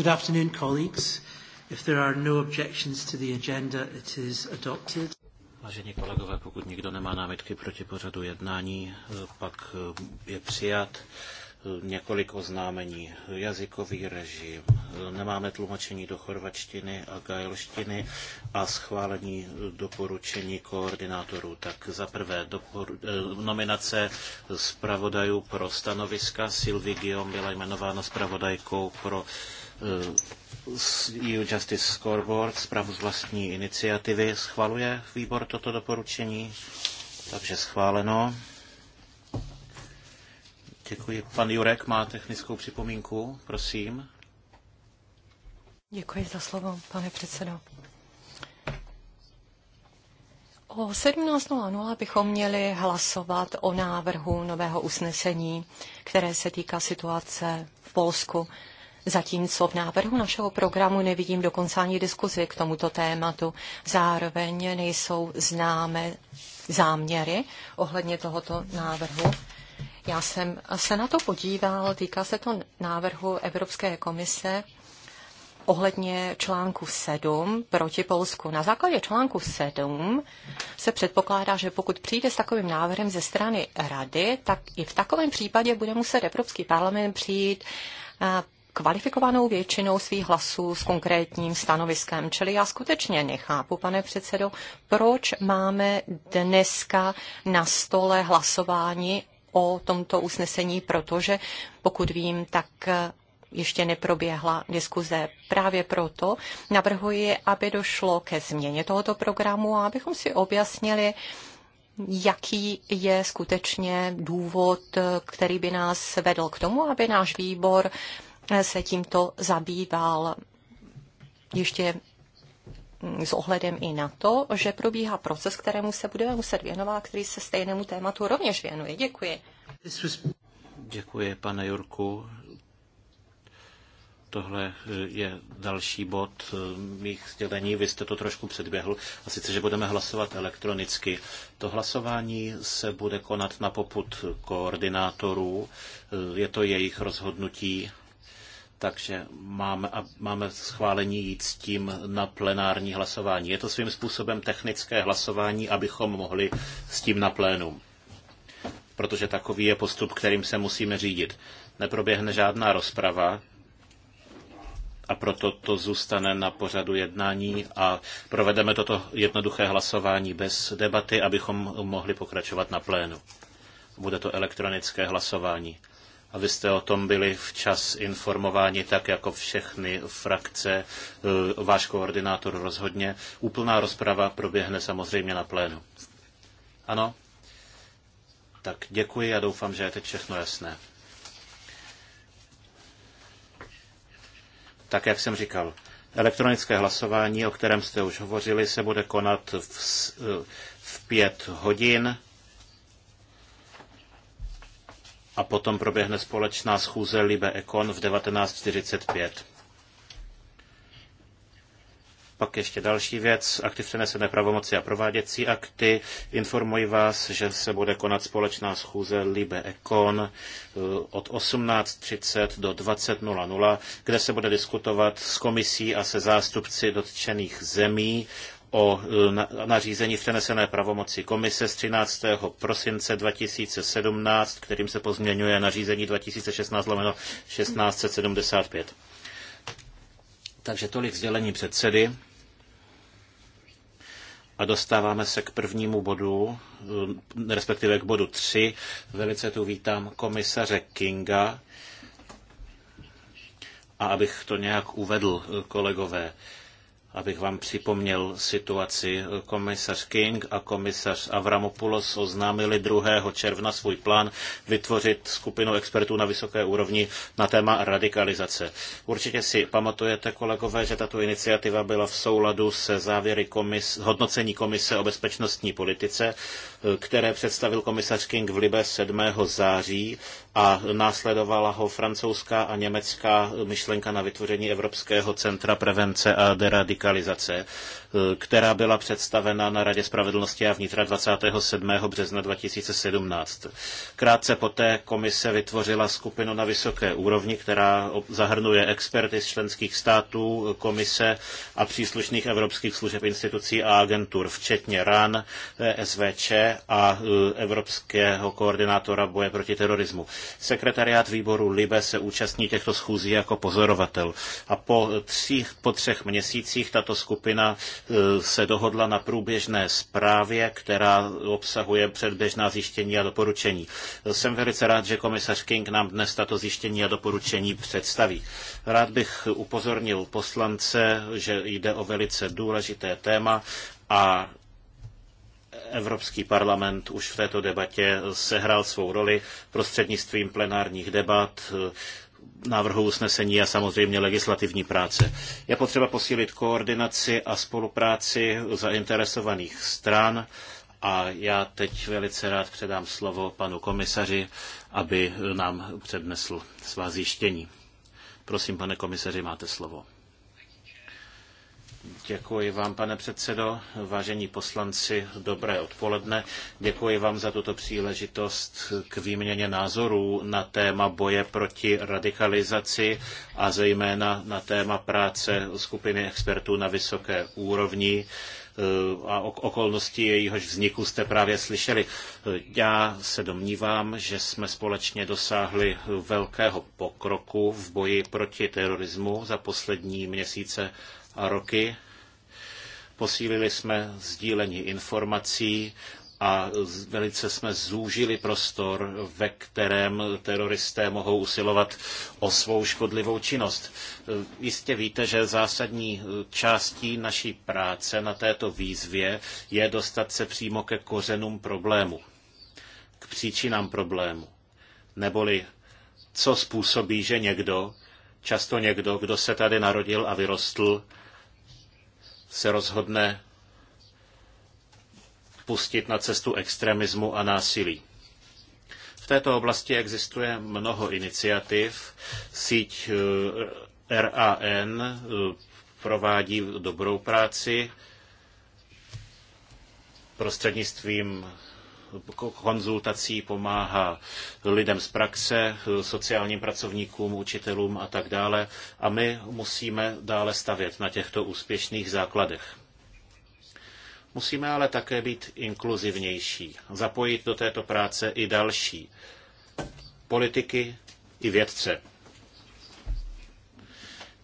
Good afternoon, colleagues. If there are no objections to the agenda, it is adopted. Vážení kolegové, pokud nikdo nemá námitky proti pořadu jednání, pak eh, je přijat eh, několik oznámení. Jazykový režim, eh, nemáme tlumočení do chorvačtiny a gajlštiny a schválení doporučení koordinátorů. Tak za prvé dopor, nominace zpravodajů pro stanoviska. Sylvie Guillaume byla jmenována zpravodajkou pro EU eh, e Justice Scoreboard, zprávu z vlastní iniciativy. Schvaluje výbor toto doporučení? Takže schváleno. Děkuji. Pan Jurek má technickou připomínku, prosím. Děkuji za slovo, pane předsedo. O 17.00 bychom měli hlasovat o návrhu nového usnesení, které se týká situace v Polsku zatímco v návrhu našeho programu nevidím dokonce ani diskuzi k tomuto tématu. Zároveň nejsou známé záměry ohledně tohoto návrhu. Já jsem se na to podíval, týká se to návrhu Evropské komise ohledně článku 7 proti Polsku. Na základě článku 7 se předpokládá, že pokud přijde s takovým návrhem ze strany Rady, tak i v takovém případě bude muset Evropský parlament přijít kvalifikovanou většinou svých hlasů s konkrétním stanoviskem. Čili já skutečně nechápu, pane předsedo, proč máme dneska na stole hlasování o tomto usnesení, protože pokud vím, tak ještě neproběhla diskuze. Právě proto navrhuji, aby došlo ke změně tohoto programu a abychom si objasnili, jaký je skutečně důvod, který by nás vedl k tomu, aby náš výbor se tímto zabýval ještě s ohledem i na to, že probíhá proces, kterému se budeme muset věnovat, který se stejnému tématu rovněž věnuje. Děkuji. Děkuji, pane Jurku. Tohle je další bod mých sdělení. Vy jste to trošku předběhl. A sice, že budeme hlasovat elektronicky. To hlasování se bude konat na poput koordinátorů. Je to jejich rozhodnutí takže máme, máme schválení jít s tím na plenární hlasování. Je to svým způsobem technické hlasování, abychom mohli s tím na plénum. Protože takový je postup, kterým se musíme řídit. Neproběhne žádná rozprava a proto to zůstane na pořadu jednání a provedeme toto jednoduché hlasování bez debaty, abychom mohli pokračovat na plénu. Bude to elektronické hlasování a o tom byli včas informováni, tak jako všechny frakce, e, váš koordinátor rozhodně. Úplná rozprava proběhne samozřejmě na plénu. Ano? Tak děkuji a doufám, že je teď všechno jasné. Tak, jak jsem říkal, elektronické hlasování, o kterém jste už hovořili, se bude konat v, e, v pět hodin a potom proběhne společná schůze Libe Ekon v 19.45. Pak ještě další věc, aktiv přenesené pravomoci a prováděcí akty. Informuji vás, že se bude konat společná schůze Libe Econ eh, od 18.30 do 20.00, kde se bude diskutovat s komisí a se zástupci dotčených zemí o e, nařízení v přenesené pravomoci komise z 13. prosince 2017, kterým se pozměňuje nařízení 2016 lomeno 1675. Takže tolik sdělení předsedy. A dostáváme se k prvnímu bodu, e, respektive k bodu 3. Velice tu vítám komisaře Kinga. A abych to nějak uvedl, e, kolegové, abych vám připomněl situaci. Komisař King a komisař Avramopoulos oznámili 2. června svůj plán vytvořit skupinu expertů na vysoké úrovni na téma radikalizace. Určitě si pamatujete, kolegové, že tato iniciativa byla v souladu se závěry komis, hodnocení komise o bezpečnostní politice, které představil komisař King v Libe 7. září a následovala ho francouzská a německá myšlenka na vytvoření Evropského centra prevence a deradikalizace. Eh, která byla představena na Radě spravedlnosti a vnitra 27. března 2017. Krátce poté komise vytvořila skupinu na vysoké úrovni, která zahrnuje experty z členských států, komise a příslušných evropských služeb institucí a agentur, včetně RAN, SVČ a eh, Evropského koordinátora boje proti terorismu. Sekretariát výboru Libe se účastní těchto schůzí jako pozorovatel. A po, tří, po třech měsících tato skupina Eh, se dohodla na průběžné zprávě, která obsahuje předběžná zjištění a doporučení. Jsem velice rád, že komisař King nám dnes tato zjištění a doporučení představí. Rád bych upozornil poslance, že jde o velice důležité téma a Evropský parlament už v této debatě sehrál svou roli prostřednictvím plenárních debat, návrhu usnesení a samozřejmě legislativní práce. Je potřeba posílit koordinaci a spolupráci zainteresovaných stran a já teď velice rád předám slovo panu komisaři, aby nám přednesl svá zjištění. Prosím, pane komisaři, máte slovo. Děkuji vám, pane předsedo, vážení poslanci, dobré odpoledne. Děkuji vám za tuto příležitost k výměně názorů na téma boje proti radikalizaci a zejména na téma práce skupiny expertů na vysoké úrovni eh, a okolnosti jejíhož vzniku jste právě slyšeli. Já se domnívám, že jsme společně dosáhli velkého pokroku v boji proti terorismu za poslední měsíce a roky. Posílili jsme sdílení informací, a velice jsme zúžili prostor, ve kterém teroristé mohou usilovat o svou škodlivou činnost. Jistě víte, že zásadní částí naší práce na této výzvě je dostat se přímo ke kořenům problému, k příčinám problému. Neboli co způsobí, že někdo, často někdo, kdo se tady narodil a vyrostl, se rozhodne pustit na cestu extremismu a násilí. V této oblasti existuje mnoho iniciativ. Síť eh, RAN eh, provádí dobrou práci prostřednictvím konzultací pomáhá lidem z praxe, sociálním pracovníkům, učitelům a tak dále. A my musíme dále stavět na těchto úspěšných základech. Musíme ale také být inkluzivnější, zapojit do této práce i další politiky i vědce.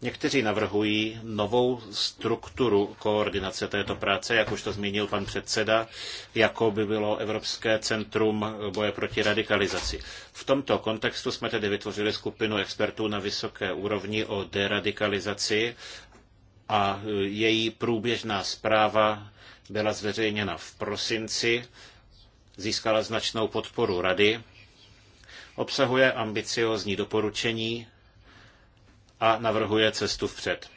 Někteří navrhují novou strukturu koordinace této práce, jak už to zmínil pan předseda, jako by bylo Evropské centrum boje proti radikalizaci. V tomto kontextu jsme tedy vytvořili skupinu expertů na vysoké úrovni o deradikalizaci a její průběžná zpráva byla zveřejněna v prosinci, získala značnou podporu rady, obsahuje ambiciózní doporučení, a navrhuje cestu vpřed.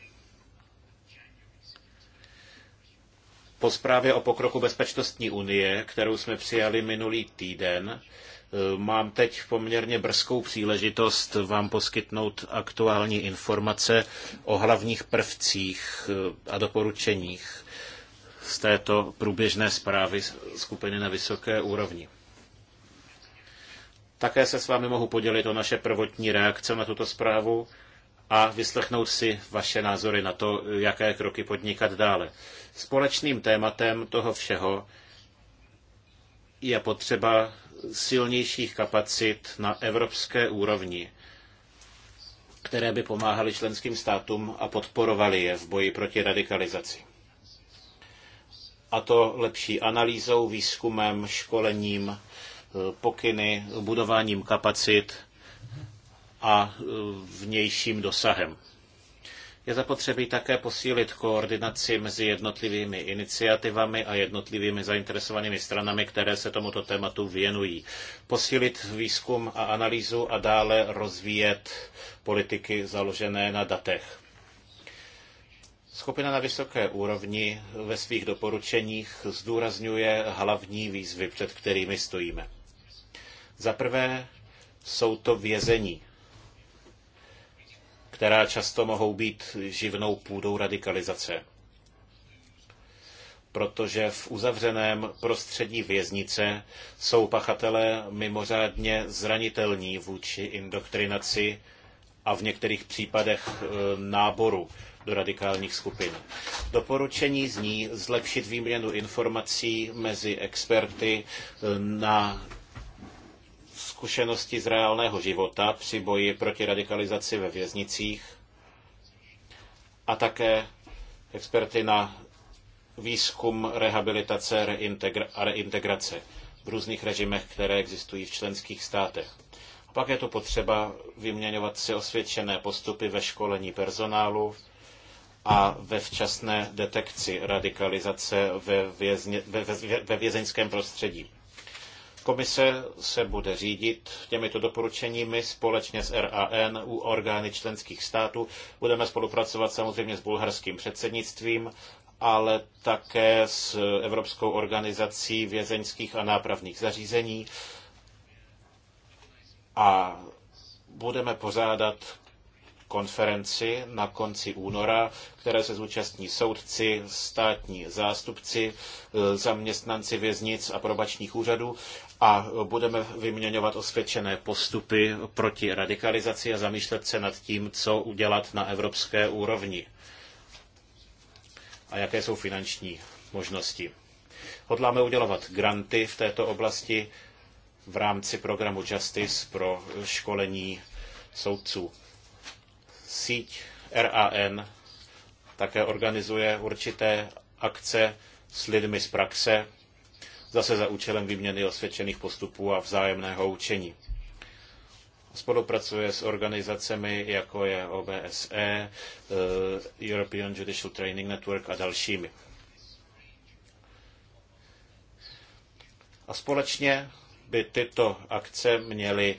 Po zprávě o pokroku bezpečnostní unie, kterou jsme přijali minulý týden, eh, mám teď poměrně brzkou příležitost vám poskytnout aktuální informace o hlavních prvcích eh, a doporučeních z této průběžné zprávy skupiny na vysoké úrovni. Také se s vámi mohu podělit o naše prvotní reakce na tuto zprávu a vyslechnout si vaše názory na to, jaké kroky podnikat dále. Společným tématem toho všeho je potřeba silnějších kapacit na evropské úrovni, které by pomáhaly členským státům a podporovaly je v boji proti radikalizaci. A to lepší analýzou, výzkumem, školením, pokyny, budováním kapacit – a e, vnějším dosahem. Je zapotřebí také posílit koordinaci mezi jednotlivými iniciativami a jednotlivými zainteresovanými stranami, které se tomuto tématu věnují. Posílit výzkum a analýzu a dále rozvíjet politiky založené na datech. Skupina na vysoké úrovni ve svých doporučeních zdůrazňuje hlavní výzvy, před kterými stojíme. Za prvé jsou to vězení která často mohou být živnou půdou radikalizace. Protože v uzavřeném prostředí věznice jsou pachatelé mimořádně zranitelní vůči indoktrinaci a v některých případech e, náboru do radikálních skupin. Doporučení zní zlepšit výměnu informací mezi experty e, na zkušenosti z reálného života při boji proti radikalizaci ve věznicích a také experty na výzkum rehabilitace a reintegrace v různých režimech, které existují v členských státech. A pak je tu potřeba vyměňovat si osvědčené postupy ve školení personálu a ve včasné detekci radikalizace ve, vězně, ve, ve, ve vězeňském prostředí. Komise se bude řídit těmito doporučeními společně s RAN u orgány členských států. Budeme spolupracovat samozřejmě s bulharským předsednictvím, ale také s Evropskou organizací vězeňských a nápravných zařízení. A budeme pořádat konferenci na konci února, které se zúčastní soudci, státní zástupci, e, zaměstnanci věznic a probačních úřadů a budeme vyměňovat osvědčené postupy proti radikalizaci a zamýšlet se nad tím, co udělat na evropské úrovni a jaké jsou finanční možnosti. Hodláme udělovat granty v této oblasti v rámci programu Justice pro školení soudců síť RAN také organizuje určité akce s lidmi z praxe, zase za účelem výměny osvědčených postupů a vzájemného učení. Spolupracuje s organizacemi, jako je OBSE, eh, European Judicial Training Network a dalšími. A společně by tyto akce měly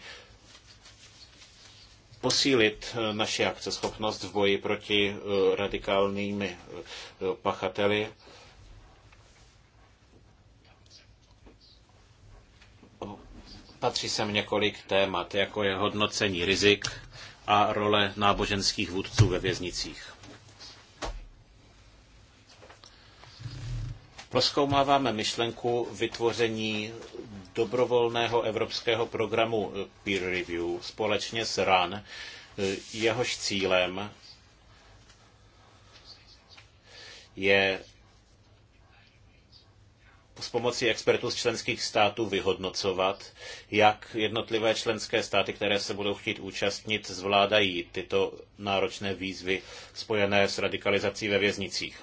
posílit eh, naši akceschopnost v boji proti eh, radikálními eh, pachateli. Patří sem několik témat, jako je hodnocení rizik a role náboženských vůdců ve věznicích. Proskoumáváme myšlenku vytvoření dobrovolného evropského programu eh, peer review společně s RAN. Eh, jehož cílem je s pomocí expertů z členských států vyhodnocovat, jak jednotlivé členské státy, které se budou chtít účastnit, zvládají tyto náročné výzvy spojené s radikalizací ve věznicích.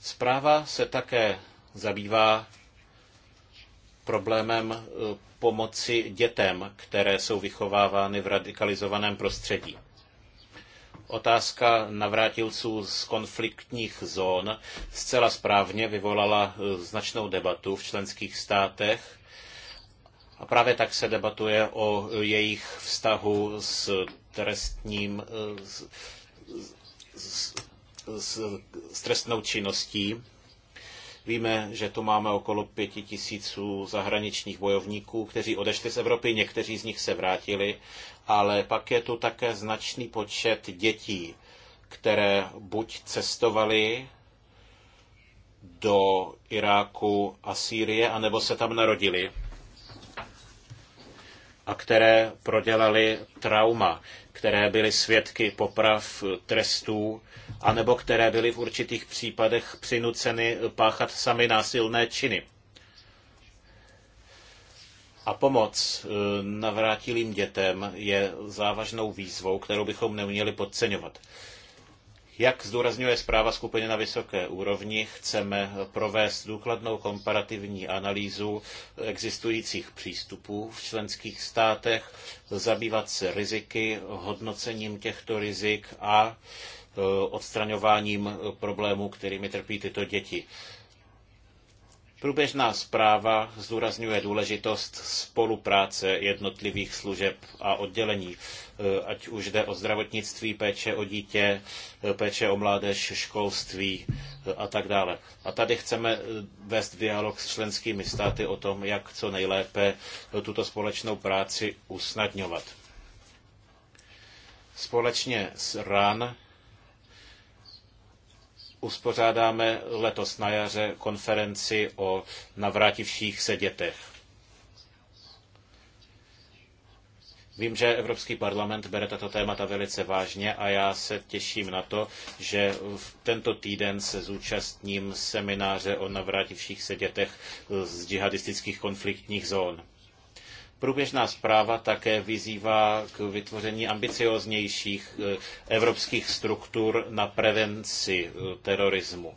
Zpráva se také zabývá problémem eh, pomoci dětem, které jsou vychovávány v radikalizovaném prostředí. Otázka navrátilců z konfliktních zón zcela správně vyvolala eh, značnou debatu v členských státech a právě tak se debatuje o eh, jejich vztahu s trestním, s, s, s, s trestnou činností Víme, že tu máme okolo pěti tisíců zahraničních bojovníků, kteří odešli z Evropy, někteří z nich se vrátili, ale pak je tu také značný počet dětí, které buď cestovali do Iráku a Sýrie, anebo se tam narodili a které prodělali trauma, které byly svědky poprav, trestů, anebo které byly v určitých případech přinuceny páchat sami násilné činy. A pomoc eh, navrátilým dětem je závažnou výzvou, kterou bychom neměli podceňovat. Jak zdůrazňuje zpráva skupiny na vysoké úrovni, chceme provést důkladnou komparativní analýzu existujících přístupů v členských státech, zabývat se riziky, hodnocením těchto rizik a e, odstraňováním problémů, kterými trpí tyto děti. Průběžná zpráva zdůrazňuje důležitost spolupráce jednotlivých služeb a oddělení, eh, ať už jde o zdravotnictví, péče o dítě, eh, péče o mládež, školství eh, a tak dále. A tady chceme vést dialog s členskými státy o tom, jak co nejlépe tuto společnou práci usnadňovat. Společně s RAN uspořádáme letos na jaře konferenci o navrátivších se dětech. Vím, že Evropský parlament bere tato témata velice vážně a já se těším na to, že v tento týden se zúčastním semináře o navrátivších se dětech z džihadistických konfliktních zón. Průběžná zpráva také vyzývá k vytvoření ambicioznějších eh, evropských struktur na prevenci eh, terorismu.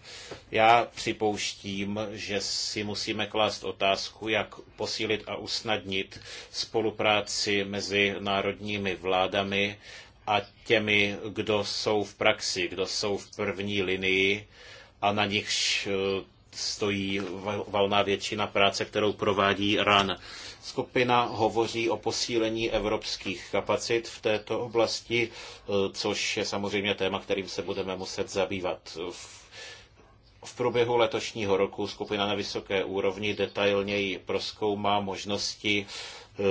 Já připouštím, že si musíme klást otázku, jak posílit a usnadnit spolupráci mezi národními vládami a těmi, kdo jsou v praxi, kdo jsou v první linii a na nichž eh, stojí valná většina práce, kterou provádí RAN. Skupina hovoří o posílení evropských kapacit v této oblasti, eh, což je samozřejmě téma, kterým se budeme muset zabývat v průběhu letošního roku skupina na vysoké úrovni detailněji proskoumá možnosti, eh,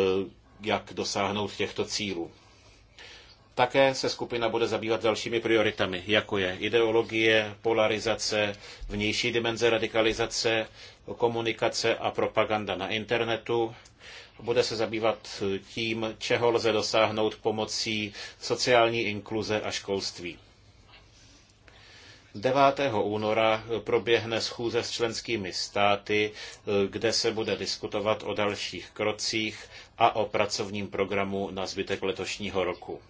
jak dosáhnout těchto cílů. Také se skupina bude zabývat dalšími prioritami, jako je ideologie, polarizace, vnější dimenze radikalizace, komunikace a propaganda na internetu. Bude se zabývat tím, čeho lze dosáhnout pomocí sociální inkluze a školství. 9. února proběhne schůze s členskými státy, kde se bude diskutovat o dalších krocích a o pracovním programu na zbytek letošního roku.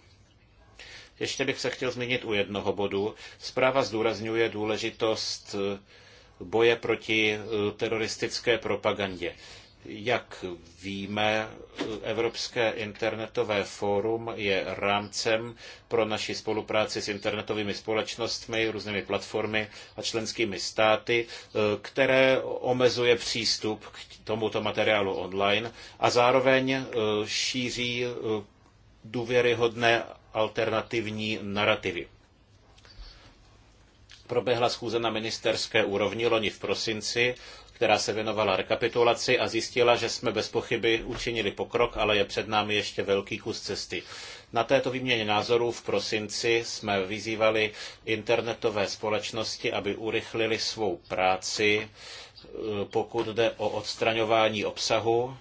Ještě bych se chtěl zmínit u jednoho bodu. Zpráva zdůrazňuje důležitost eh, boje proti eh, teroristické propagandě. Jak víme, eh, Evropské internetové fórum je rámcem pro naši spolupráci s internetovými společnostmi, různými platformy a členskými státy, které omezuje přístup k tomuto materiálu online a zároveň šíří důvěryhodné alternativní narrativy. Proběhla schůze na ministerské úrovni loni v prosinci, která se věnovala rekapitulaci a zjistila, že jsme bez pochyby učinili pokrok, ale je před námi ještě velký kus cesty. Na této výměně názorů v prosinci jsme vyzývali internetové společnosti, aby urychlili svou práci, eh, pokud jde o odstraňování obsahu,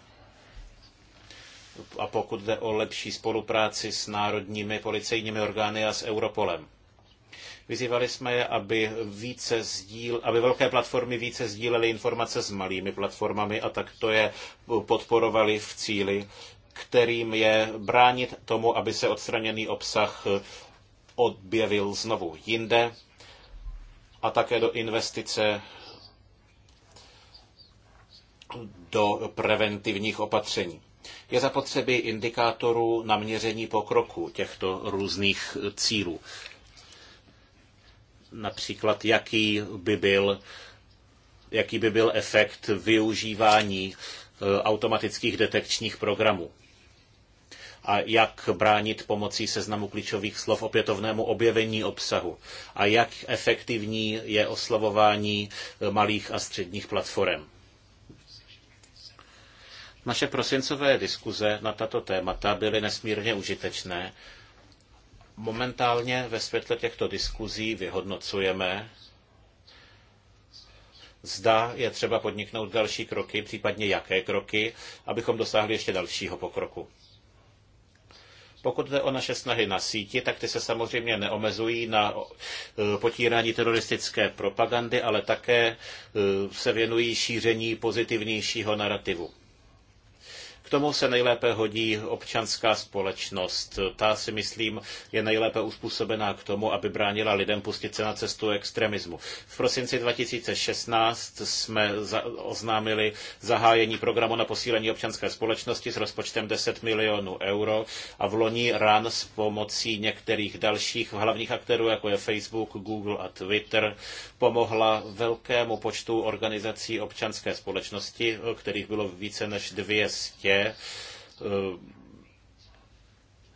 a pokud jde o lepší spolupráci s národními policejními orgány a s Europolem. Vyzývali jsme je, aby, více sdíl, aby velké platformy více sdílely informace s malými platformami a tak to je podporovali v cíli, kterým je bránit tomu, aby se odstraněný obsah objevil znovu jinde a také do investice do preventivních opatření. Je zapotřebí indikátorů na měření pokroku těchto různých cílů. Například, jaký by byl, jaký by byl efekt využívání eh, automatických detekčních programů a jak bránit pomocí seznamu klíčových slov opětovnému objevení obsahu a jak efektivní je oslovování eh, malých a středních platform. Naše prosincové diskuze na tato témata byly nesmírně užitečné. Momentálně ve světle těchto diskuzí vyhodnocujeme, zda je třeba podniknout další kroky, případně jaké kroky, abychom dosáhli ještě dalšího pokroku. Pokud jde o naše snahy na síti, tak ty se samozřejmě neomezují na e, potírání teroristické propagandy, ale také e, se věnují šíření pozitivnějšího narrativu. K tomu se nejlépe hodí občanská společnost. Ta si myslím je nejlépe uspůsobená k tomu, aby bránila lidem pustit se na cestu extremismu. V prosinci 2016 jsme oznámili zahájení programu na posílení občanské společnosti s rozpočtem 10 milionů euro a v loni RAN s pomocí některých dalších hlavních aktérů, jako je Facebook, Google a Twitter, pomohla velkému počtu organizací občanské společnosti, kterých bylo více než 200 je eh,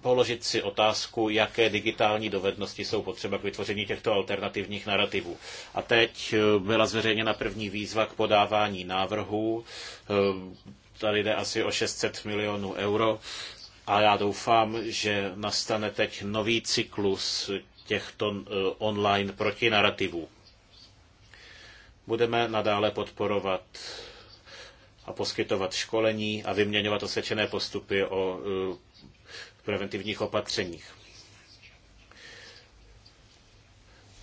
položit si otázku, jaké digitální dovednosti jsou potřeba k vytvoření těchto alternativních narrativů. A teď eh, byla zveřejněna první výzva k podávání návrhů. Eh, tady jde asi o 600 milionů euro. A já doufám, že nastane teď nový cyklus těchto online protinarativů. Budeme nadále podporovat a poskytovat školení a vyměňovat osvědčené postupy o eh, preventivních opatřeních.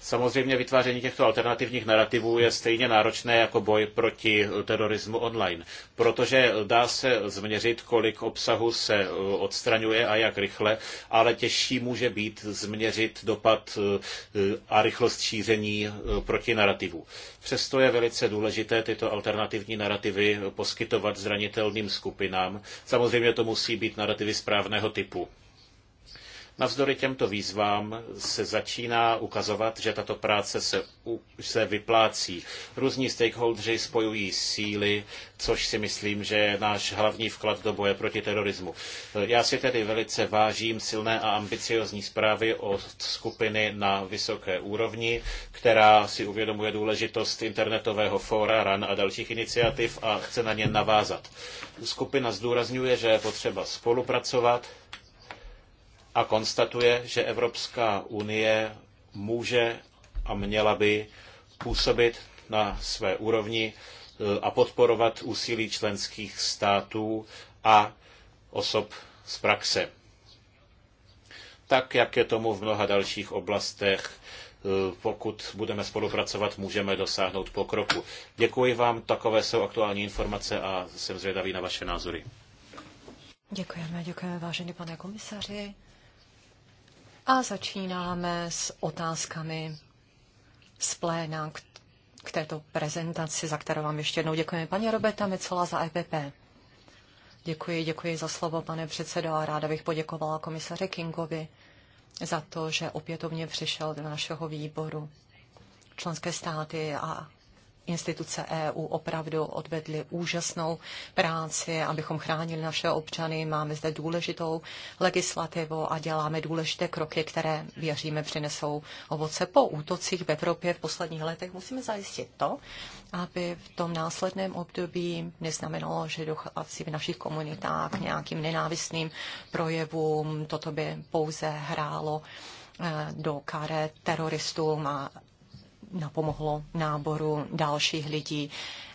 Samozřejmě vytváření těchto alternativních narrativů je stejně náročné jako boj proti terorismu online, protože dá se změřit, kolik obsahu se eh, odstraňuje a jak rychle, ale těžší může být změřit dopad eh, a rychlost šíření eh, proti narrativů. Přesto je velice důležité tyto alternativní narrativy poskytovat zranitelným skupinám. Samozřejmě to musí být narrativy správného typu. Navzdory těmto výzvám se začíná ukazovat, že tato práce se, se vyplácí. Různí stakeholdři spojují síly, což si myslím, že je náš hlavní vklad do boje proti terorismu. Já si tedy velice vážím silné a ambiciozní zprávy od skupiny na vysoké úrovni, která si uvědomuje důležitost internetového fóra RAN a dalších iniciativ a chce na ně navázat. Skupina zdůrazňuje, že je potřeba spolupracovat, a konstatuje, že Evropská unie může a měla by působit na své úrovni e, a podporovat úsilí členských států a osob z praxe. Tak, jak je tomu v mnoha dalších oblastech, e, pokud budeme spolupracovat, můžeme dosáhnout pokroku. Děkuji vám, takové jsou aktuální informace a jsem zvědavý na vaše názory. Děkujeme, děkujeme vážený pane komisaři. A začínáme s otázkami z pléna k, k této prezentaci, za kterou vám ještě jednou děkujeme. Paní Roberta Mecola za EPP. Děkuji, děkuji za slovo, pane předsedo, a ráda bych poděkovala komisaři Kingovi za to, že opětovně přišel do našeho výboru. Členské státy a instituce EU opravdu odvedly úžasnou práci, abychom chránili naše občany. Máme zde důležitou legislativu a děláme důležité kroky, které, věříme, přinesou ovoce. Po útocích v Evropě v posledních letech musíme zajistit to, aby v tom následném období neznamenalo, že dochází v našich komunitách k nějakým nenávistným projevům. Toto by pouze hrálo eh, do karet teroristům a napomohlo náboru dalších lidí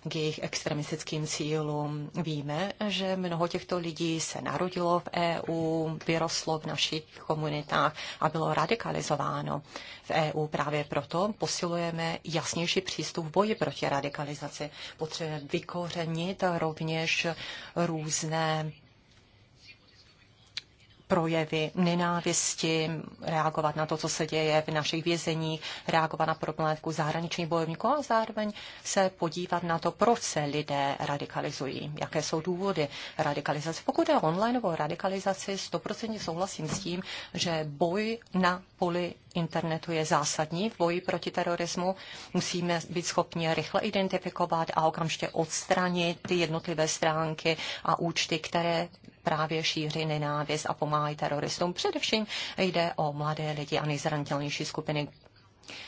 k jejich extremistickým cílům. Víme, že mnoho těchto lidí se narodilo v EU, vyrostlo v našich komunitách a bylo radikalizováno v EU. Právě proto posilujeme jasnější přístup v boji proti radikalizaci. Potřebujeme vykořenit rovněž různé projevy nenávisti, reagovat na to, co se děje v našich vězeních, reagovat na problémku zahraničních bojovníků a zároveň se podívat na to, proč se lidé radikalizují, jaké jsou důvody radikalizace. Pokud je o radikalizaci, stoprocentně souhlasím s tím, že boj na poli internetu je zásadní v boji proti terorismu. Musíme být schopni rychle identifikovat a okamžitě odstranit ty jednotlivé stránky a účty, které právě šíří nenávist a pomáhají teroristům. Především jde o mladé lidi a nejzranitelnější skupiny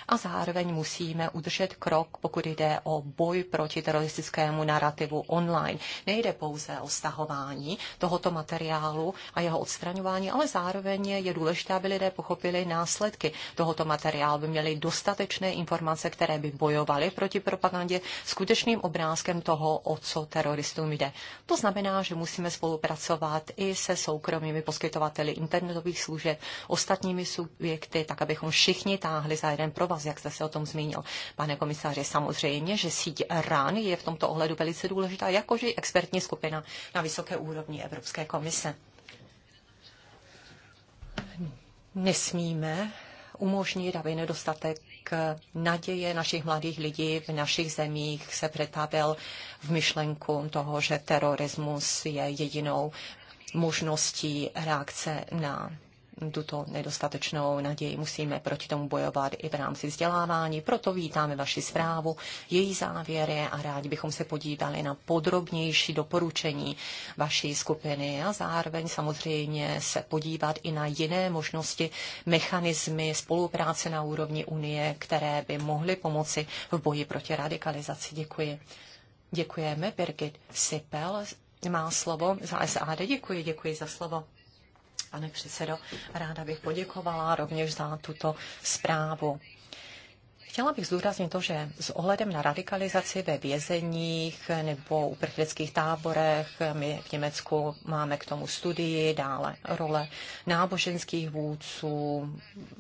a zároveň musíme udržet krok, pokud jde o boj proti teroristickému narrativu online. Nejde pouze o stahování tohoto materiálu a jeho odstraňování, ale zároveň je důležité, aby lidé pochopili následky tohoto materiálu, by měli dostatečné informace, které by bojovaly proti propagandě skutečným obrázkem toho, o co teroristům jde. To znamená, že musíme spolupracovat i se soukromými poskytovateli internetových služeb, ostatními subjekty, tak abychom všichni táhli za jeden pro vás, jak jste se o tom zmínil, pane komisáři. Samozřejmě, že síť RAN je v tomto ohledu velice důležitá, jakože expertní skupina na vysoké úrovni Evropské komise. Nesmíme umožnit, aby nedostatek naděje našich mladých lidí v našich zemích se přetavil v myšlenku toho, že terorismus je jedinou možností reakce na tuto nedostatečnou naději. Musíme proti tomu bojovat i v rámci vzdělávání, proto vítáme vaši zprávu, její závěry a rádi bychom se podívali na podrobnější doporučení vaší skupiny a zároveň samozřejmě se podívat i na jiné možnosti, mechanismy spolupráce na úrovni Unie, které by mohly pomoci v boji proti radikalizaci. Děkuji. Děkujeme. Birgit Sipel má slovo za SAD. Děkuji, děkuji za slovo. Pane předsedo, ráda bych poděkovala rovněž za tuto zprávu. Chtěla bych zdůraznit to, že s ohledem na radikalizaci ve vězeních nebo uprchlických táborech, my v Německu máme k tomu studii, dále role náboženských vůdců,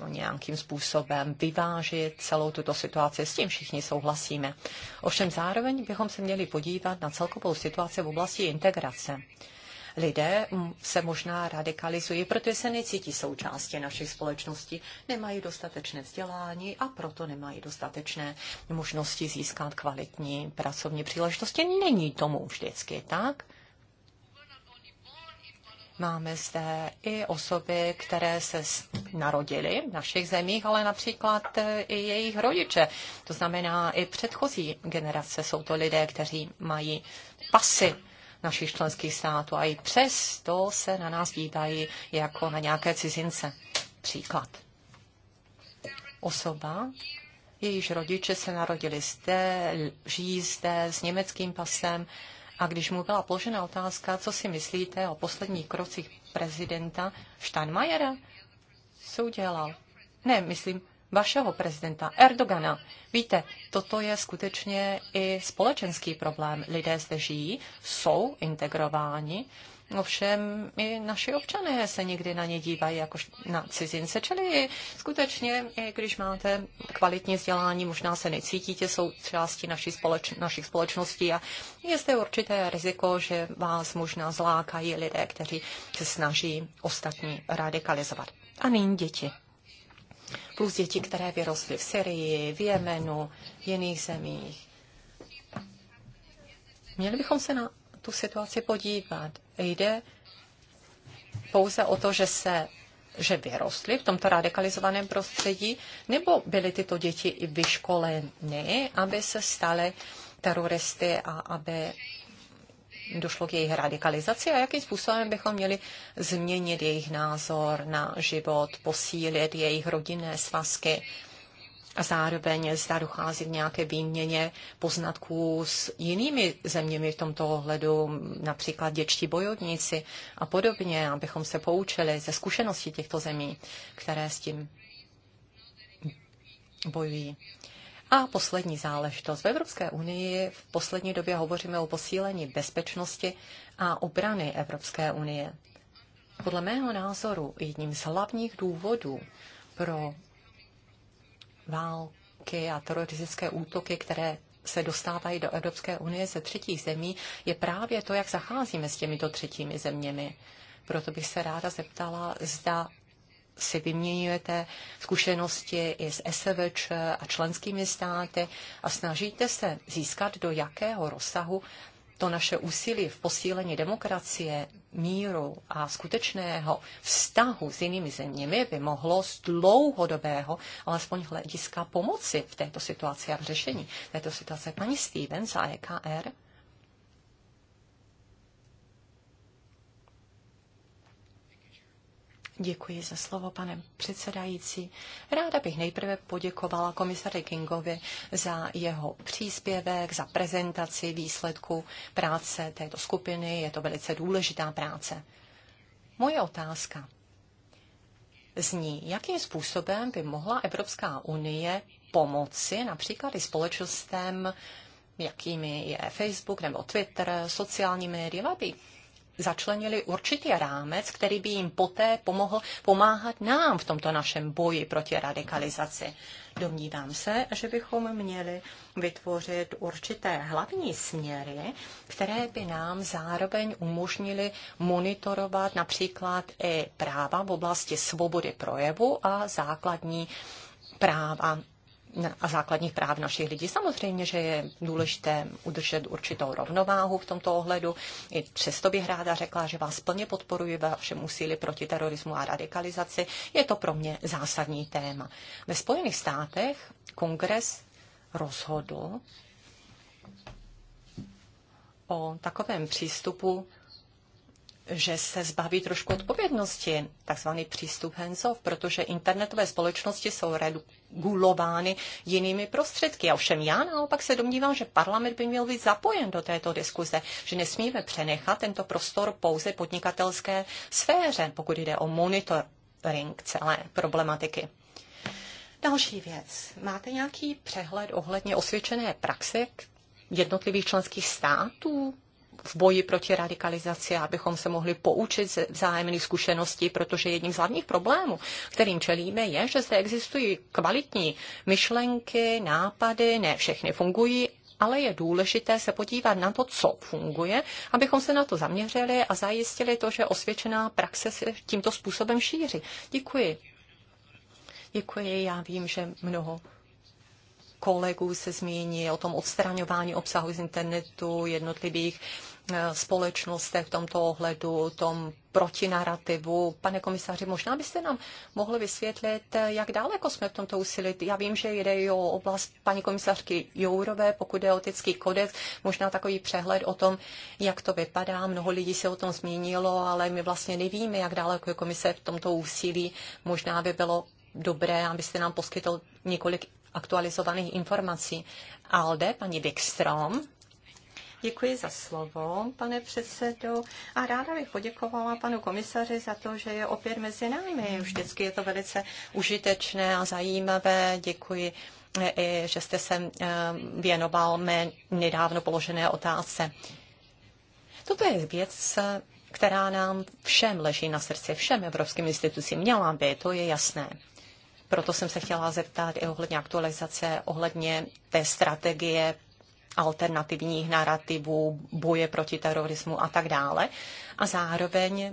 nějakým způsobem vyvážit celou tuto situaci, s tím všichni souhlasíme. Ovšem zároveň bychom se měli podívat na celkovou situaci v oblasti integrace lidé se možná radikalizují, protože se necítí součástí našich společností, nemají dostatečné vzdělání a proto nemají dostatečné možnosti získat kvalitní pracovní příležitosti. Není tomu vždycky tak. Máme zde i osoby, které se narodily v našich zemích, ale například e, i jejich rodiče. To znamená, i předchozí generace jsou to lidé, kteří mají pasy našich členských států a i přes to se na nás dívají jako na nějaké cizince. Příklad. Osoba, jejíž rodiče se narodili zde, žijí zde s německým pasem a když mu byla položena otázka, co si myslíte o posledních krocích prezidenta Steinmayera, co udělal? Ne, myslím, vašeho prezidenta Erdogana. Víte, toto je skutečně i společenský problém. Lidé zde žijí, jsou integrováni, Ovšem i naši občané se někdy na ně dívají jako na cizince, čili skutečně, i když máte kvalitní vzdělání, možná se necítíte součástí naší společ, našich společností a je zde určité riziko, že vás možná zlákají lidé, kteří se snaží ostatní radikalizovat. A nyní děti plus děti, které vyrostly v Syrii, v Jemenu, v jiných zemích. Měli bychom se na tu situaci podívat. Jde pouze o to, že se že vyrostly v tomto radikalizovaném prostředí, nebo byly tyto děti i vyškoleny, aby se staly teroristy a aby došlo k jejich radikalizaci a jakým způsobem bychom měli změnit jejich názor na život, posílit jejich rodinné svazky a zároveň zda dochází k nějaké výměně poznatků s jinými zeměmi v tomto ohledu, například děčtí bojovníci a podobně, abychom se poučili ze zkušeností těchto zemí, které s tím bojují. A poslední záležitost. V Evropské unii v poslední době hovoříme o posílení bezpečnosti a obrany Evropské unie. Podle mého názoru jedním z hlavních důvodů pro války a teroristické útoky, které se dostávají do Evropské unie ze třetích zemí, je právě to, jak zacházíme s těmito třetími zeměmi. Proto bych se ráda zeptala, zda si vyměňujete zkušenosti i s SVČ a členskými státy a snažíte se získat, do jakého rozsahu to naše úsilí v posílení demokracie, míru a skutečného vztahu s jinými zeměmi by mohlo z dlouhodobého, alespoň hlediska, pomoci v této situaci a v řešení této situace. Paní Stevens a EKR. Děkuji za slovo, pane předsedající. Ráda bych nejprve poděkovala komisaři Kingovi za jeho příspěvek, za prezentaci výsledku práce této skupiny. Je to velice důležitá práce. Moje otázka zní, jakým způsobem by mohla Evropská unie pomoci například i společnostem, jakými je Facebook nebo Twitter, sociální média, aby začlenili určitý rámec, který by jim poté pomohl pomáhat nám v tomto našem boji proti radikalizaci. Domnívám se, že bychom měli vytvořit určité hlavní směry, které by nám zároveň umožnili monitorovat například i práva v oblasti svobody projevu a základní práva a základních práv našich lidí. Samozřejmě, že je důležité udržet určitou rovnováhu v tomto ohledu. I přesto bych ráda řekla, že vás plně podporuji ve všem úsilí proti terorismu a radikalizaci. Je to pro mě zásadní téma. Ve Spojených státech kongres rozhodl o takovém přístupu že se zbaví trošku odpovědnosti, takzvaný přístup hands protože internetové společnosti jsou regulovány jinými prostředky. A ovšem já naopak se domnívám, že parlament by měl být zapojen do této diskuze, že nesmíme přenechat tento prostor pouze podnikatelské sféře, pokud jde o monitoring celé problematiky. Další věc. Máte nějaký přehled ohledně osvědčené praxe jednotlivých členských států v boji proti radikalizaci, abychom se mohli poučit ze vzájemných zkušeností, protože jedním z hlavních problémů, kterým čelíme, je, že zde existují kvalitní myšlenky, nápady, ne všechny fungují, ale je důležité se podívat na to, co funguje, abychom se na to zaměřili a zajistili to, že osvědčená praxe se tímto způsobem šíří. Děkuji. Děkuji, já vím, že mnoho kolegů se zmíní o tom odstraňování obsahu z internetu, jednotlivých Eh, společnostech v tomto ohledu, tom protinarativu. Pane komisaři, možná byste nám mohli vysvětlit, eh, jak daleko jsme v tomto úsilí. Já vím, že jde i o oblast paní komisařky Jourové, pokud je o etický kodex, možná takový přehled o tom, jak to vypadá. Mnoho lidí se o tom zmínilo, ale my vlastně nevíme, jak daleko je komise v tomto úsilí. Možná by bylo dobré, abyste nám poskytl několik aktualizovaných informací. Alde, paní Wikstrom, Děkuji za slovo, pane předsedo. A ráda bych poděkovala panu komisaři za to, že je opět mezi námi. Vždycky je to velice užitečné a zajímavé. Děkuji eh, i, že jste se eh, věnoval mé nedávno položené otázce. Toto je věc, která nám všem leží na srdci, všem evropským institucím. Měla by, to je jasné. Proto jsem se chtěla zeptat i ohledně aktualizace, ohledně té strategie alternativních narrativů, boje proti terorismu a tak dále. A zároveň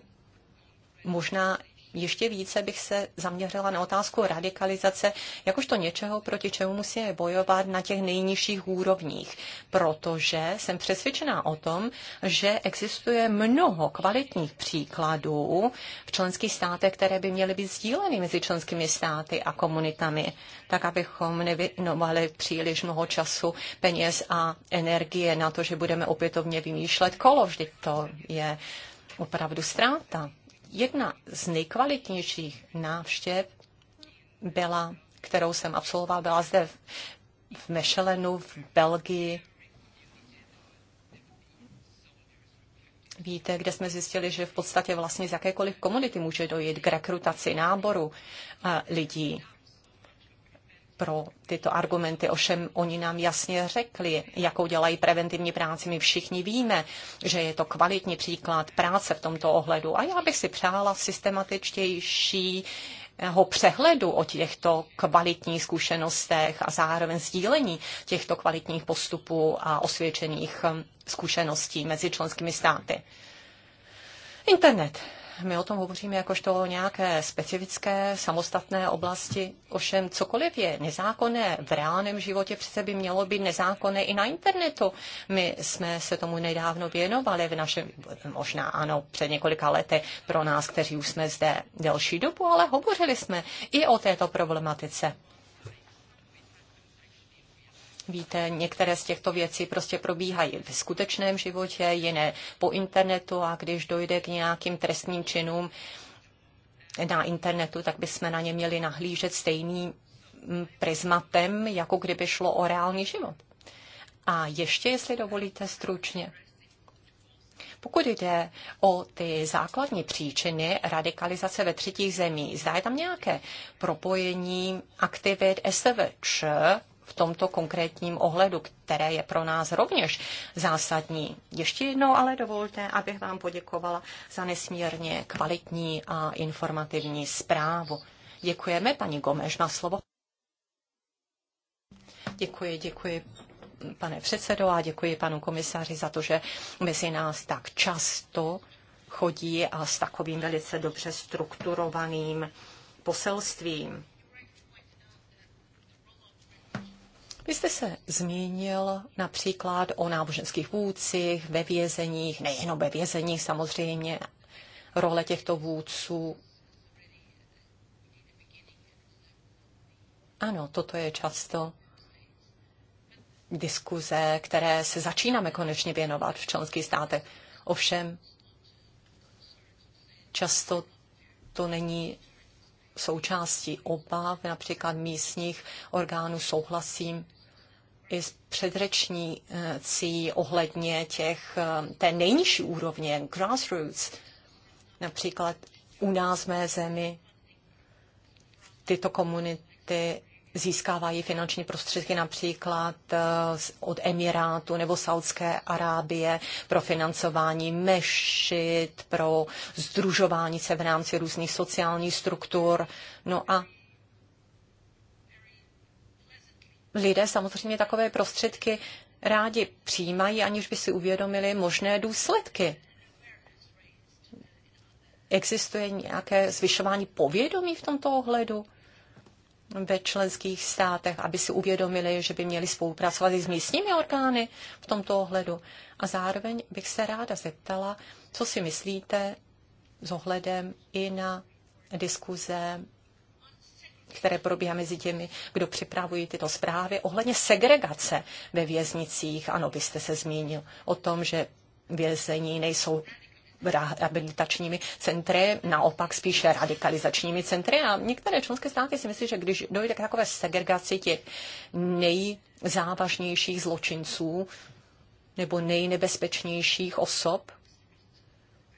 možná ještě více bych se zaměřila na otázku radikalizace, jakožto něčeho, proti čemu musíme bojovat na těch nejnižších úrovních. Protože jsem přesvědčená o tom, že existuje mnoho kvalitních příkladů v členských státech, které by měly být sdíleny mezi členskými státy a komunitami, tak abychom nevěnovali příliš mnoho času, peněz a energie na to, že budeme opětovně vymýšlet kolo. Vždyť to je opravdu ztráta. Jedna z nejkvalitnějších návštěv byla, kterou jsem absolvoval, byla zde v, v Mešelenu v Belgii. Víte, kde jsme zjistili, že v podstatě vlastně z jakékoliv komunity může dojít k rekrutaci náboru eh, lidí pro tyto argumenty. Ovšem oni nám jasně řekli, jakou dělají preventivní práci. My všichni víme, že je to kvalitní příklad práce v tomto ohledu. A já bych si přála systematičtější přehledu o těchto kvalitních zkušenostech a zároveň sdílení těchto kvalitních postupů a osvědčených zkušeností mezi členskými státy. Internet my o tom hovoříme jakožto o nějaké specifické samostatné oblasti. Ovšem cokoliv je nezákonné v reálném životě, přece by mělo být nezákonné i na internetu. My jsme se tomu nedávno věnovali v našem, možná ano, před několika lety pro nás, kteří už jsme zde delší dobu, ale hovořili jsme i o této problematice. Víte, některé z těchto věcí prostě probíhají v skutečném životě, jiné po internetu a když dojde k nějakým trestním činům na internetu, tak bychom na ně měli nahlížet stejným prismatem, jako kdyby šlo o reálný život. A ještě, jestli dovolíte, stručně. Pokud jde o ty základní příčiny radikalizace ve třetích zemích, zda je tam nějaké propojení aktivit SVČ v tomto konkrétním ohledu, které je pro nás rovněž zásadní. Ještě jednou ale dovolte, abych vám poděkovala za nesmírně kvalitní a informativní zprávu. Děkujeme, paní Gomeš, na slovo. Děkuji, děkuji pane předsedo a děkuji panu komisaři za to, že mezi nás tak často chodí a s takovým velice dobře strukturovaným poselstvím. Vy jste se zmínil například o náboženských vůdcích ve vězeních, nejenom ve vězeních samozřejmě, role těchto vůdců. Ano, toto je často diskuze, které se začínáme konečně věnovat v členských státech. Ovšem, často to není součástí obav například místních orgánů. Souhlasím i s předřečnící ohledně těch, eh, té nejnižší úrovně, grassroots. Například u nás v mé zemi tyto komunity získávají finanční prostředky například eh, od Emirátu nebo Saudské Arábie pro financování mešit, pro združování se v rámci různých sociálních struktur. No a lidé samozřejmě takové prostředky rádi přijímají, aniž by si uvědomili možné důsledky. Existuje nějaké zvyšování povědomí v tomto ohledu? ve členských státech, aby si uvědomili, že by měli spolupracovat i s místními orgány v tomto ohledu. A zároveň bych se ráda zeptala, co si myslíte s ohledem i na diskuze, které probíhá mezi těmi, kdo připravují tyto zprávy, ohledně segregace ve věznicích. Ano, vy jste se zmínil o tom, že vězení nejsou rehabilitačními centry, naopak spíše radikalizačními centry. A některé členské státy si myslí, že když dojde k takové segregaci těch nejzávažnějších zločinců nebo nejnebezpečnějších osob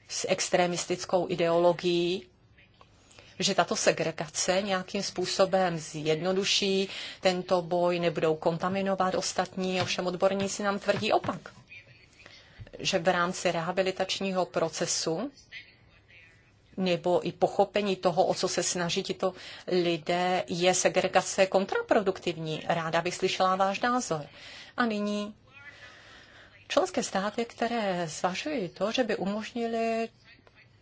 s extremistickou ideologií, že tato segregace nějakým způsobem zjednoduší tento boj, nebudou kontaminovat ostatní, ovšem odborníci nám tvrdí opak že v rámci rehabilitačního procesu nebo i pochopení toho, o co se snaží tito lidé, je segregace kontraproduktivní. Ráda bych slyšela váš názor. A nyní členské státy, které zvažují to, že by umožnili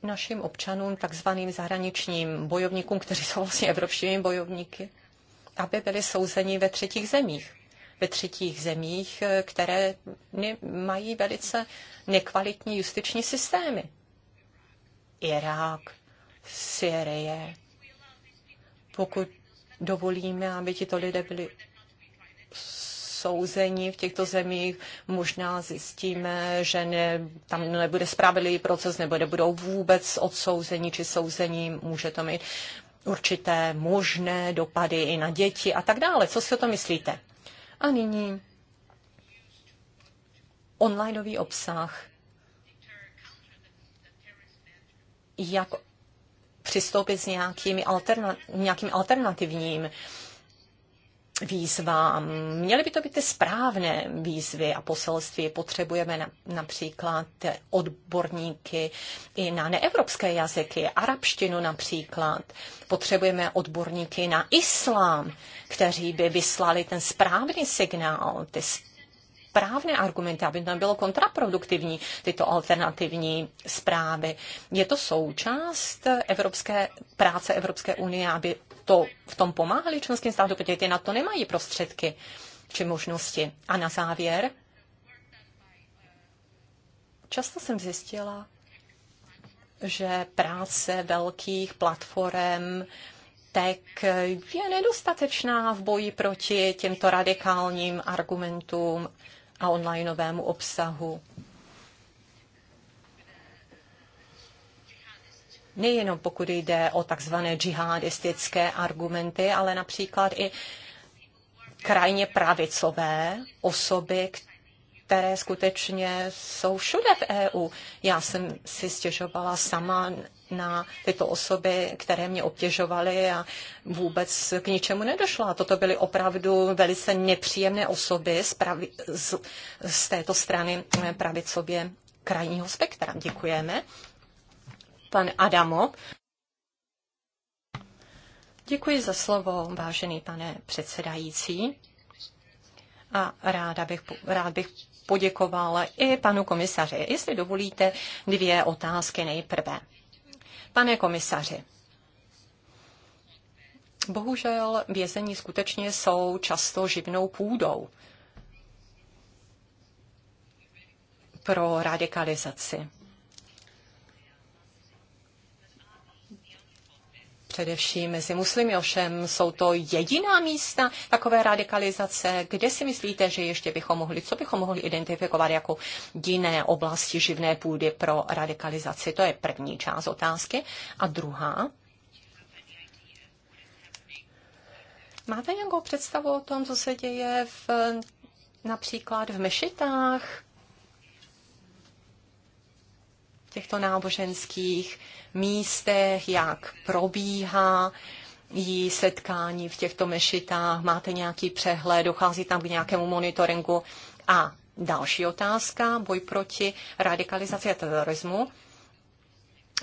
našim občanům, takzvaným zahraničním bojovníkům, kteří jsou vlastně evropskými bojovníky, aby byli souzeni ve třetích zemích ve třetích zemích, eh, které mají velice nekvalitní justiční systémy. Irák, Syrie. Pokud dovolíme, aby tito lidé byli souzení v těchto zemích, možná zjistíme, že ne, tam nebude spravedlivý proces, nebo nebudou vůbec odsouzení či souzení, může to mít určité možné dopady i na děti a tak dále. Co si o to myslíte? A nyní onlineový obsah. Jak přistoupit s nějakými, alterna- nějakým alternativním výzvám. Měly by to být ty správné výzvy a poselství. Potřebujeme například odborníky i na neevropské jazyky, arabštinu například. Potřebujeme odborníky na islám, kteří by vyslali ten správný signál, ty správné argumenty, aby to nebylo kontraproduktivní, tyto alternativní zprávy. Je to součást evropské práce Evropské unie, aby to, v tom pomáhali členským státům, protože ty na to nemají prostředky či možnosti. A na závěr, často jsem zjistila, že práce velkých platform tak je nedostatečná v boji proti těmto radikálním argumentům a onlineovému obsahu. nejenom pokud jde o takzvané džihadistické argumenty, ale například i krajně pravicové osoby, které skutečně jsou všude v EU. Já jsem si stěžovala sama na tyto osoby, které mě obtěžovaly a vůbec k ničemu nedošlo. A toto byly opravdu velice nepříjemné osoby z, pravi, z, z této strany eh, pravicově krajního spektra. Děkujeme pan Adamo. Děkuji za slovo, vážený pane předsedající. A ráda bych, rád bych poděkoval i panu komisaři. Jestli dovolíte, dvě otázky nejprve. Pane komisaři, bohužel vězení skutečně jsou často živnou půdou pro radikalizaci. především mezi muslimy, ovšem jsou to jediná místa takové radikalizace, kde si myslíte, že ještě bychom mohli, co bychom mohli identifikovat jako jiné oblasti živné půdy pro radikalizaci? To je první část otázky. A druhá, Máte nějakou představu o tom, co se děje v, například v mešitách, těchto náboženských místech, jak probíhá jí setkání v těchto mešitách, máte nějaký přehled, dochází tam k nějakému monitoringu. A další otázka, boj proti radikalizaci a terorismu.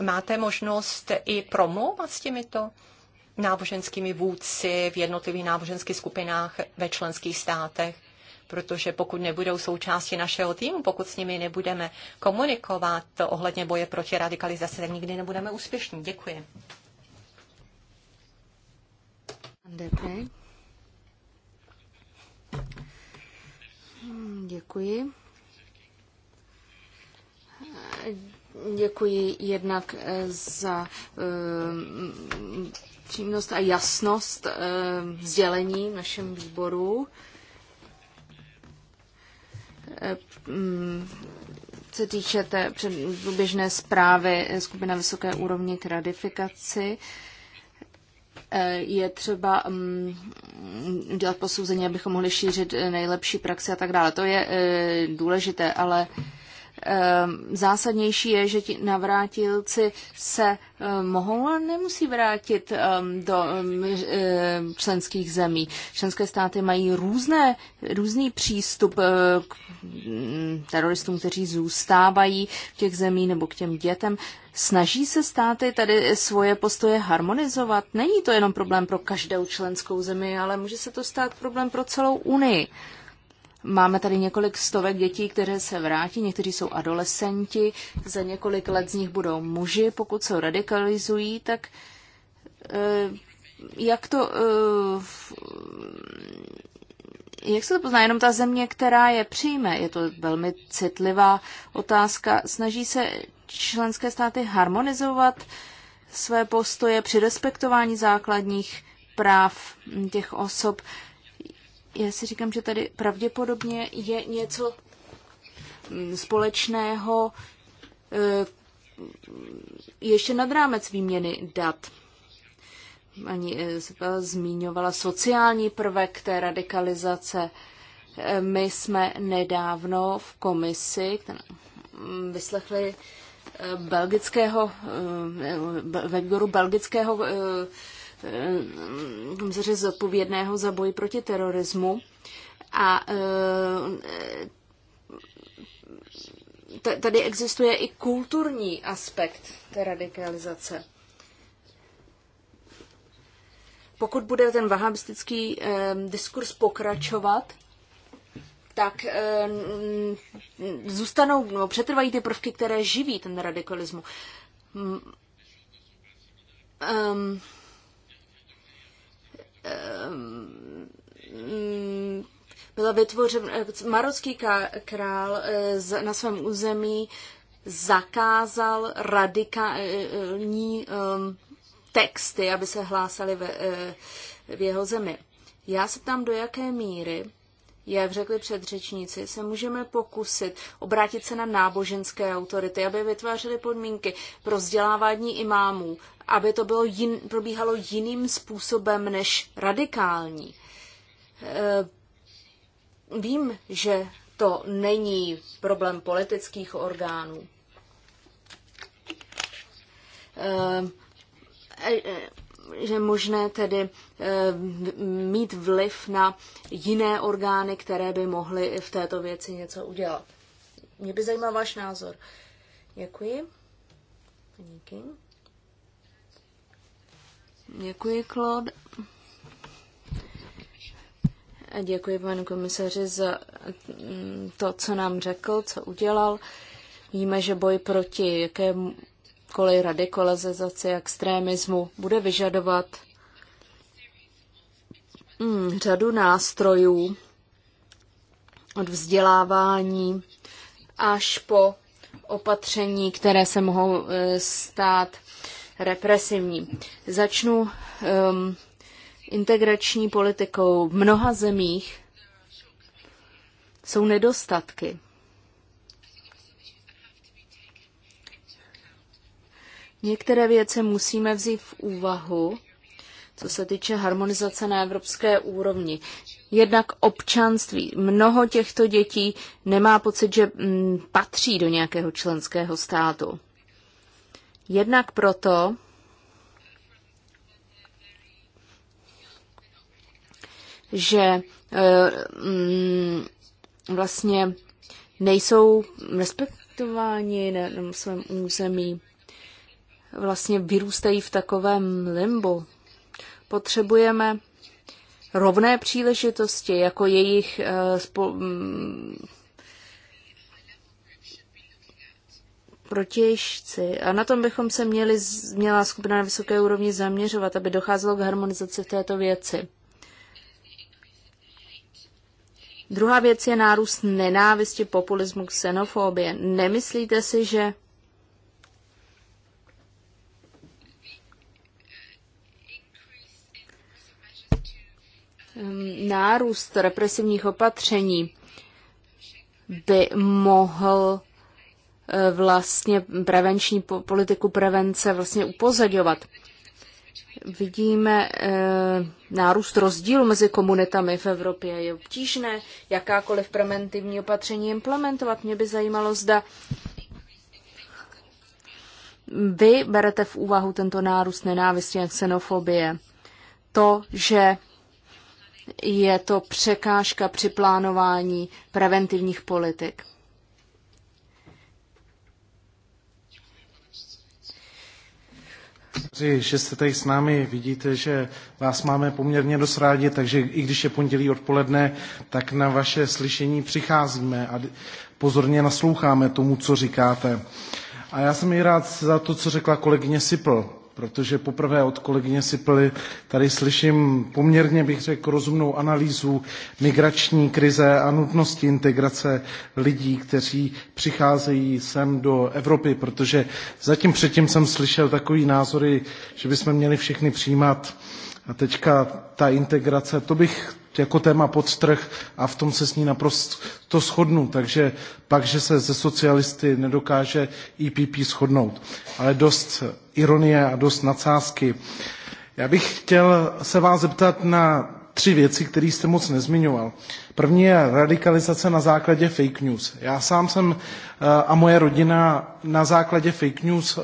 Máte možnost i promlouvat s těmito náboženskými vůdci v jednotlivých náboženských skupinách ve členských státech? protože pokud nebudou součástí našeho týmu, pokud s nimi nebudeme komunikovat ohledně boje proti radikalizaci, tak nikdy nebudeme úspěšní. Děkuji. Hmm, děkuji. Děkuji jednak eh, za eh, přímnost a jasnost eh, sdělení našem výboru. Eh, mm, se týče té předběžné zprávy eh, skupina vysoké úrovně k ratifikaci, eh, je třeba mm, dělat posouzení, abychom mohli šířit nejlepší praxi a tak dále. To je důležité, ale Ehm, zásadnější je, že ti navrátilci se ehm, mohou a nemusí vrátit ehm, do e, členských zemí. Členské státy mají různé, různý přístup e, k mm, teroristům, kteří zůstávají v těch zemí nebo k těm dětem. Snaží se státy tady svoje postoje harmonizovat? Není to jenom problém pro každou členskou zemi, ale může se to stát problém pro celou Unii. Máme tady několik stovek dětí, které se vrátí, někteří jsou adolescenti, za několik let z nich budou muži, pokud se radikalizují, tak eh, jak to, eh, jak se to pozná? Jenom ta země, která je přijme, je to velmi citlivá otázka. Snaží se členské státy harmonizovat své postoje při respektování základních práv těch osob já si říkám, že tady pravděpodobně je něco mm, společného eh, ještě nad rámec výměny dat. Ani eh, zmiňovala sociální prvek té radikalizace. Eh, my jsme nedávno v komisi mm, vyslechli belgického, ve výboru belgického Eh, komisaře zodpovědného za boj proti terorismu. A eh, tady existuje i kulturní aspekt té radikalizace. Pokud bude ten vahabistický eh, diskurs pokračovat, tak eh, zůstanou, no, přetrvají ty prvky, které živí ten radikalismus. Um, Ehm, Byla vytvořen eh, marocký král eh, na svém území zakázal radikální ehm, texty, aby se hlásali eh, v jeho zemi. Já se ptám, do jaké míry jak řekli předřečníci, se můžeme pokusit obrátit se na náboženské autority, aby vytvářely podmínky pro vzdělávání imámů, aby to bylo jin, probíhalo jiným způsobem než radikální. Eh, vím, že to není problém politických orgánů eh, eh, že je možné tedy eh, mít vliv na jiné orgány, které by mohly v této věci něco udělat. Mě by zajímal váš názor. Děkuji. Díky. Děkuji, Claude. A děkuji panu komisaři za mm, to, co nám řekl, co udělal. Víme, že boj proti jakému Kolej radikalizace extrémismu, bude vyžadovat mm, řadu nástrojů od vzdělávání až po opatření, které se mohou eh, stát represivní. Začnu um, integrační politikou. V mnoha zemích jsou nedostatky Některé věci musíme vzít v úvahu, co se týče harmonizace na evropské úrovni. Jednak občanství. Mnoho těchto dětí nemá pocit, že mm, patří do nějakého členského státu. Jednak proto, že e, mm, vlastně nejsou respektováni na, na svém území vlastně vyrůstají v takovém limbu. Potřebujeme rovné příležitosti, jako jejich eh, spol... Mm, protějšci. A na tom bychom se měli, měla skupina na vysoké úrovni zaměřovat, aby docházelo k harmonizaci v této věci. Druhá věc je nárůst nenávisti, populismu, xenofobie. Nemyslíte si, že Ehm, nárůst represivních opatření by mohl eh, vlastně prevenční politiku prevence vlastně upozadovat. Vidíme e, nárůst rozdílu mezi komunitami v Evropě. Je obtížné jakákoliv preventivní opatření implementovat. Mě by zajímalo, zda vy berete v úvahu tento nárůst nenávisti a xenofobie. To, že je to překážka při plánování preventivních politik. že jste tady s námi, vidíte, že vás máme poměrně dost rádi, takže i když je pondělí odpoledne, tak na vaše slyšení přicházíme a pozorně nasloucháme tomu, co říkáte. A já jsem i rád za to, co řekla kolegyně Sipl protože poprvé od kolegyně Sipily tady slyším poměrně, bych řekl, rozumnou analýzu migrační krize a nutnosti integrace lidí, kteří přicházejí sem do Evropy, protože zatím předtím jsem slyšel takový názory, že bychom měli všechny přijímat a teďka ta integrace, to bych, jako téma podstrh a v tom se s ní naprosto shodnu. Takže pak, že se ze socialisty nedokáže EPP shodnout. Ale dost ironie a dost nadsázky. Já bych chtěl se vás zeptat na tři věci, které jste moc nezmiňoval. První je radikalizace na základě fake news. Já sám jsem eh, a moje rodina na základě fake news eh,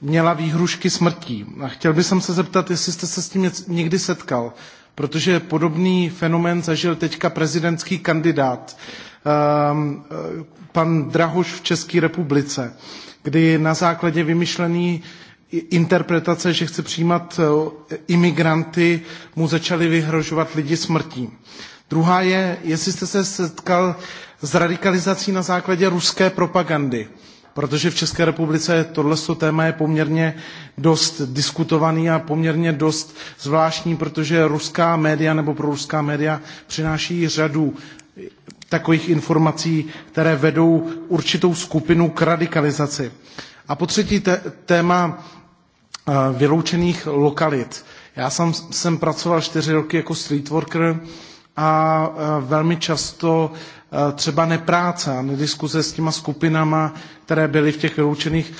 měla výhrušky smrtí. A chtěl bych se zeptat, jestli jste se s tím někdy setkal, protože podobný fenomén zažil teďka prezidentský kandidát, ehm, eh, pan Drahoš v České republice, kdy na základě vymyšlený interpretace, že chce přijímat eh, imigranty, mu začali vyhrožovat lidi smrtí. Druhá je, jestli jste se setkal s radikalizací na základě ruské propagandy protože v České republice tohle téma je poměrně dost diskutovaný a poměrně dost zvláštní, protože ruská média nebo pro ruská média přináší řadu takových informací, které vedou určitou skupinu k radikalizaci. A po třetí téma eh, vyloučených lokalit. Já sam. jsem pracoval čtyři roky jako street worker a e, velmi často e, třeba nepráce a nediskuse s těma skupinama, které byly v těch vyloučených e,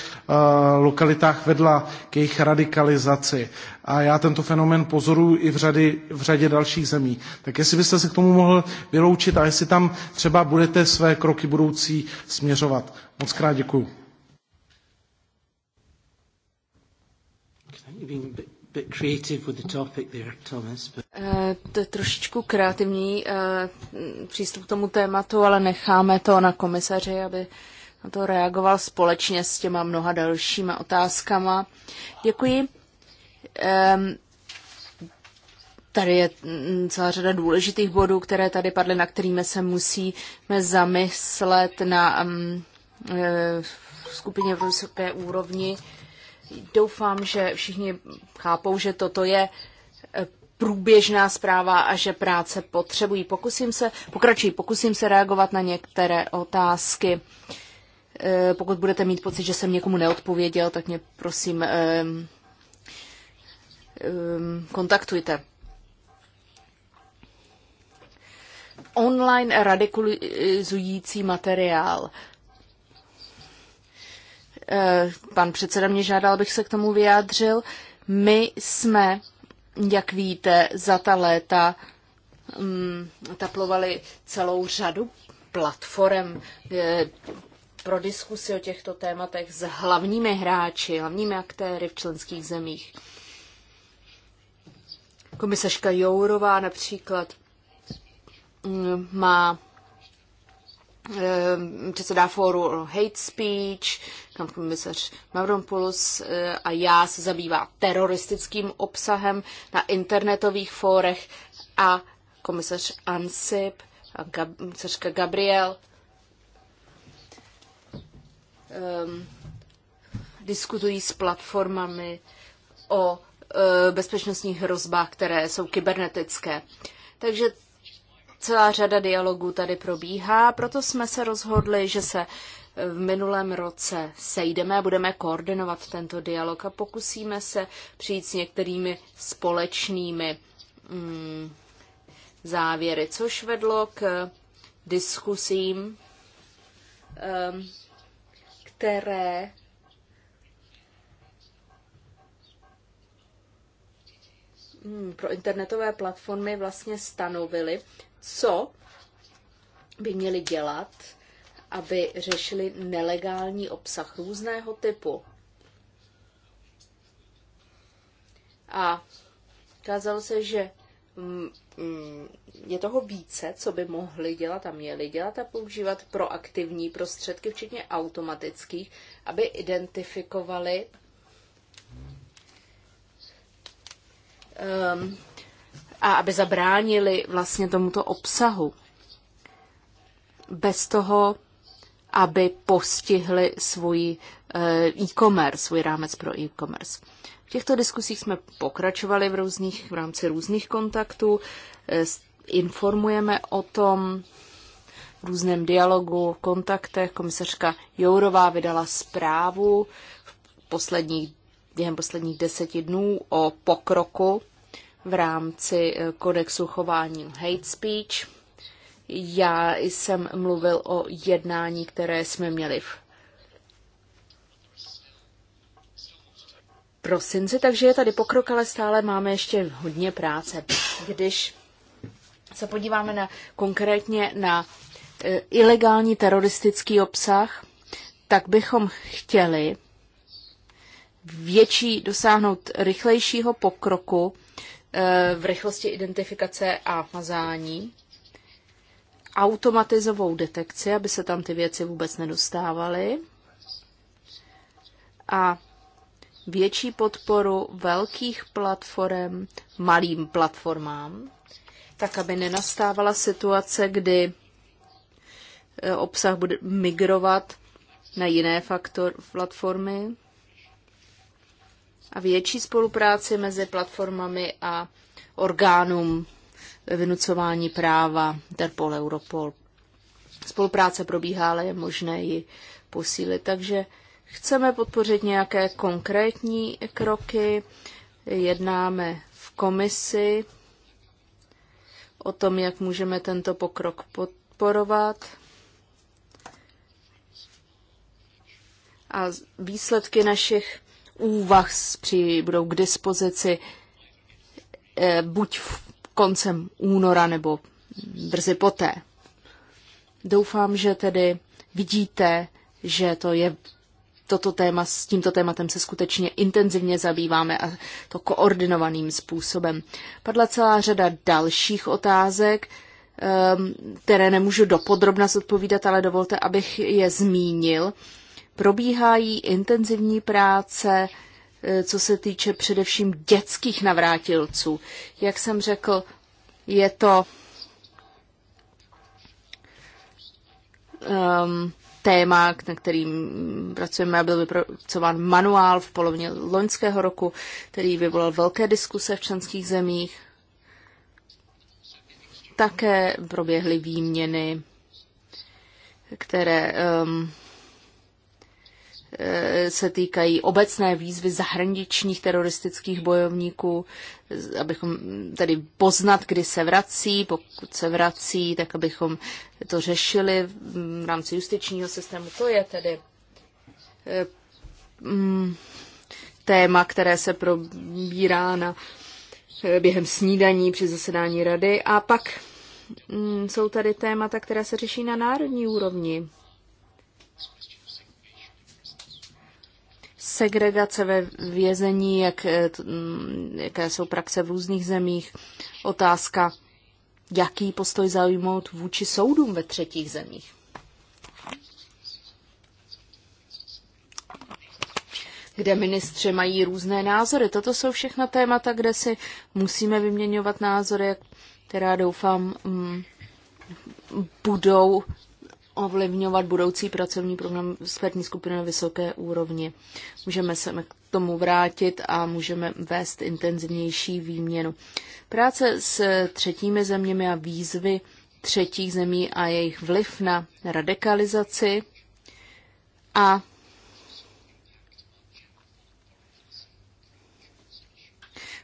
lokalitách vedla k jejich radikalizaci. A já tento fenomén pozoruji i v, řady, v řadě dalších zemí. Tak jestli byste se k tomu mohl vyloučit a jestli tam třeba budete své kroky budoucí směřovat. Moc krát děkuju. To je eh, trošičku kreativní eh, přístup k tomu tématu, ale necháme to na komisaři, aby na to reagoval společně s těma mnoha dalšíma otázkama. Děkuji. Tady je mm, celá řada důležitých bodů, které tady padly, na kterými se musíme zamyslet na um, skupině v úrovni. Doufám, že všichni chápou, že toto je eh, průběžná zpráva a že práce potřebují. Pokusím se, pokračuji, pokusím se reagovat na některé otázky. Eh, pokud budete mít pocit, že jsem někomu neodpověděl, tak mě prosím eh, kontaktujte. Online radikalizující materiál. Eh, pan předseda mě žádal, abych se k tomu vyjádřil. My jsme, jak víte, za ta léta um, taplovali celou řadu platform eh, pro diskusi o těchto tématech s hlavními hráči, hlavními aktéry v členských zemích. Komisařka Jourová například mm, má Eh, předseda fóru Hate Speech, kam komisař Mavrompoulos eh, a já se zabývá teroristickým obsahem na internetových fórech a komisař Ansip a Gab- komisařka Gabriel um, diskutují s platformami o uh, bezpečnostních hrozbách, které jsou kybernetické. Takže Celá řada dialogů tady probíhá, proto jsme se rozhodli, že se e, v minulém roce sejdeme a budeme koordinovat tento dialog a pokusíme se přijít s některými společnými mm, závěry, což vedlo k diskusím, které hmm, pro internetové platformy vlastně stanovily co by měli dělat, aby řešili nelegální obsah různého typu. A kázalo se, že mm, mm, je toho více, co by mohli dělat a měli dělat a používat proaktivní prostředky, včetně automatických, aby identifikovali um, a aby zabránili vlastně tomuto obsahu. Bez toho, aby postihli svůj eh, e-commerce, svůj rámec pro e-commerce. V těchto diskusích jsme pokračovali v, různých, v rámci různých kontaktů, eh, informujeme o tom v různém dialogu, kontaktech. Komisařka Jourová vydala zprávu v posledních, během posledních deseti dnů o pokroku v rámci eh, kodexu chování hate speech. Já jsem mluvil o jednání, které jsme měli v prosinci, takže je tady pokrok, ale stále máme ještě hodně práce. Když se podíváme na, konkrétně na eh, ilegální teroristický obsah, tak bychom chtěli větší, dosáhnout rychlejšího pokroku Eh, v rychlosti identifikace a mazání, automatizovou detekci, aby se tam ty věci vůbec nedostávaly a větší podporu velkých platform malým platformám, tak aby nenastávala situace, kdy eh, obsah bude migrovat na jiné faktor, platformy, a větší spolupráci mezi platformami a orgánům vynucování práva Interpol, Europol. Spolupráce probíhá, ale je možné ji posílit. Takže chceme podpořit nějaké konkrétní kroky. Jednáme v komisi o tom, jak můžeme tento pokrok podporovat. A výsledky našich úvah při, budou k dispozici eh, buď koncem února nebo brzy poté. Doufám, že tedy vidíte, že to je toto téma, s tímto tématem se skutečně intenzivně zabýváme a to koordinovaným způsobem. Padla celá řada dalších otázek, ehm, které nemůžu dopodrobna zodpovídat, ale dovolte, abych je zmínil. Probíhají intenzivní práce, e, co se týče především dětských navrátilců. Jak jsem řekl, je to um, téma, na kterým pracujeme a byl vypracován manuál v polovině loňského roku, který vyvolal velké diskuse v členských zemích. Také proběhly výměny, které um, Eh, se týkají obecné výzvy zahraničních teroristických bojovníků, abychom tedy poznat, kdy se vrací, pokud se vrací, tak abychom to řešili v mm, rámci justičního systému. To je tedy eh, mm, téma, které se probírá na, eh, během snídaní při zasedání rady. A pak mm, jsou tady témata, které se řeší na národní úrovni. segregace ve vězení, jak, eh, mm, jaké jsou praxe v různých zemích, otázka, jaký postoj zaujmout vůči soudům ve třetích zemích. kde ministři mají různé názory. Toto jsou všechna témata, kde si musíme vyměňovat názory, která doufám mm, budou ovlivňovat budoucí pracovní program expertní skupiny na vysoké úrovni. Můžeme se k tomu vrátit a můžeme vést intenzivnější výměnu. Práce s třetími zeměmi a výzvy třetích zemí a jejich vliv na radikalizaci a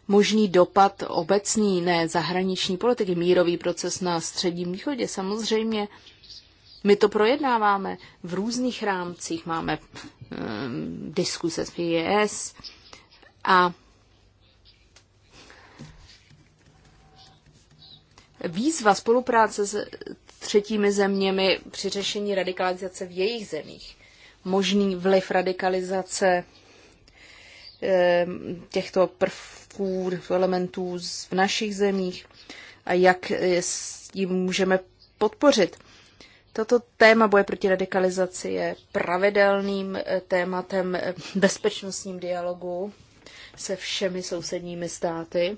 možný dopad obecný, ne zahraniční politiky, mírový proces na středním východě. Samozřejmě my to projednáváme v různých rámcích, máme um, diskuse s PES a výzva spolupráce s třetími zeměmi při řešení radikalizace v jejich zemích, možný vliv radikalizace ehm, těchto prvků, elementů v našich zemích a jak s tím můžeme podpořit. Toto téma boje proti radikalizaci je pravidelným eh, tématem eh, bezpečnostním dialogu se všemi sousedními státy.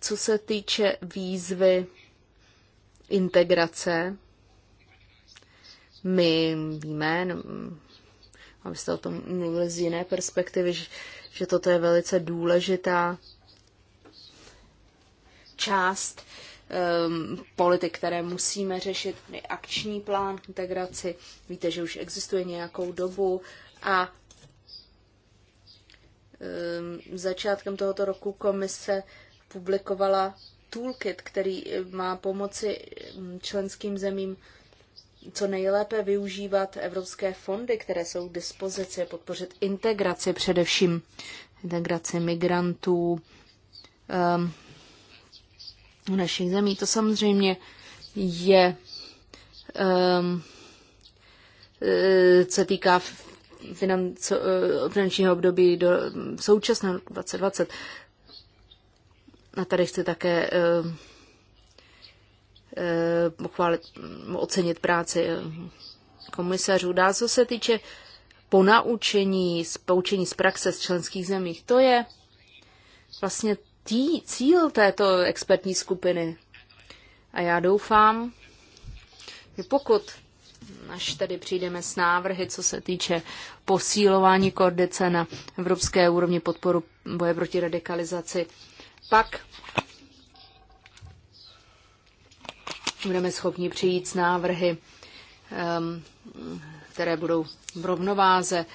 Co se týče výzvy integrace, my víme, no, abyste o tom mluvili z jiné perspektivy, že toto je velice důležitá část um, politik, které musíme řešit, akční plán integraci, víte, že už existuje nějakou dobu a um, začátkem tohoto roku komise publikovala toolkit, který eh, má pomoci mm, členským zemím co nejlépe využívat evropské fondy, které jsou k dispozici, podpořit integraci, především integraci migrantů, um, v našich zemí. To samozřejmě je, um, ehm, co e, týká e, finančního období do současného 2020. A tady chci také uh, uh, ocenit práci komisařů. Dá, co se týče ponaučení, poučení z praxe z členských zemích, to je vlastně Tí cíl této expertní skupiny. A já doufám, že pokud až tedy přijdeme s návrhy, co se týče posílování koordice na evropské úrovni podporu boje proti radikalizaci, pak budeme schopni přijít s návrhy, ehm, které budou v rovnováze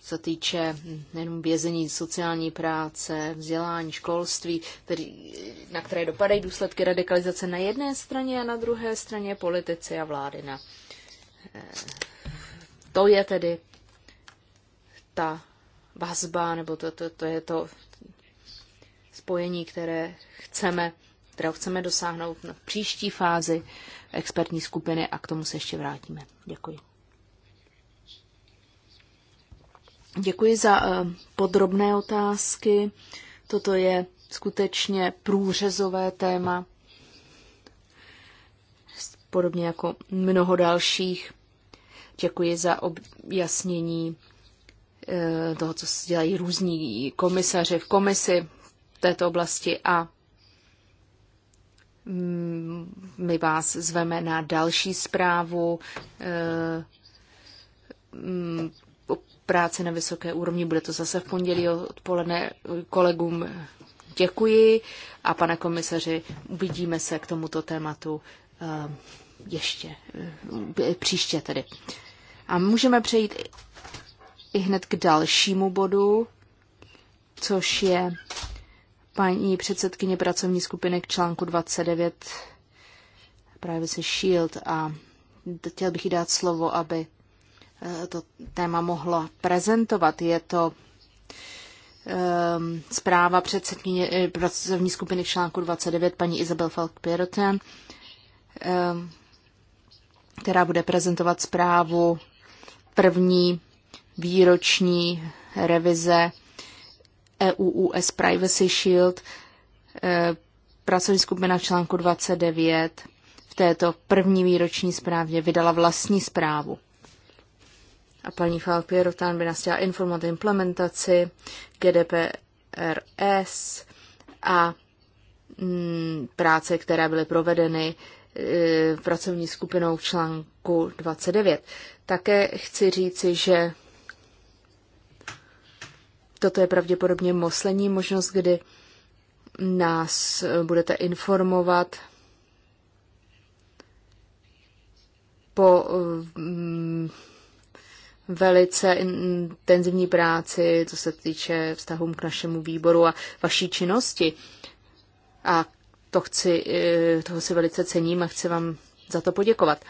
se týče nejenom vězení, sociální práce, vzdělání, školství, který, na které dopadají důsledky radikalizace na jedné straně a na druhé straně politici a vlády. Na, eh, to je tedy ta vazba, nebo to, to, to je to spojení, které chceme, které chceme dosáhnout na příští fázi expertní skupiny a k tomu se ještě vrátíme. Děkuji. Děkuji za eh, podrobné otázky. Toto je skutečně průřezové téma, podobně jako mnoho dalších. Děkuji za objasnění eh, toho, co se dělají různí komisaři v komisi v této oblasti a mm, my vás zveme na další zprávu eh, mm, Práce na vysoké úrovni. Bude to zase v pondělí odpoledne kolegům. Děkuji a pane komisaři, uvidíme se k tomuto tématu eh, ještě eh, příště tedy. A můžeme přejít i hned k dalšímu bodu, což je paní předsedkyně pracovní skupiny k článku 29 Privacy Shield a chtěl bych jí dát slovo, aby Eh, to téma mohla prezentovat. Je to ehm, zpráva předsedkyně eh, pracovní skupiny v článku 29 paní Isabel falk pieroten ehm, která bude prezentovat zprávu první výroční revize EU-US Privacy Shield. Eh, pracovní skupina v článku 29 v této první výroční zprávě vydala vlastní zprávu a paní Rotán by nás chtěla informovat o implementaci GDPRS a mm, práce, které byly provedeny e, pracovní skupinou v článku 29. Také chci říci, že toto je pravděpodobně moslení možnost, kdy nás budete informovat po mm, velice intenzivní práci, co se týče vztahům k našemu výboru a vaší činnosti. A to chci, e, toho si velice cením a chci vám za to poděkovat.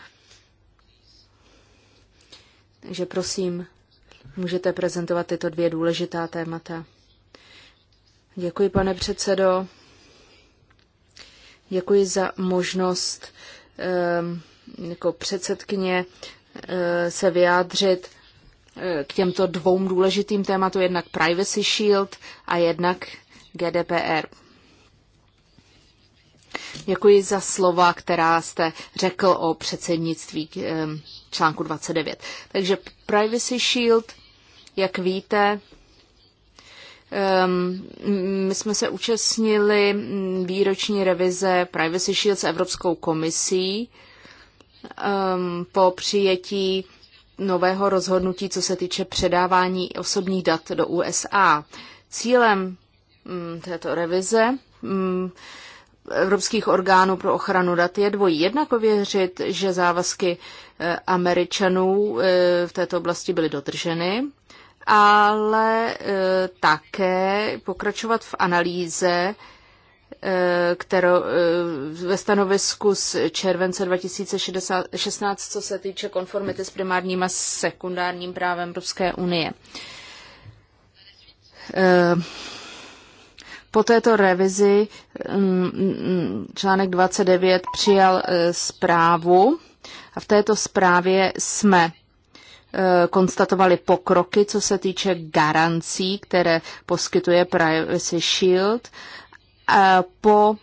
Takže prosím, můžete prezentovat tyto dvě důležitá témata. Děkuji, pane předsedo. Děkuji za možnost e, jako předsedkyně e, se vyjádřit k těmto dvou důležitým tématům, jednak Privacy Shield a jednak GDPR. Děkuji za slova, která jste řekl o předsednictví eh, článku 29. Takže Privacy Shield, jak víte, ehm, my jsme se účastnili výroční revize Privacy Shield s Evropskou komisí ehm, po přijetí nového rozhodnutí, co se týče předávání osobních dat do USA. Cílem mm, této revize mm, evropských orgánů pro ochranu dat je dvojí. Jednak ověřit, že závazky e, Američanů e, v této oblasti byly dodrženy, ale e, také pokračovat v analýze Eh, kterou, eh, ve stanovisku z července 2016, co se týče konformity s primárním a sekundárním právem Evropské unie. Eh, po této revizi mm, mm, článek 29 přijal zprávu a v této zprávě jsme konstatovali pokroky, co se týče garancí, které poskytuje Privacy Shield po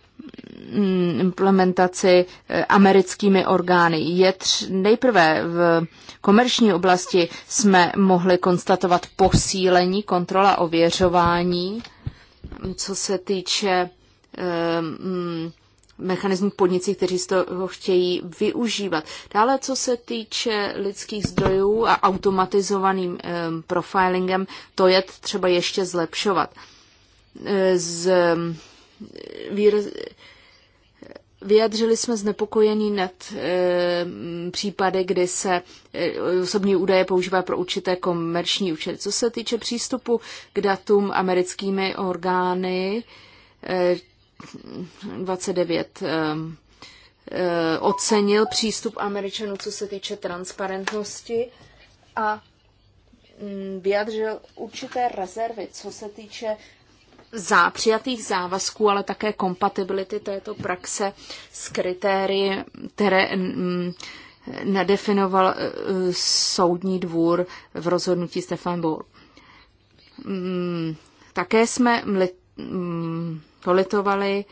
mm, implementaci e, americkými orgány. Je tř, nejprve v komerční oblasti jsme mohli konstatovat posílení kontrola ověřování, co se týče um, e, mm, mechanismů podnicí, kteří z toho chtějí využívat. Dále, co se týče lidských zdrojů a automatizovaným um, profilingem, to je třeba ještě zlepšovat. Z um, výraz, Vyjadřili jsme znepokojení nad e, případy, kdy se e, osobní údaje používá pro určité komerční účely. Co se týče přístupu k datům americkými orgány, e, 29 e, e, ocenil přístup američanů, co se týče transparentnosti a mm, vyjadřil určité rezervy, co se týče zá, přijatých závazků, ale také kompatibility této praxe s kritérii, které m, mm, nadefinoval eh, soudní dvůr v rozhodnutí Stefan Bohr. Mm, také jsme mm, politovali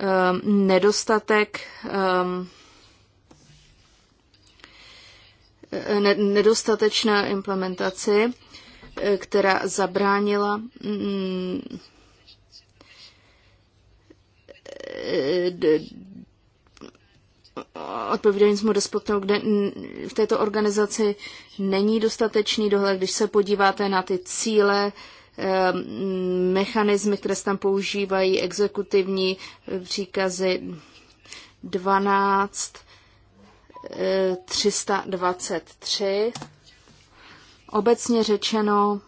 eh, nedostatek eh, nedostatečná implementaci která zabránila mm, odpovědnismu despotu, kde v této organizaci není dostatečný dohled. Když se podíváte na ty cíle, ehm, mechanismy, které se tam používají, exekutivní příkazy 12, 323, eh, Obecně řečeno,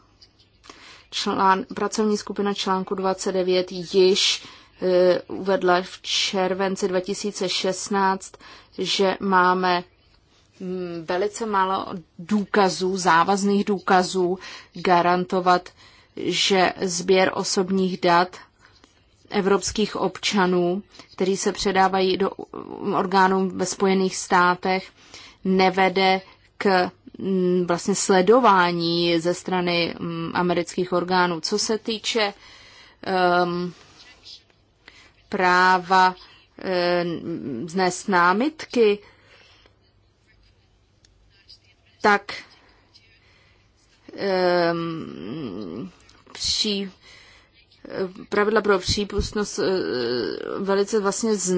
člán, pracovní skupina článku 29 již e, uvedla v červenci 2016, že máme mm, velice málo důkazů, závazných důkazů garantovat, že sběr osobních dat evropských občanů, kteří se předávají do mm, orgánů ve Spojených státech, nevede k Mm, vlastně sledování ze strany mm, amerických orgánů. Co se týče um, práva um, ehm, znést námitky, tak um, při pravidla pro přípustnost eh, velice vlastně z,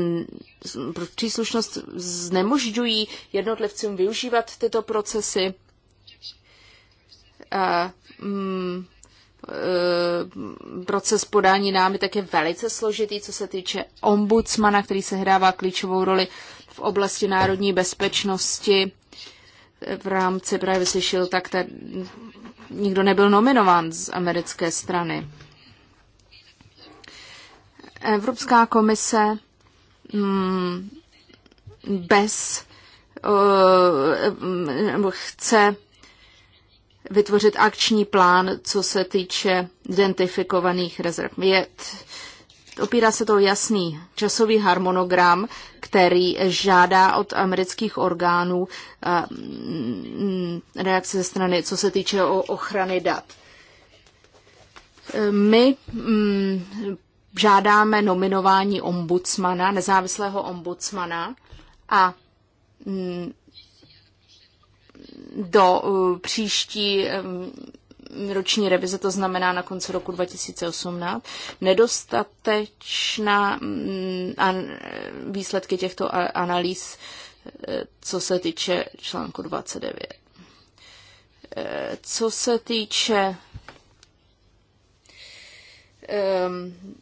pro příslušnost znemožďují jednotlivcům využívat tyto procesy. A, mm, eh, proces podání tak je velice složitý, co se týče ombudsmana, který se hrává klíčovou roli v oblasti národní bezpečnosti. V rámci právě slyšel, tak ta, nikdo nebyl nominován z americké strany. Evropská komise mm, bez eh, mm, chce vytvořit akční plán, co se týče identifikovaných rezerv. Je, opírá se to jasný časový harmonogram, který žádá od amerických orgánů eh, mm, reakce ze strany, co se týče o ochrany dat. Eh, my žádáme nominování ombudsmana, nezávislého ombudsmana a mm, do uh, příští um, roční revize, to znamená na konci roku 2018, nedostatečná mm, výsledky těchto analýz, uh, co se týče článku 29. Uh, co se týče um,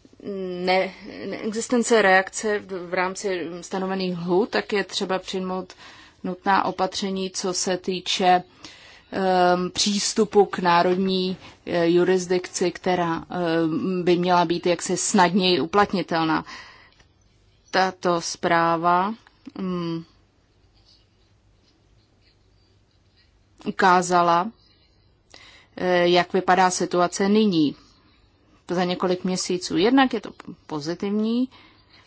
ne, neexistence reakce v, v rámci stanovených hlů, tak je třeba přijmout nutná opatření, co se týče um, přístupu k národní uh, jurisdikci, která uh, by měla být jaksi snadněji uplatnitelná. Tato zpráva um, ukázala, uh, jak vypadá situace nyní za několik měsíců. Jednak je to pozitivní,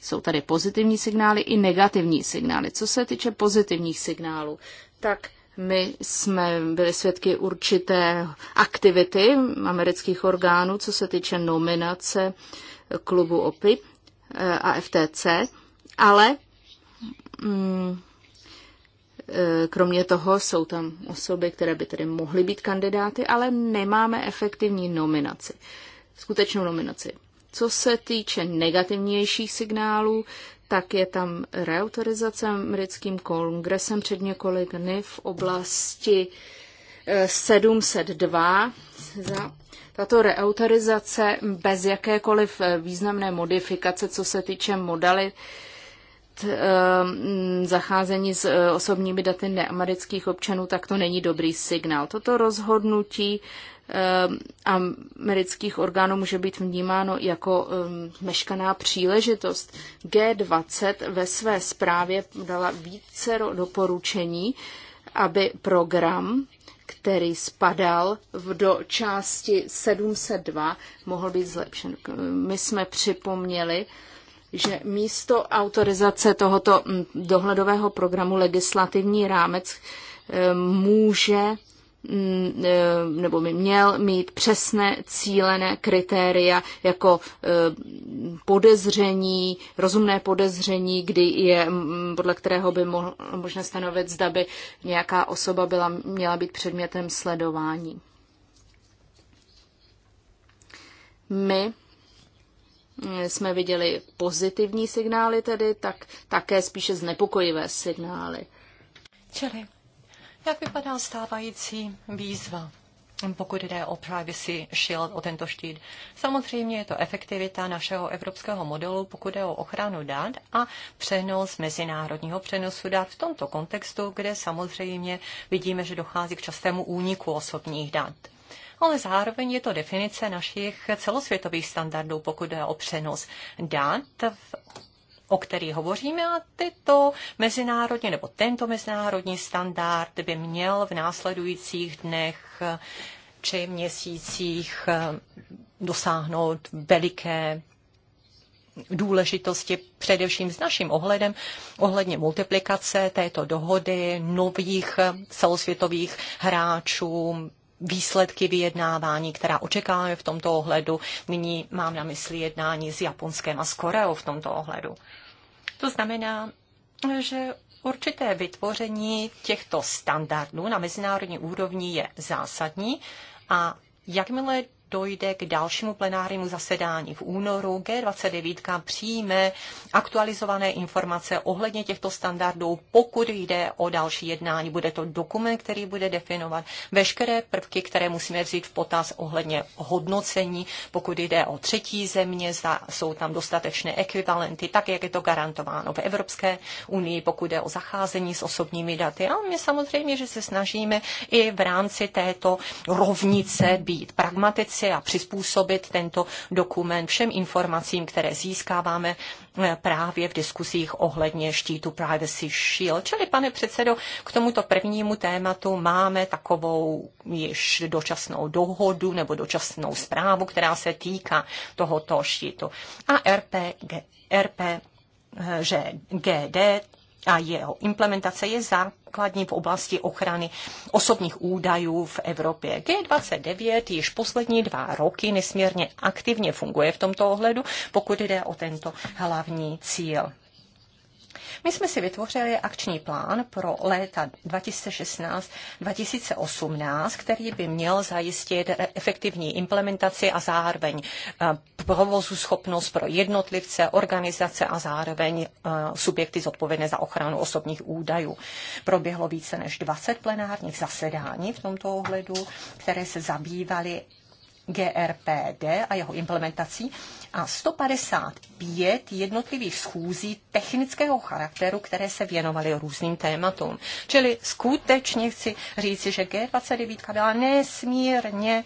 jsou tady pozitivní signály i negativní signály. Co se týče pozitivních signálů, tak my jsme byli svědky určité aktivity amerických orgánů, co se týče nominace klubu OPI eh, a FTC, ale mm, eh, kromě toho jsou tam osoby, které by tedy mohly být kandidáty, ale nemáme efektivní nominaci skutečnou nominaci. Co se týče negativnějších signálů, tak je tam reautorizace americkým kongresem před několik dny v oblasti 702. Eh, Tato reautorizace bez jakékoliv eh, významné modifikace, co se týče modalit, eh, zacházení s osobními daty neamerických občanů, tak to není dobrý signál. Toto rozhodnutí Ehm, amerických orgánů může být vnímáno jako ehm, meškaná příležitost. G20 ve své zprávě dala více doporučení, aby program který spadal v do části 702, mohl být zlepšen. Ehm, my jsme připomněli, že místo autorizace tohoto hm, dohledového programu legislativní rámec může Mm, eh, nebo by měl mít přesné cílené kritéria jako eh, podezření, rozumné podezření, kdy je, mm, podle kterého by mohl možné stanovit, zda by nějaká osoba byla, měla být předmětem sledování. My eh, jsme viděli pozitivní signály tedy, tak také spíše znepokojivé signály. Čili jak vypadá stávající výzva? pokud jde o privacy shield, o tento štít. Samozřejmě je to efektivita našeho evropského modelu, pokud jde o ochranu dát a přenos mezinárodního přenosu dát v tomto kontextu, kde samozřejmě vidíme, že dochází k častému úniku osobních dat ale zároveň je to definice našich celosvětových standardů, pokud jde o přenos dát. v o který hovoříme a tyto mezinárodní nebo tento mezinárodní standard by měl v následujících dnech či měsících eh, dosáhnout veliké důležitosti především s naším ohledem, ohledně multiplikace této dohody, nových eh, celosvětových hráčů, výsledky vyjednávání, která očekáváme v tomto ohledu. Nyní mám na mysli jednání s Japonskem a s Koreou v tomto ohledu. To znamená, že určité vytvoření těchto standardů na mezinárodní úrovni je zásadní a jakmile dojde k dalšímu plenárnímu zasedání v únoru. G29 přijme aktualizované informace ohledně těchto standardů, pokud jde o další jednání. Bude to dokument, který bude definovat veškeré prvky, které musíme vzít v potaz ohledně hodnocení, pokud jde o třetí země, zda jsou tam dostatečné ekvivalenty, tak jak je to garantováno v Evropské unii, pokud jde o zacházení s osobními daty. A my samozřejmě, že se snažíme i v rámci této rovnice být pragmatici práci a přizpůsobit tento dokument všem informacím, které získáváme eh, právě v diskusích ohledně štítu Privacy Shield. Čili, pane předsedo, k tomuto prvnímu tématu máme takovou již dočasnou dohodu nebo dočasnou zprávu, která se týká tohoto štítu. A RPG, RP, že GD a jeho implementace je základ základní v oblasti ochrany osobních údajů v Evropě. G29 již poslední dva roky nesmírně aktivně funguje v tomto ohledu, pokud jde o tento hlavní cíl. My jsme si vytvořili akční plán pro léta 2016-2018, který by měl zajistit efektivní implementaci a zároveň eh, provozu schopnost pro jednotlivce, organizace a zároveň eh, subjekty zodpovědné za ochranu osobních údajů. Proběhlo více než 20 plenárních zasedání v tomto ohledu, které se zabývaly GRPD a jeho implementací a 155 jednotlivých schůzí technického charakteru, které se věnovaly různým tématům. Čili skutečně chci říci, že G29 byla nesmírně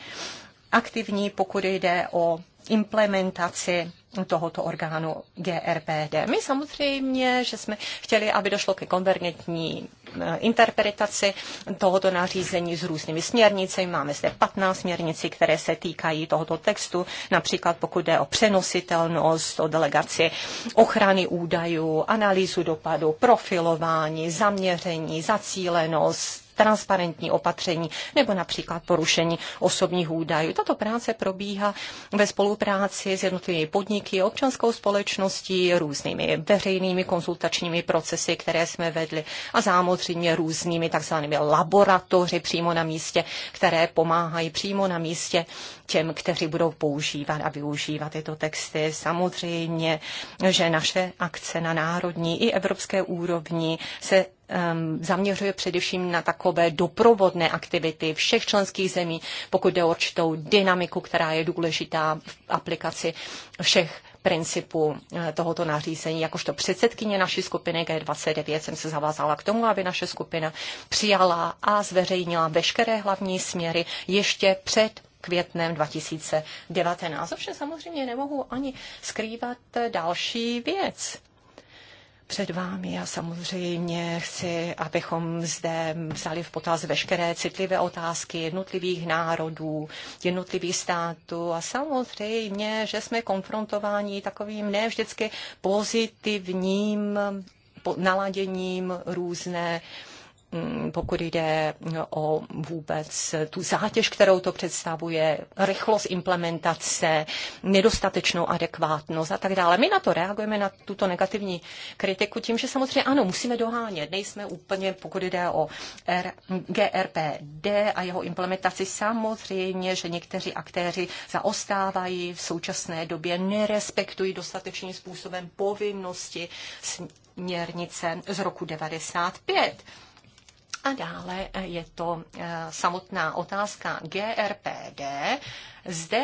aktivní, pokud jde o implementaci tohoto orgánu GRPD. My samozřejmě, že jsme chtěli, aby došlo ke konvergentní eh, interpretaci tohoto nařízení s různými směrnicemi. Máme zde 15 směrnici, které se týkají tohoto textu, například pokud jde o přenositelnost, o delegaci ochrany údajů, analýzu dopadu, profilování, zaměření, zacílenost, transparentní opatření nebo například porušení osobních údajů. Tato práce probíhá ve spolupráci s jednotlivými podniky, občanskou společností, různými veřejnými konzultačními procesy, které jsme vedli a samozřejmě různými takzvanými laboratoři přímo na místě, které pomáhají přímo na místě těm, kteří budou používat a využívat tyto texty. Samozřejmě, že naše akce na národní i evropské úrovni se Um, zaměřuje především na takové doprovodné aktivity všech členských zemí, pokud jde o určitou dynamiku, která je důležitá v aplikaci všech principu uh, tohoto nařízení. Jakožto předsedkyně naší skupiny G29 jsem se zavázala k tomu, aby naše skupina přijala a zveřejnila veškeré hlavní směry ještě před květnem 2019. Ovšem samozřejmě nemohu ani skrývat další věc před vámi a samozřejmě chci, abychom zde vzali v potaz veškeré citlivé otázky jednotlivých národů, jednotlivých států a samozřejmě, že jsme konfrontováni takovým ne vždycky pozitivním naladěním různé uh, Mm, pokud jde o vůbec tu zátěž, kterou to představuje, rychlost implementace, nedostatečnou adekvátnost a tak dále. My na to reagujeme, na tuto negativní kritiku tím, že samozřejmě ano, musíme dohánět. Nejsme úplně, pokud jde o R, GRPD a jeho implementaci, samozřejmě, že někteří aktéři zaostávají v současné době, nerespektují dostatečným způsobem povinnosti směrnice z roku 95. A dále eh, je to eh, samotná otázka GRPD. Zde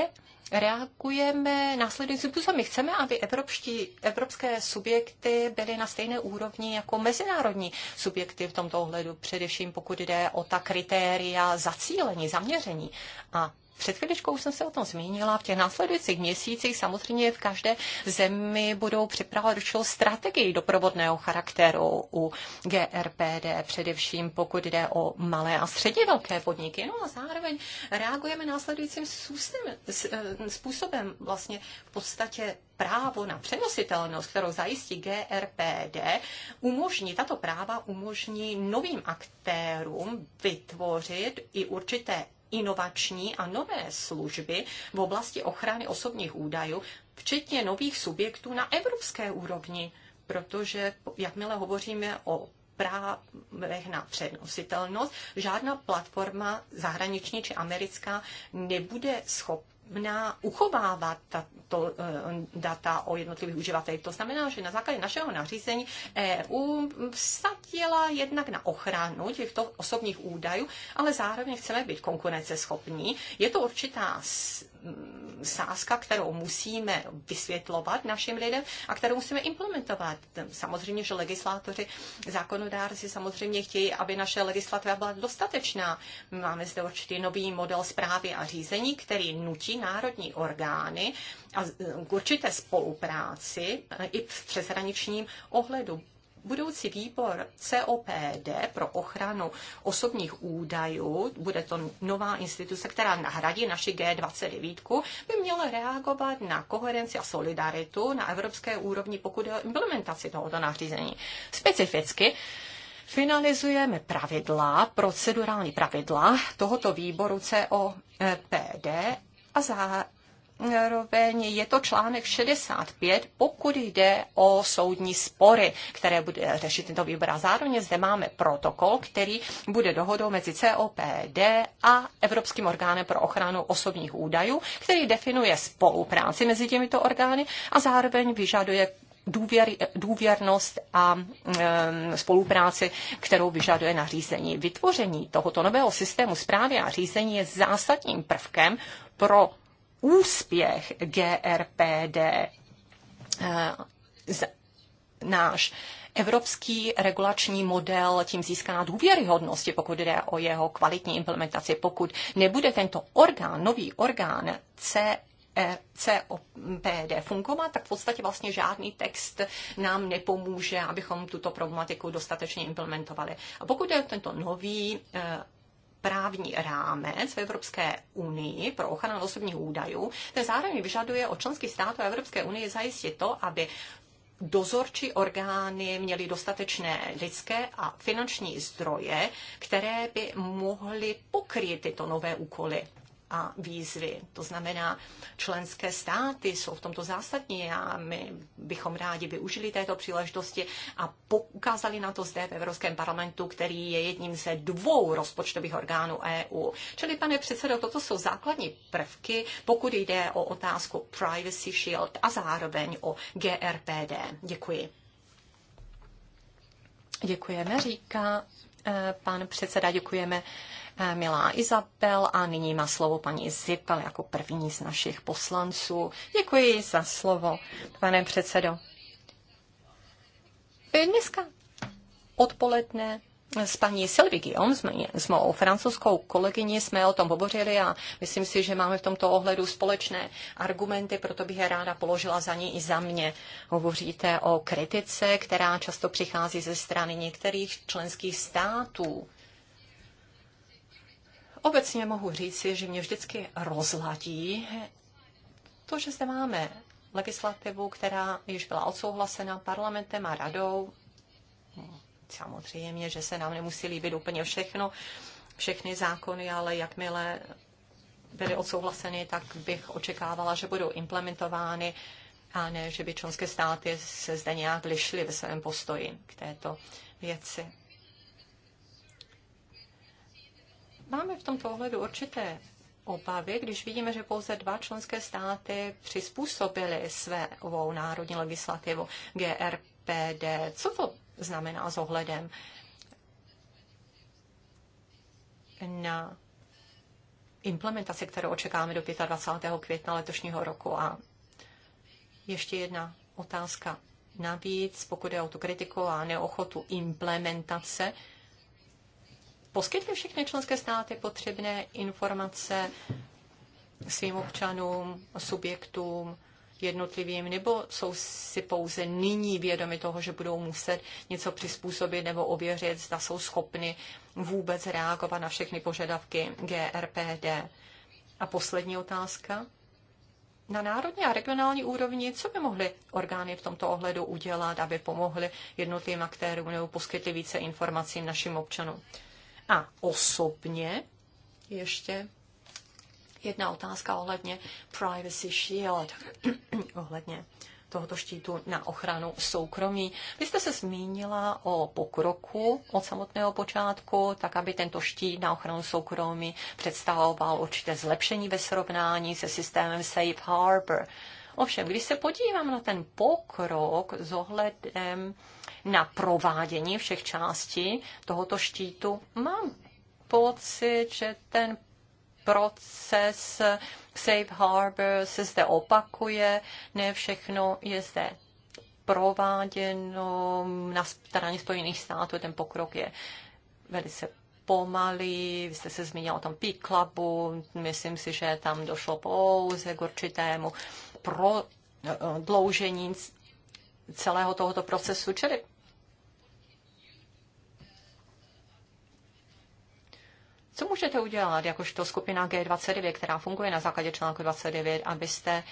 reagujeme následujícím způsobem. My chceme, aby evropští, evropské subjekty byly na stejné úrovni jako mezinárodní subjekty v tomto ohledu, především pokud jde o ta kritéria zacílení, zaměření. A před chvíličkou jsem se o tom zmínila. V těch následujících měsících samozřejmě v každé zemi budou připravovat určitou strategii doprovodného charakteru u GRPD, především pokud jde o malé a středně velké podniky. No a zároveň reagujeme následujícím způsobem. Eh, vlastně v podstatě právo na přenositelnost, kterou zajistí GRPD, umožní, tato práva umožní novým aktérům vytvořit i určité inovační a nové služby v oblasti ochrany osobních údajů, včetně nových subjektů na evropské úrovni, protože jakmile hovoříme o právech na přenositelnost, žádná platforma zahraniční či americká nebude schopna schopná uchovávat tato eh, data o jednotlivých uživatelích. To znamená, že na základě našeho nařízení EU vsadila jednak na ochranu těchto osobních údajů, ale zároveň chceme být konkurenceschopní. Je to určitá sázka, kterou musíme vysvětlovat našim lidem a kterou musíme implementovat. Samozřejmě, že legislátoři, zákonodárci samozřejmě chtějí, aby naše legislativa byla dostatečná. Máme zde určitý nový model zprávy a řízení, který nutí národní orgány a k určité spolupráci i v přeshraničním ohledu budoucí výbor COPD pro ochranu osobních údajů, bude to nová instituce, která nahradí naši G29, by měla reagovat na koherenci a solidaritu na evropské úrovni, pokud je o implementaci tohoto nařízení. Specificky finalizujeme pravidla, procedurální pravidla tohoto výboru COPD a za zároveň je to článek 65, pokud jde o soudní spory, které bude řešit tento výbor. A zároveň zde máme protokol, který bude dohodou mezi COPD a Evropským orgánem pro ochranu osobních údajů, který definuje spolupráci mezi těmito orgány a zároveň vyžaduje důvěr, důvěrnost a e, spolupráci, kterou vyžaduje nařízení. Vytvoření tohoto nového systému zprávy a řízení je zásadním prvkem pro úspěch GRPD eh, náš evropský regulační model tím získá důvěryhodnosti, pokud jde o jeho kvalitní implementaci. Pokud nebude tento orgán, nový orgán C e COPD fungovat, tak v podstatě vlastně žádný text nám nepomůže, abychom tuto problematiku dostatečně implementovali. A pokud je tento nový eh, právní rámec v Evropské unii pro ochranu osobních údajů, ten zároveň vyžaduje od členských států Evropské unie zajistit to, aby dozorčí orgány měly dostatečné lidské a finanční zdroje, které by mohly pokryt tyto nové úkoly a výzvy. To znamená, členské státy jsou v tomto zásadní a my bychom rádi využili této příležitosti a ukázali na to zde v Evropském parlamentu, který je jedním ze dvou rozpočtových orgánů EU. Čili, pane předsedo, toto jsou základní prvky, pokud jde o otázku Privacy Shield a zároveň o GRPD. Děkuji. Děkujeme, říká eh, pan předseda, děkujeme Eh, milá Izabel, a nyní má slovo paní Zipel jako první z našich poslanců. Děkuji za slovo, pane předsedo. Eh, dneska odpoledne s paní Sylvie Guillaume, s, s mou francouzskou kolegyní, jsme o tom hovořili a myslím si, že máme v tomto ohledu společné argumenty, proto bych je ráda položila za ní i za mě. Hovoříte o kritice, která často přichází ze strany některých členských států Obecně mohu říci, že mě vždycky rozladí to, že zde máme legislativu, která již byla odsouhlasena parlamentem a radou. Samozřejmě, že se nám nemusí líbit úplně všechno, všechny zákony, ale jakmile byly odsouhlaseny, tak bych očekávala, že budou implementovány a ne, že by členské státy se zde nějak lišily ve svém postoji k této věci. máme v tomto ohledu určité obavy, když vidíme, že pouze dva členské státy přizpůsobily svou národní legislativu GRPD. Co to znamená s ohledem na implementaci, kterou očekáváme do 25. května letošního roku. A ještě jedna otázka navíc, pokud je o tu kritiku a neochotu implementace poskytly všechny členské státy potřebné informace svým občanům, subjektům, jednotlivým, nebo jsou si pouze nyní vědomi toho, že budou muset něco přizpůsobit nebo ověřit, zda jsou schopni vůbec reagovat na všechny požadavky GRPD. A poslední otázka. Na národní a regionální úrovni, co by mohly orgány v tomto ohledu udělat, aby pomohly jednotlivým aktérům nebo poskytly více informací našim občanům? A osobně ještě jedna otázka ohledně Privacy Shield, ohledně tohoto štítu na ochranu soukromí. Vy jste se zmínila o pokroku od samotného počátku, tak aby tento štít na ochranu soukromí představoval určité zlepšení ve srovnání se systémem Safe Harbor. Ovšem, když se podívám na ten pokrok s ohledem na provádění všech částí tohoto štítu. Mám pocit, že ten proces Safe Harbor se zde opakuje, ne všechno je zde prováděno na straně Spojených států, ten pokrok je velice pomalý, vy jste se zmínil o tom Peak Clubu, myslím si, že tam došlo pouze k určitému prodloužení celého tohoto procesu, čili Co můžete udělat, jakožto skupina G29, která funguje na základě článku 29, abyste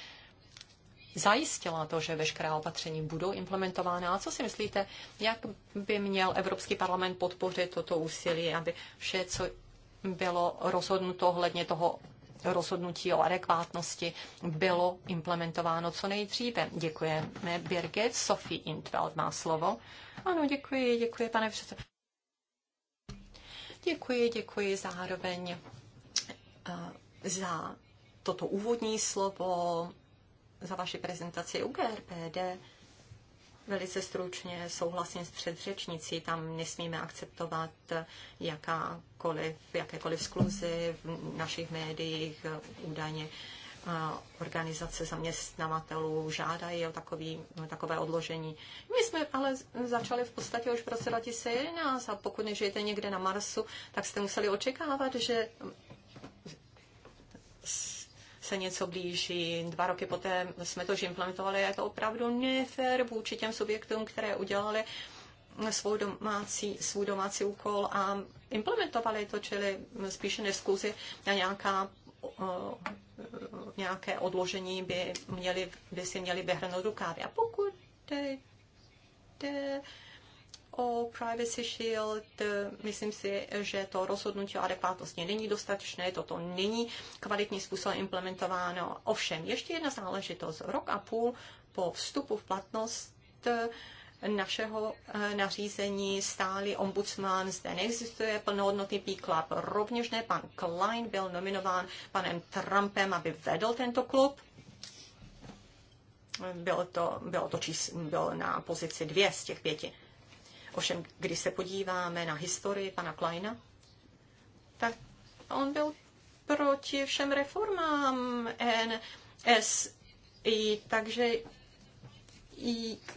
zajistila to, že veškerá opatření budou implementována. A co si myslíte, jak by měl Evropský parlament podpořit toto úsilí, aby vše, co bylo rozhodnuto ohledně toho rozhodnutí o adekvátnosti, bylo implementováno co nejdříve. Děkujeme. Birgit, Sophie Intveld má slovo. Ano, děkuji, děkuji, pane předsedo. Děkuji, děkuji zároveň eh, za toto úvodní slovo, za vaši prezentaci GRPD. Velice stručně souhlasím s předřečnicí, tam nesmíme akceptovat jakákoliv, jakékoliv skluzy v našich médiích, údajně organizace zaměstnavatelů žádají o takový, takové odložení. My jsme ale začali v podstatě už v roce 2011 a pokud nežijete někde na Marsu, tak jste museli očekávat, že se něco blíží. Dva roky poté jsme to implementovali a je to opravdu nefér vůči těm subjektům, které udělali svou domácí, svůj domácí úkol a implementovali to, čili spíše neskuzi na nějaká nějaké odložení by, měli, by si měli vyhrnout rukávy. A pokud jde, jde o Privacy Shield, myslím si, že to rozhodnutí o adekvátnosti není dostatečné, toto není kvalitní způsob implementováno. Ovšem, ještě jedna záležitost. Rok a půl po vstupu v platnost našeho eh, nařízení stály ombudsman, zde neexistuje plnohodnotný výklad. Rovněž ne, pan Klein byl nominován panem Trumpem, aby vedl tento klub. Bylo to, bylo to čís, byl na pozici dvě z těch pěti. Ovšem, když se podíváme na historii pana Kleina, tak on byl proti všem reformám NSI, takže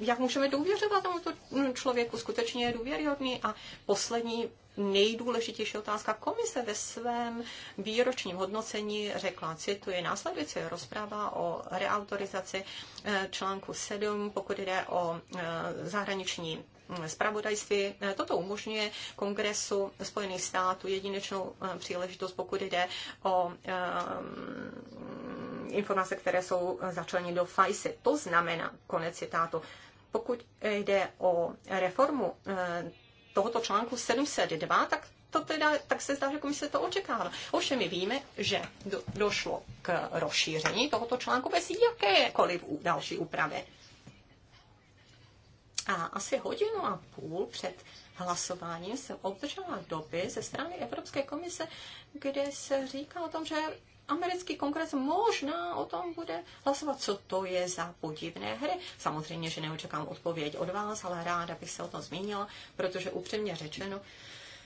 jak můžeme důvěřovat tomu člověku, skutečně je důvěryhodný. A poslední nejdůležitější otázka. Komise ve svém výročním hodnocení řekla, cituji, následující rozpráva o reautorizaci eh, článku 7, pokud jde o eh, zahraniční hm, zpravodajství. Eh, toto umožňuje Kongresu Spojených států jedinečnou příležitost, pokud jde o informace, které jsou začleněny do FISE. To znamená, konec citátu, pokud jde o reformu eh, tohoto článku 702, tak to teda, tak se zdá, že komise to očekává. Ovšem my víme, že do, došlo k rozšíření tohoto článku bez jakékoliv další úpravy. A asi hodinu a půl před hlasováním jsem obdržela dopis ze strany Evropské komise, kde se říká o tom, že americký kongres možná o tom bude hlasovat, co to je za podivné hry. Samozřejmě, že neočekám odpověď od vás, ale ráda bych se o tom zmínila, protože upřímně řečeno,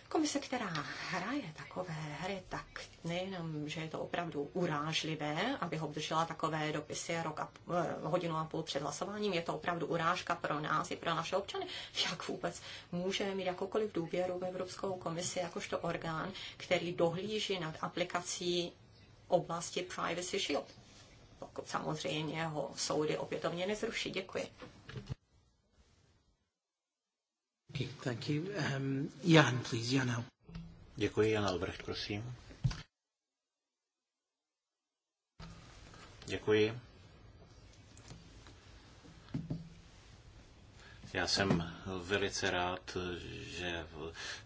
komise, která hraje takové hry, tak nejenom, že je to opravdu urážlivé, aby obdržela takové dopisy rok a, eh, hodinu a půl před hlasováním, je to opravdu urážka pro nás i pro naše občany. Jak vůbec může mít jakoukoliv důvěru v Evropskou komisi jakožto orgán, který dohlíží nad aplikací oblasti Privacy Shield. Pokud samozřejmě ho soudy opětovně nezruší. Děkuji. thank you. Um, Jan, please, Jan. Děkuji, Jan Albrecht, prosím. Děkuji. Já jsem velice rád, že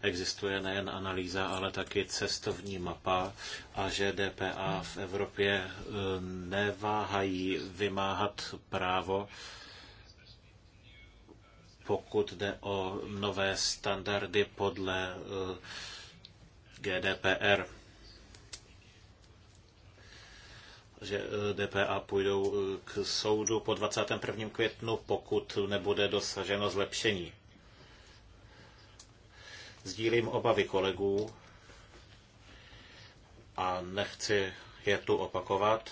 existuje nejen analýza, ale taky cestovní mapa a že DPA v Evropě e, neváhají vymáhat právo, pokud jde o nové standardy podle e, GDPR. že eh, DPA půjdou eh, k soudu po 21. květnu, pokud nebude dosaženo zlepšení. Sdílím obavy kolegů a nechci je tu opakovat.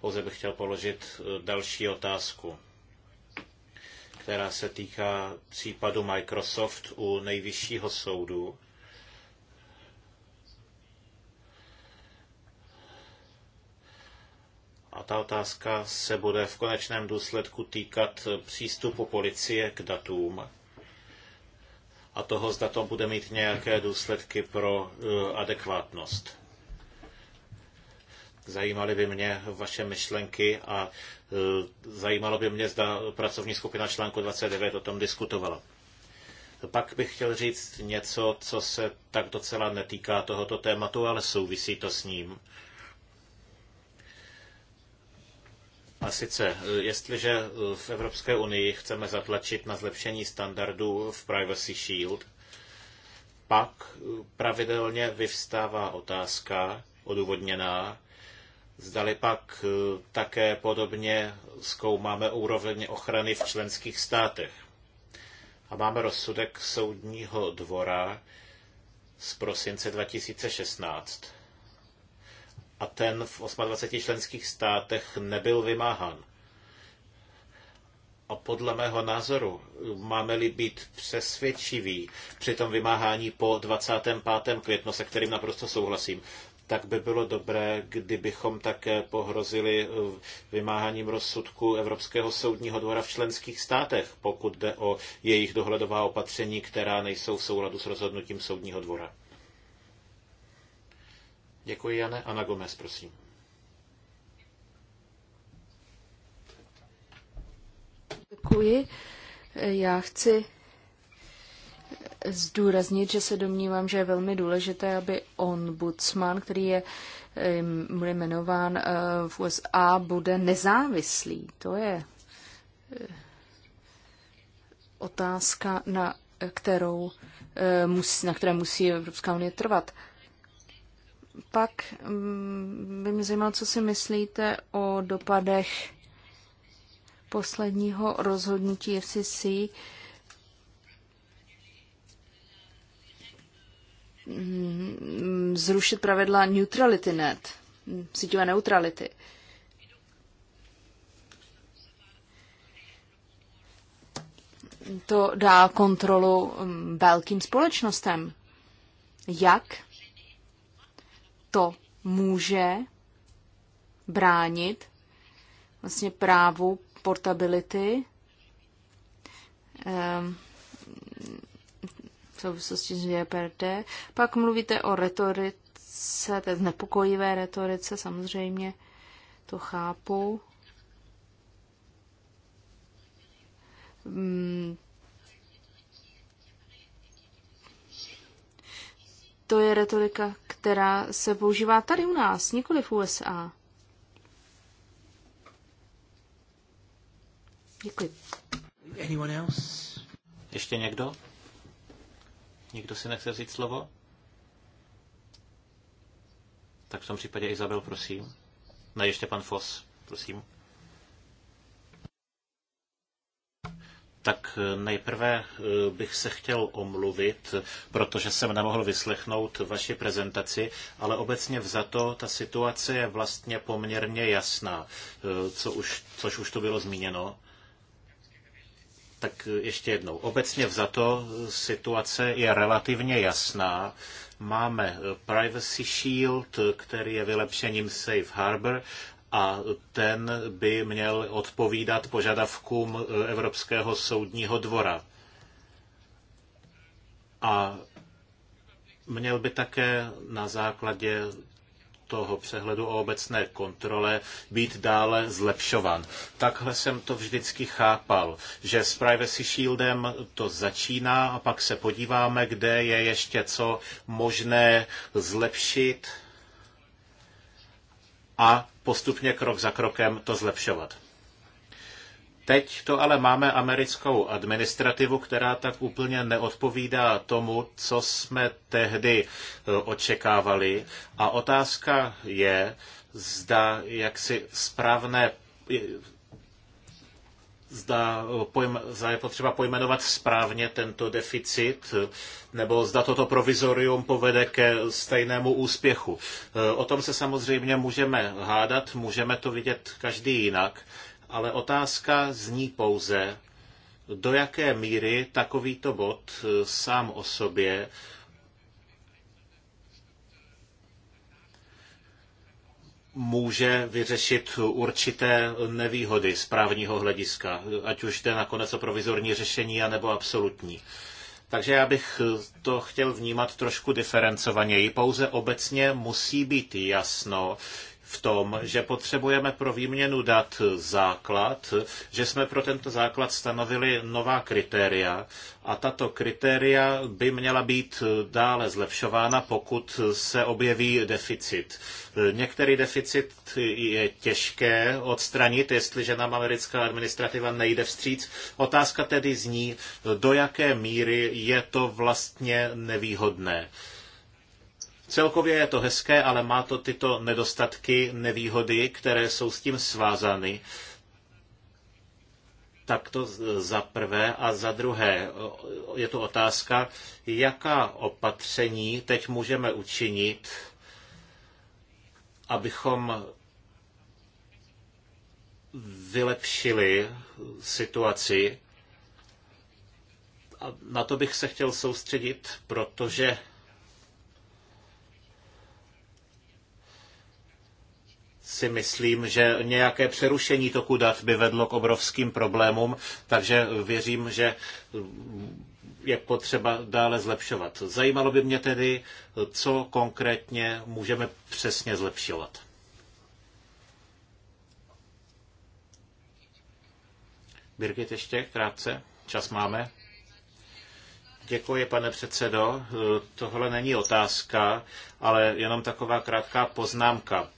Pouze bych chtěl položit eh, další otázku, která se týká případu Microsoft u nejvyššího soudu A ta otázka se bude v konečném důsledku týkat přístupu policie k datům a toho, zda to bude mít nějaké důsledky pro e, adekvátnost. Zajímaly by mě vaše myšlenky a e, zajímalo by mě, zda pracovní skupina článku 29 o tom diskutovala. Pak bych chtěl říct něco, co se tak docela netýká tohoto tématu, ale souvisí to s ním. A sice, eh, jestliže eh, v Evropské unii chceme zatlačit na zlepšení standardů v Privacy Shield, pak eh, pravidelně vyvstává otázka, odůvodněná, zdali pak také podobně zkoumáme úroveň ochrany v členských státech. A máme rozsudek soudního dvora z prosince 2016, a ten v 28 členských státech nebyl vymáhán. A podle mého názoru máme-li být přesvědčiví při tom vymáhání po 25. květnu, se kterým naprosto souhlasím, tak by bylo dobré, kdybychom také pohrozili eh, vymáháním rozsudku Evropského soudního dvora v členských státech, pokud jde o jejich dohledová opatření, která nejsou v souladu s rozhodnutím soudního dvora. Děkuji, Jane. Ana Gomez, prosím. Děkuji. Já chci zdůraznit, že se domnívám, že je velmi důležité, aby ombudsman, který je bude jmenován eh, v USA, bude nezávislý. To je eh, otázka, na kterou eh, na které musí Evropská unie trvat pak mm, by mě zajímalo, co si myslíte o dopadech posledního rozhodnutí FCC. Mm, zrušit pravidla neutrality net, síťové neutrality. To dá kontrolu mm, velkým společnostem. Jak to může bránit vlastně právu portability ehm, v souvislosti s GPRT. Pak mluvíte o retorice, té znepokojivé retorice, samozřejmě to chápu. Ehm, to je retorika, která se používá tady u nás, nikoli v USA. Děkuji. Anyone else? Ještě někdo? Někdo si nechce vzít slovo? Tak v tom případě Izabel, prosím. Ne, ještě pan Fos, prosím. Tak eh, nejprve eh, bych se chtěl omluvit, protože jsem nemohl vyslechnout vaši prezentaci, ale obecně vzato ta situace je vlastně poměrně jasná, eh, co už, což už to bylo zmíněno. Tak ještě jednou. Obecně vzato situace je relativně jasná. Máme Privacy Shield, který je vylepšením Safe Harbor a ten by měl odpovídat požadavkům e, Evropského soudního dvora. A měl by také na základě toho přehledu o obecné kontrole být dále zlepšovan. Takhle jsem to vždycky chápal, že s Privacy Shieldem to začíná a pak se podíváme, kde je ještě co možné zlepšit a postupně krok za krokem to zlepšovat. Teď to ale máme americkou administrativu, která tak úplně neodpovídá tomu, co jsme tehdy e, očekávali. A otázka je, zda jaksi správné e, zda eh, pojm, zda je potřeba pojmenovat správně tento deficit, nebo zda toto provizorium povede ke stejnému úspěchu. Eh, o tom se samozřejmě můžeme hádat, můžeme to vidět každý jinak, ale otázka zní pouze, do jaké míry takovýto bod eh, sám o sobě může vyřešit určité nevýhody z právního hlediska, ať už jde nakonec o provizorní řešení anebo absolutní. Takže já bych to chtěl vnímat trošku diferencovaněji. Pouze obecně musí být jasno, v tom, že potřebujeme pro výměnu dat základ, že jsme pro tento základ stanovili nová kritéria a tato kritéria by měla být dále zlepšována, pokud se objeví deficit. Některý deficit je těžké odstranit, jestliže nám americká administrativa nejde vstříc. Otázka tedy zní, do jaké míry je to vlastně nevýhodné. Celkově je to hezké, ale má to tyto nedostatky, nevýhody, které jsou s tím svázány. Tak to za prvé. A za druhé je to otázka, jaká opatření teď můžeme učinit, abychom vylepšili situaci. A na to bych se chtěl soustředit, protože si myslím, že nějaké přerušení toku dat by vedlo k obrovským problémům, takže věřím, že je potřeba dále zlepšovat. Zajímalo by mě tedy, co konkrétně můžeme přesně zlepšovat. Birgit ještě krátce, čas máme. Děkuji, pane předsedo. Tohle není otázka, ale jenom taková krátká poznámka.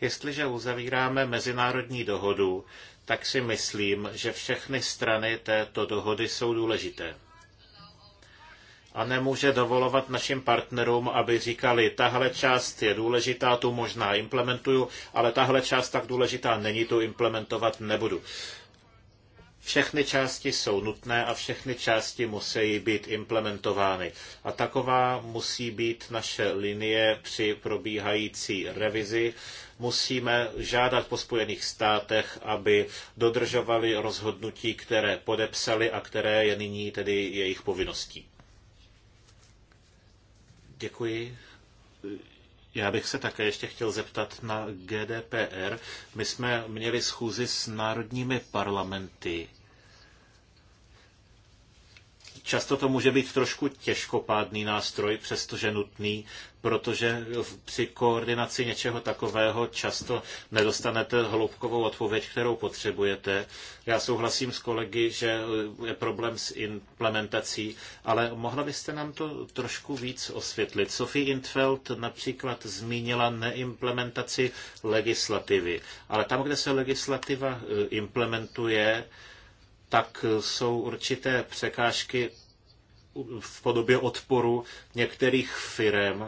Jestliže uzavíráme mezinárodní dohodu, tak si myslím, že všechny strany této dohody jsou důležité. A nemůže dovolovat našim partnerům, aby říkali, tahle část je důležitá, tu možná implementuju, ale tahle část tak důležitá není, tu implementovat nebudu. Všechny části jsou nutné a všechny části musí být implementovány. A taková musí být naše linie při probíhající revizi. Musíme žádat po Spojených státech, aby dodržovali rozhodnutí, které podepsali a které je nyní tedy jejich povinností. Děkuji. Já bych se také ještě chtěl zeptat na GDPR. My jsme měli schůzi s národními parlamenty Často to může být trošku těžkopádný nástroj, přestože nutný, protože při koordinaci něčeho takového často nedostanete hloubkovou odpověď, kterou potřebujete. Já souhlasím s kolegy, že je problém s implementací, ale mohla byste nám to trošku víc osvětlit. Sophie Intfeld například zmínila neimplementaci legislativy, ale tam, kde se legislativa e, implementuje, tak jsou určité překážky v podobě odporu některých firm,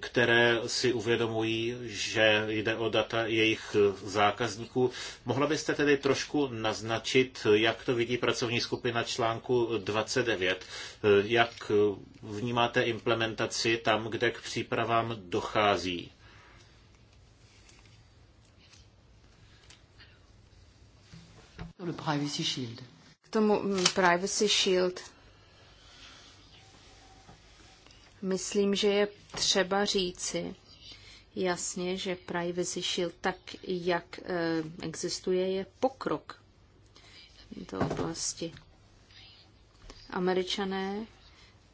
které si uvědomují, že jde o data jejich zákazníků. Mohla byste tedy trošku naznačit, jak to vidí pracovní skupina článku 29, jak vnímáte implementaci tam, kde k přípravám dochází? Le Privacy Shield tomu mm, Privacy Shield. Myslím, že je třeba říci jasně, že Privacy Shield, tak jak e, existuje, je pokrok v této oblasti. Američané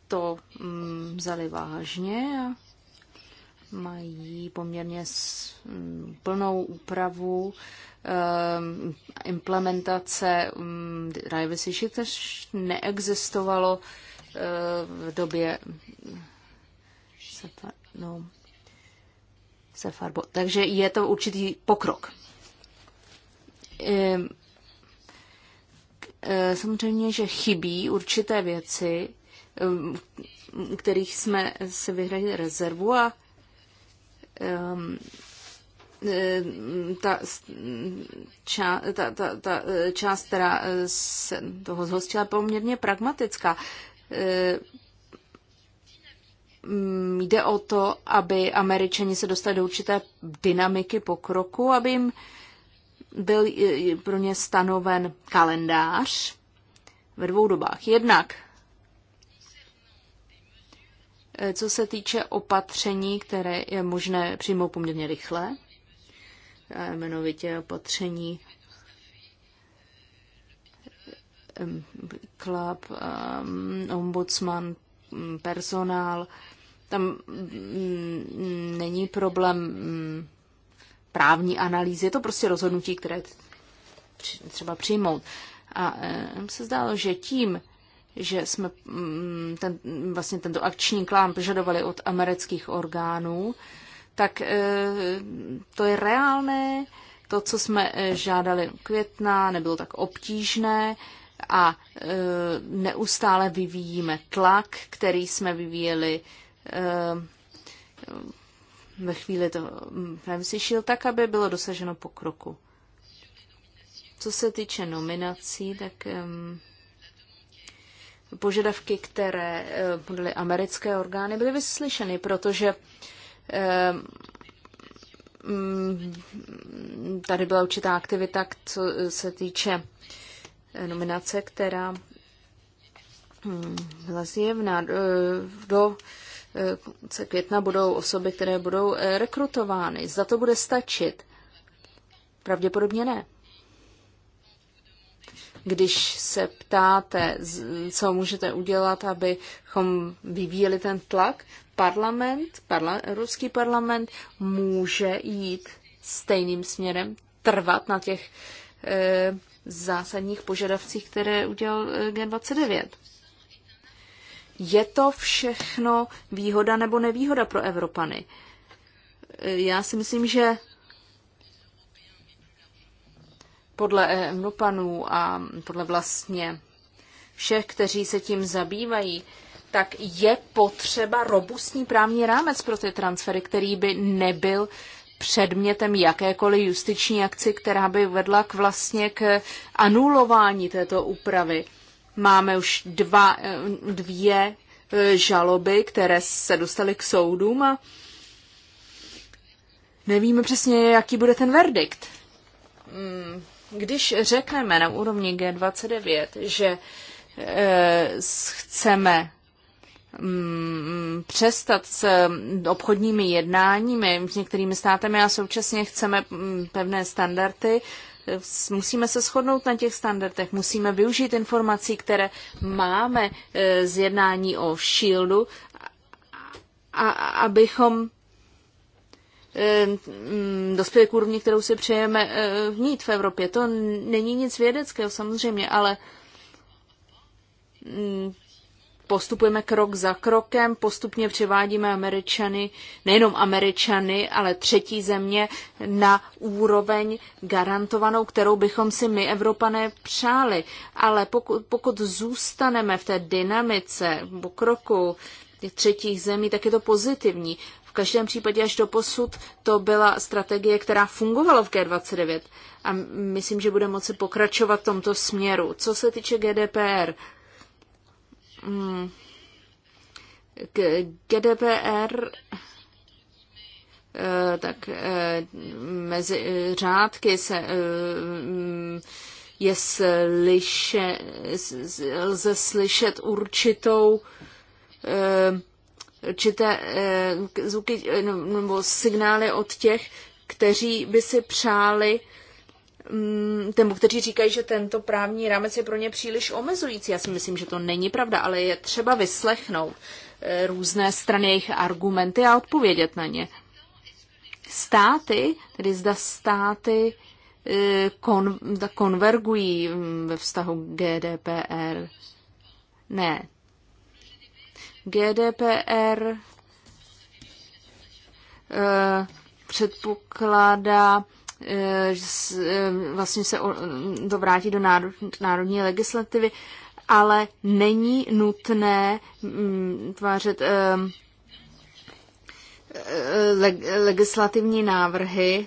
to mm, vzali vážně a mají poměrně mm, plnou úpravu Ehm, implementace mm, Driver Sešit neexistovalo ehm, v době no, Sefarbo. Takže je to určitý pokrok. Ehm, eh, samozřejmě, že chybí určité věci, kterých jsme se vyhradili rezervu a Eh, ta, ča, ta, ta, ta eh, část, která eh, se toho zhostila, poměrně pragmatická. Jde o to, aby američani se dostali do určité dynamiky pokroku, aby jim byl pro ně stanoven kalendář ve dvou dobách. Jednak, co se týče opatření, které je možné přijmout poměrně rychle, jmenovitě opatření klub, ombudsman, personál. Tam mm, není problém mm, právní analýzy, je to prostě rozhodnutí, které třeba přijmout. A se zdálo, že tím, že jsme mm, ten, vlastně tento akční plán požadovali od amerických orgánů, tak eh, to je reálné. To, co jsme eh, žádali května, nebylo tak obtížné a eh, neustále vyvíjíme tlak, který jsme vyvíjeli ve chvíli toho hm, si šil tak, aby bylo dosaženo pokroku. Co se týče nominací, tak ehm, požadavky, které podle americké orgány, byly vyslyšeny, protože Ehm, tady byla určitá aktivita, co se týče eh, nominace, která hm, byla zjevná. Eh, do eh, května budou osoby, které budou rekrutovány. Zda to bude stačit? Pravděpodobně ne když se ptáte, co můžete udělat, abychom vyvíjeli ten tlak, parlament, parla, ruský parlament může jít stejným směrem, trvat na těch e, zásadních požadavcích, které udělal eh, G29. Je to všechno výhoda nebo nevýhoda pro Evropany? Eh, já si myslím, že podle Evropanů a podle vlastně všech, kteří se tím zabývají, tak je potřeba robustní právní rámec pro ty transfery, který by nebyl předmětem jakékoliv justiční akci, která by vedla k vlastně k anulování této úpravy. Máme už dva, dvě e, žaloby, které se dostaly k soudům a nevíme přesně, jaký bude ten verdikt. Hmm. Když řekneme na úrovni G29, že e, chceme mm, přestat s obchodními jednáními s některými státy a současně chceme mm, pevné standardy, musíme se shodnout na těch standardech, musíme využít informací, které máme e, z jednání o Shieldu, a, abychom Mm, dospěli k úrovni, kterou si přejeme eh, vnít v Evropě. To není nic vědeckého samozřejmě, ale mm, postupujeme krok za krokem, postupně přivádíme Američany, nejenom Američany, ale třetí země na úroveň garantovanou, kterou bychom si my Evropané přáli. Ale pokud, pokud zůstaneme v té dynamice pokroku třetích zemí, tak je to pozitivní každém případě až do posud to byla strategie, která fungovala v G29 a myslím, že bude moci pokračovat v tomto směru. Co se týče GDPR, hmm. GDPR eh, tak eh, mezi eh, řádky se mm, je slyšet, lze slyšet určitou určité eh, zvuky eh, no, nebo signály od těch, kteří by si přáli nebo mm, kteří říkají, že tento právní rámec je pro ně příliš omezující. Já si myslím, že to není pravda, ale je třeba vyslechnout eh, různé strany jejich argumenty a odpovědět na ně. Státy, tedy zda státy kon, konvergují mm, ve vztahu GDPR. Ne, GDPR eh, předpokládá, eh, eh, vlastně se to vrátí do národní legislativy, ale není nutné mm, tvářet legislativní návrhy,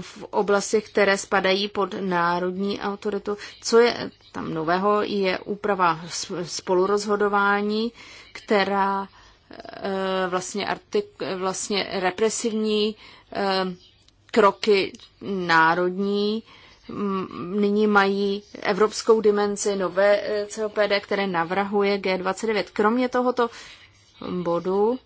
v oblastech, které spadají pod národní autoritu. Co je tam nového, je úprava spolurozhodování, která eh, vlastně, artik, vlastně represivní eh, kroky národní mm, nyní mají evropskou dimenzi nové eh, COPD, které navrhuje G29. Kromě tohoto bodu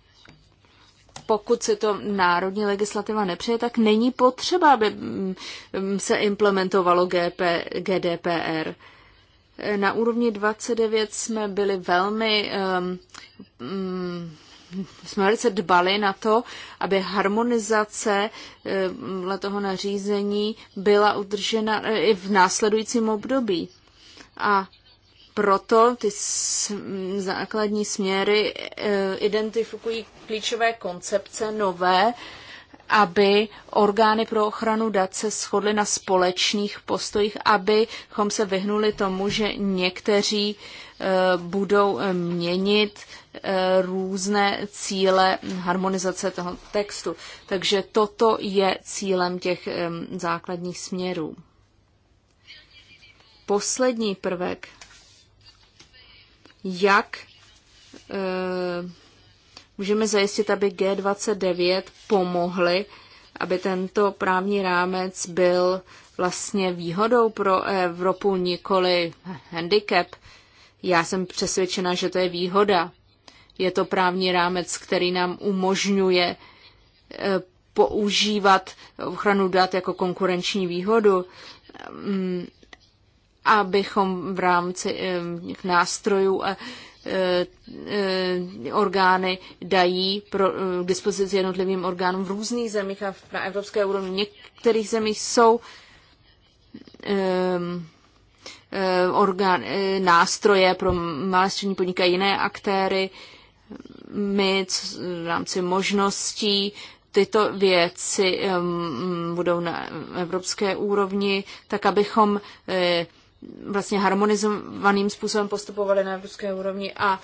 pokud se to národní legislativa nepřeje, tak není potřeba, aby mm, mm, se implementovalo GP, GDPR. Na úrovni 29 jsme byli velmi, um, um, jsme velice dbali na to, aby harmonizace um, toho nařízení byla udržena i v následujícím období. A proto ty základní směry eh, identifikují klíčové koncepce nové, aby orgány pro ochranu dat se shodly na společných postojích, abychom se vyhnuli tomu, že někteří eh, budou eh, měnit různé cíle harmonizace toho textu. Takže toto je cílem těch základních směrů. Poslední prvek jak eh, můžeme zajistit, aby G29 pomohly, aby tento právní rámec byl vlastně výhodou pro Evropu, nikoli handicap. Já jsem přesvědčena, že to je výhoda. Je to právní rámec, který nám umožňuje eh, používat ochranu dat jako konkurenční výhodu. Mm, abychom v rámci eh, nástrojů a eh, eh, orgány dají pro, k dispozici jednotlivým orgánům v různých zemích a na evropské úrovni. V některých zemích jsou um, orgán, nástroje pro malé střední podniky a jiné aktéry. My v rámci možností tyto věci um, budou na evropské úrovni, tak abychom uh, vlastně harmonizovaným způsobem postupovali na evropské úrovni a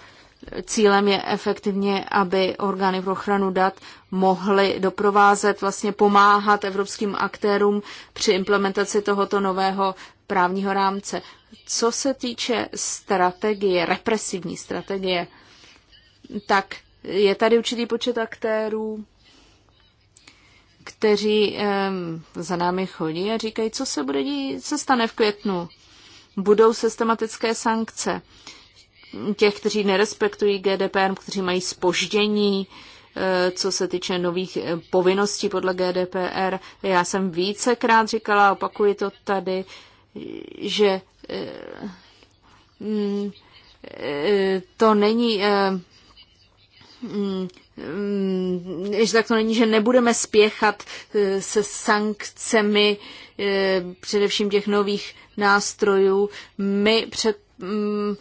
cílem je efektivně, aby orgány pro ochranu dat mohly doprovázet, vlastně pomáhat evropským aktérům při implementaci tohoto nového právního rámce. Co se týče strategie, represivní strategie, tak je tady určitý počet aktérů, kteří um, za námi chodí a říkají, co se bude dít, co stane v květnu budou systematické sankce těch, kteří nerespektují GDPR, kteří mají spoždění, eh, co se týče nových eh, povinností podle GDPR. Já jsem vícekrát říkala, opakuji to tady, že eh, mm, to není mm, mm, že tak to není, že nebudeme spěchat se sankcemi Eh, především těch nových nástrojů. My před, mm,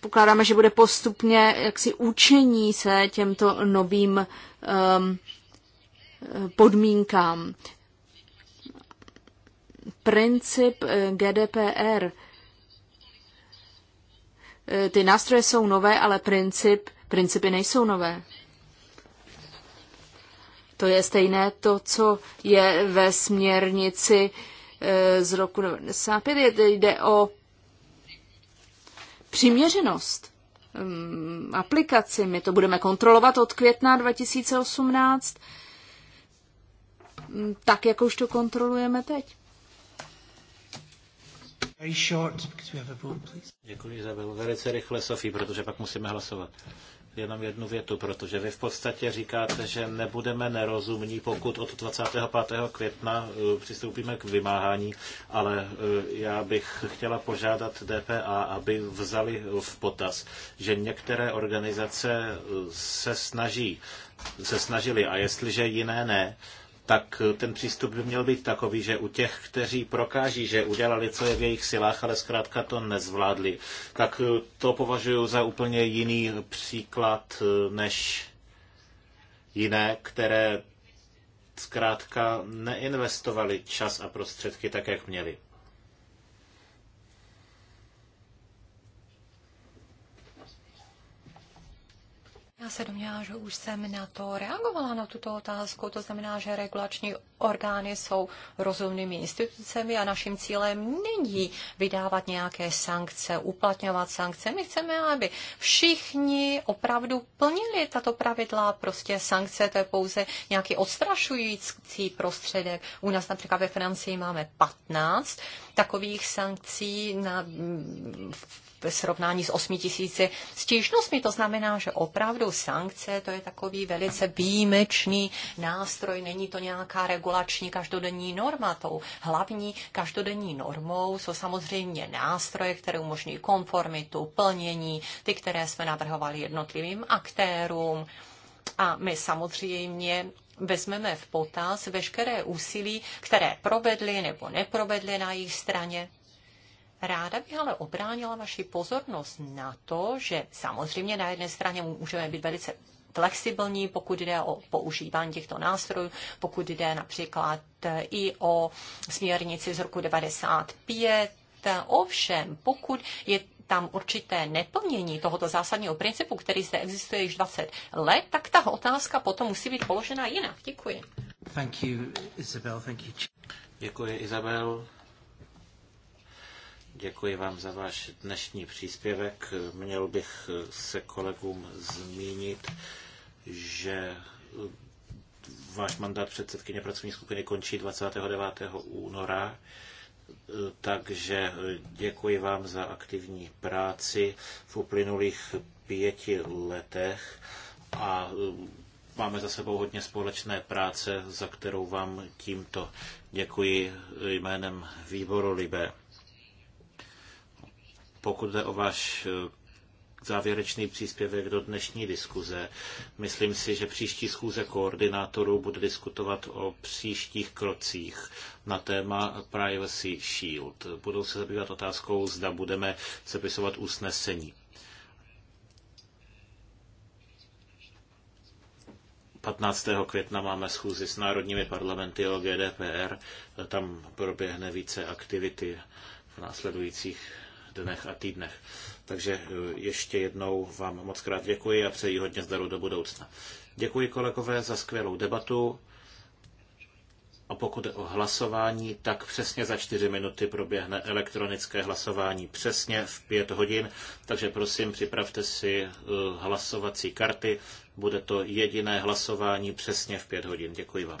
pokládáme, že bude postupně jaksi učení se těmto novým um, podmínkám. Princip eh, GDPR. Eh, ty nástroje jsou nové, ale princip, principy nejsou nové. To je stejné to, co je ve směrnici e, z roku 1995. Jde o přiměřenost mm, aplikaci. My to budeme kontrolovat od května 2018, mm, tak jak už to kontrolujeme teď. Děkuji, Izabel. Velice rychle, Sofie, protože pak musíme hlasovat jenom jednu větu, protože vy v podstatě říkáte, že nebudeme nerozumní, pokud od 25. května eh, přistoupíme k vymáhání, ale eh, já bych chtěla požádat DPA, aby vzali v potaz, že některé organizace eh, se snaží, se snažili a jestliže jiné ne, tak ten přístup by měl být takový, že u těch, kteří prokáží, že udělali, co je v jejich silách, ale zkrátka to nezvládli, tak to považuji za úplně jiný příklad eh, než jiné, které zkrátka neinvestovali čas a prostředky tak, jak měli. Já se domnívám, že už jsem na to reagovala, na tuto otázku. To znamená, že regulační orgány jsou rozumnými institucemi a naším cílem není vydávat nějaké sankce, uplatňovat sankce. My chceme, aby všichni opravdu plnili tato pravidla. Prostě sankce to je pouze nějaký odstrašující prostředek. U nás například ve Francii máme 15 takových sankcí na, v ve srovnání s 8 tisíci stížnostmi. To znamená, že opravdu sankce to je takový velice výjimečný nástroj, není to nějaká regulační každodenní norma. Tou hlavní každodenní normou jsou samozřejmě nástroje, které umožňují konformitu, plnění, ty, které jsme navrhovali jednotlivým aktérům. A my samozřejmě vezmeme v potaz veškeré úsilí, které provedly nebo neprovedly na jejich straně. Ráda bych ale obránila vaši pozornost na to, že samozřejmě na jedné straně můžeme být velice flexibilní, pokud jde o používání těchto nástrojů, pokud jde například eh, i o směrnici z roku 95. Ovšem, pokud je tam určité neplnění tohoto zásadního principu, který zde existuje již 20 let, tak ta otázka potom musí být položena jinak. Děkuji. Thank you, Isabel. Thank you. Děkuji, Isabel. Děkuji vám za váš dnešní příspěvek. Měl bych se kolegům zmínit, že váš mandát předsedkyně pracovní skupiny končí 29. února, takže děkuji vám za aktivní práci v uplynulých pěti letech a máme za sebou hodně společné práce, za kterou vám tímto děkuji jménem výboru Libé. Pokud jde o váš eh, závěrečný příspěvek do dnešní diskuze. Myslím si, že příští schůze koordinátorů bude diskutovat o příštích krocích na téma Privacy Shield. Budou se zabývat otázkou, zda budeme sepisovat usnesení. 15. května máme schůzi s národními parlamenty o GDPR. Tam proběhne více aktivity v následujících dnech a týdnech. Takže e, ještě jednou vám moc krát děkuji a přeji hodně zdaru do budoucna. Děkuji kolegové za skvělou debatu. A pokud o hlasování, tak přesně za čtyři minuty proběhne elektronické hlasování přesně v pět hodin, takže prosím připravte si e, hlasovací karty. Bude to jediné hlasování přesně v pět hodin. Děkuji vám.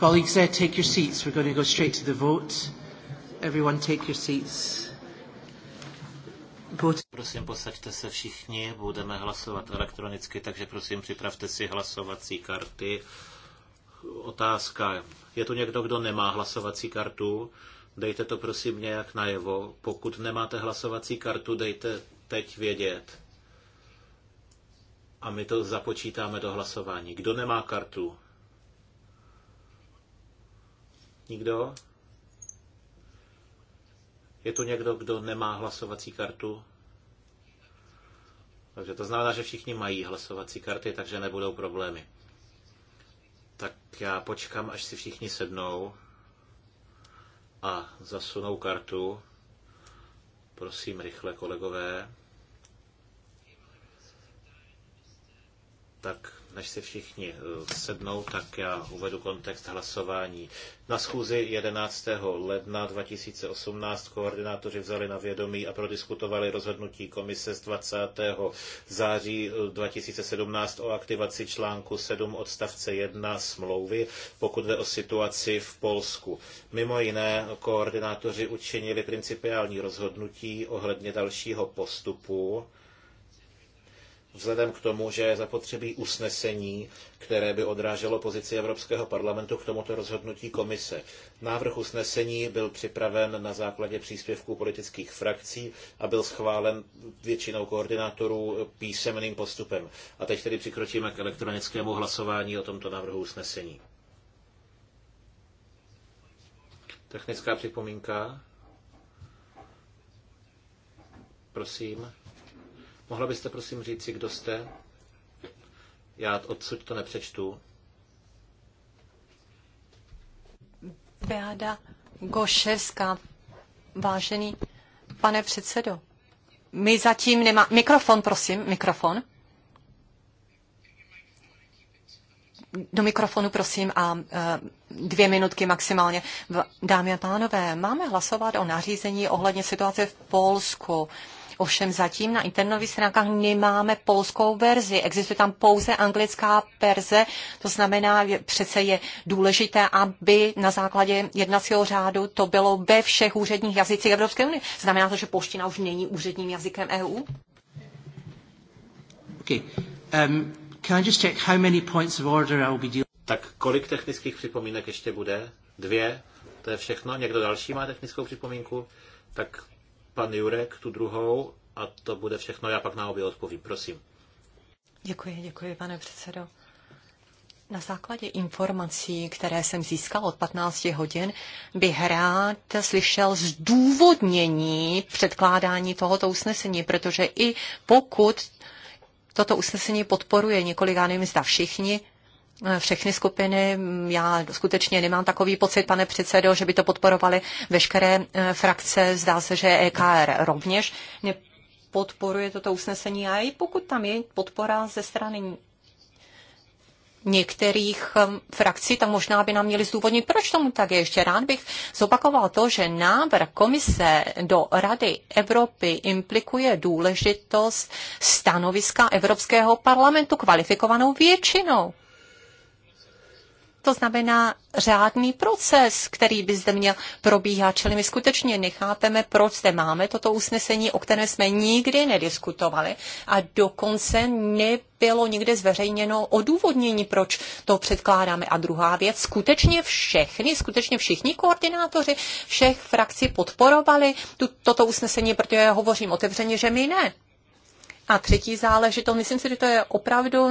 Colleagues, uh, take your seats. We're going to go straight to the vote. Everyone take your seats. Vote. Prosím, posaďte se všichni, budeme hlasovat elektronicky, takže prosím, připravte si hlasovací karty. Otázka. Je tu někdo, kdo nemá hlasovací kartu? Dejte to prosím nějak najevo. Pokud nemáte hlasovací kartu, dejte teď vědět. A my to započítáme do hlasování. Kdo nemá kartu? Nikdo? Je tu někdo, kdo nemá hlasovací kartu? Takže to znamená, že všichni mají hlasovací karty, takže nebudou problémy. Tak já počkám, až si všichni sednou a zasunou kartu. Prosím, rychle, kolegové. Tak než si všichni eh, sednou, tak já uvedu kontext hlasování. Na schůzi 11. ledna 2018 koordinátoři vzali na vědomí a prodiskutovali rozhodnutí komise z 20. září 2017 eh, o aktivaci článku 7 odstavce 1 smlouvy, pokud jde o situaci v Polsku. Mimo jiné koordinátoři učinili principiální rozhodnutí ohledně dalšího postupu vzhledem k tomu, že je zapotřebí usnesení, které by odráželo pozici Evropského parlamentu k tomuto rozhodnutí komise. Návrh usnesení byl připraven na základě příspěvků politických frakcí a byl schválen většinou koordinátorů písemným postupem. A teď tedy přikročíme k elektronickému hlasování o tomto návrhu usnesení. Technická připomínka. Prosím. Mohla byste prosím říci, kdo jste? Já odsud to nepřečtu. Beáda Goševská, vážený pane předsedo. My zatím nemá... Mikrofon, prosím, mikrofon. do mikrofonu, prosím, a e, dvě minutky maximálně. Dámy a pánové, máme hlasovat o nařízení ohledně situace v Polsku. Ovšem zatím na internetových stránkách nemáme polskou verzi. Existuje tam pouze anglická verze, to znamená, že přece je důležité, aby na základě jednacího řádu to bylo ve všech úředních jazycích Evropské unie. Znamená to, že polština už není úředním jazykem EU? Okay. Um, can I just check how many points of order I will be dealing tak kolik technických připomínek ještě bude? Dvě? To je všechno? Někdo další má technickou připomínku? Tak pan Jurek tu druhou a to bude všechno. Já pak na obě odpovím, prosím. Děkuji, děkuji, pane předsedo. Na základě informací, které jsem získal od 15 hodin, bych rád slyšel zdůvodnění předkládání tohoto usnesení, protože i pokud toto usnesení podporuje několik, já nevím, zda všichni, všechny skupiny. Já skutečně nemám takový pocit, pane předsedo, že by to podporovali veškeré e, frakce. Zdá se, že EKR rovněž nepodporuje toto usnesení. A i pokud tam je podpora ze strany některých e, frakcí, tak možná by nám měli zdůvodnit, proč tomu tak je. Ještě rád bych zopakoval to, že návrh komise do Rady Evropy implikuje důležitost stanoviska Evropského parlamentu kvalifikovanou většinou. To znamená řádný proces, který by zde měl probíhat. Čili my skutečně nechápeme, proč zde máme toto usnesení, o kterém jsme nikdy nediskutovali a dokonce nebylo nikde zveřejněno odůvodnění, proč to předkládáme. A druhá věc, skutečně všechny, skutečně všichni koordinátoři všech frakcí podporovali tu, toto usnesení, protože hovořím otevřeně, že my ne. A třetí záležitost, myslím si, že to je opravdu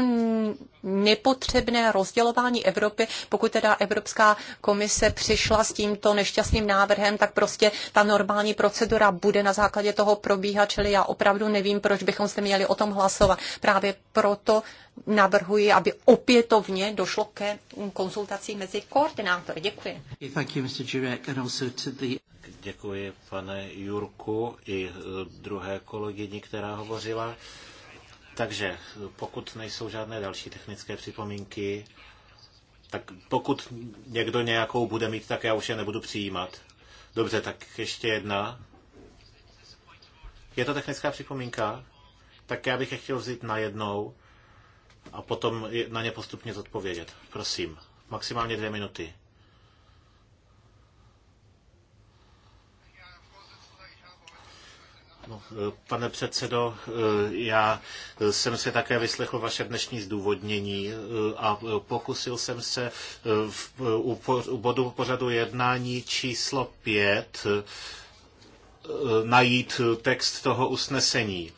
nepotřebné rozdělování Evropy. Pokud teda Evropská komise přišla s tímto nešťastným návrhem, tak prostě ta normální procedura bude na základě toho probíhat, čili já opravdu nevím, proč bychom se měli o tom hlasovat. Právě proto navrhuji, aby opětovně došlo ke konzultací mezi koordinátory. Děkuji. Děkuji, pane Jurku, i e, druhé kolegyni, která hovořila. Takže e, pokud nejsou žádné další technické připomínky, tak pokud někdo nějakou bude mít, tak já už je nebudu přijímat. Dobře, tak ještě jedna. Je to technická připomínka? Tak já bych je chtěl vzít na jednou a potom na ně postupně zodpovědět. Prosím, maximálně dvě minuty. No, pane předsedo, já jsem si také vyslechl vaše dnešní zdůvodnění eh, a pokusil jsem se eh, v, u, u bodu pořadu jednání číslo 5 eh, najít text toho usnesení.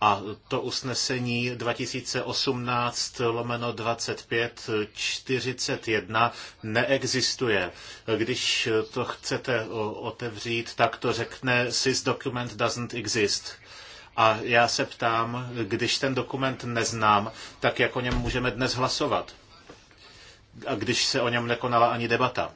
A to usnesení 2018 lomeno 25 41 neexistuje. Když to chcete otevřít, tak to řekne SIS document doesn't exist. A já se ptám, když ten dokument neznám, tak jak o něm můžeme dnes hlasovat? A když se o něm nekonala ani debata.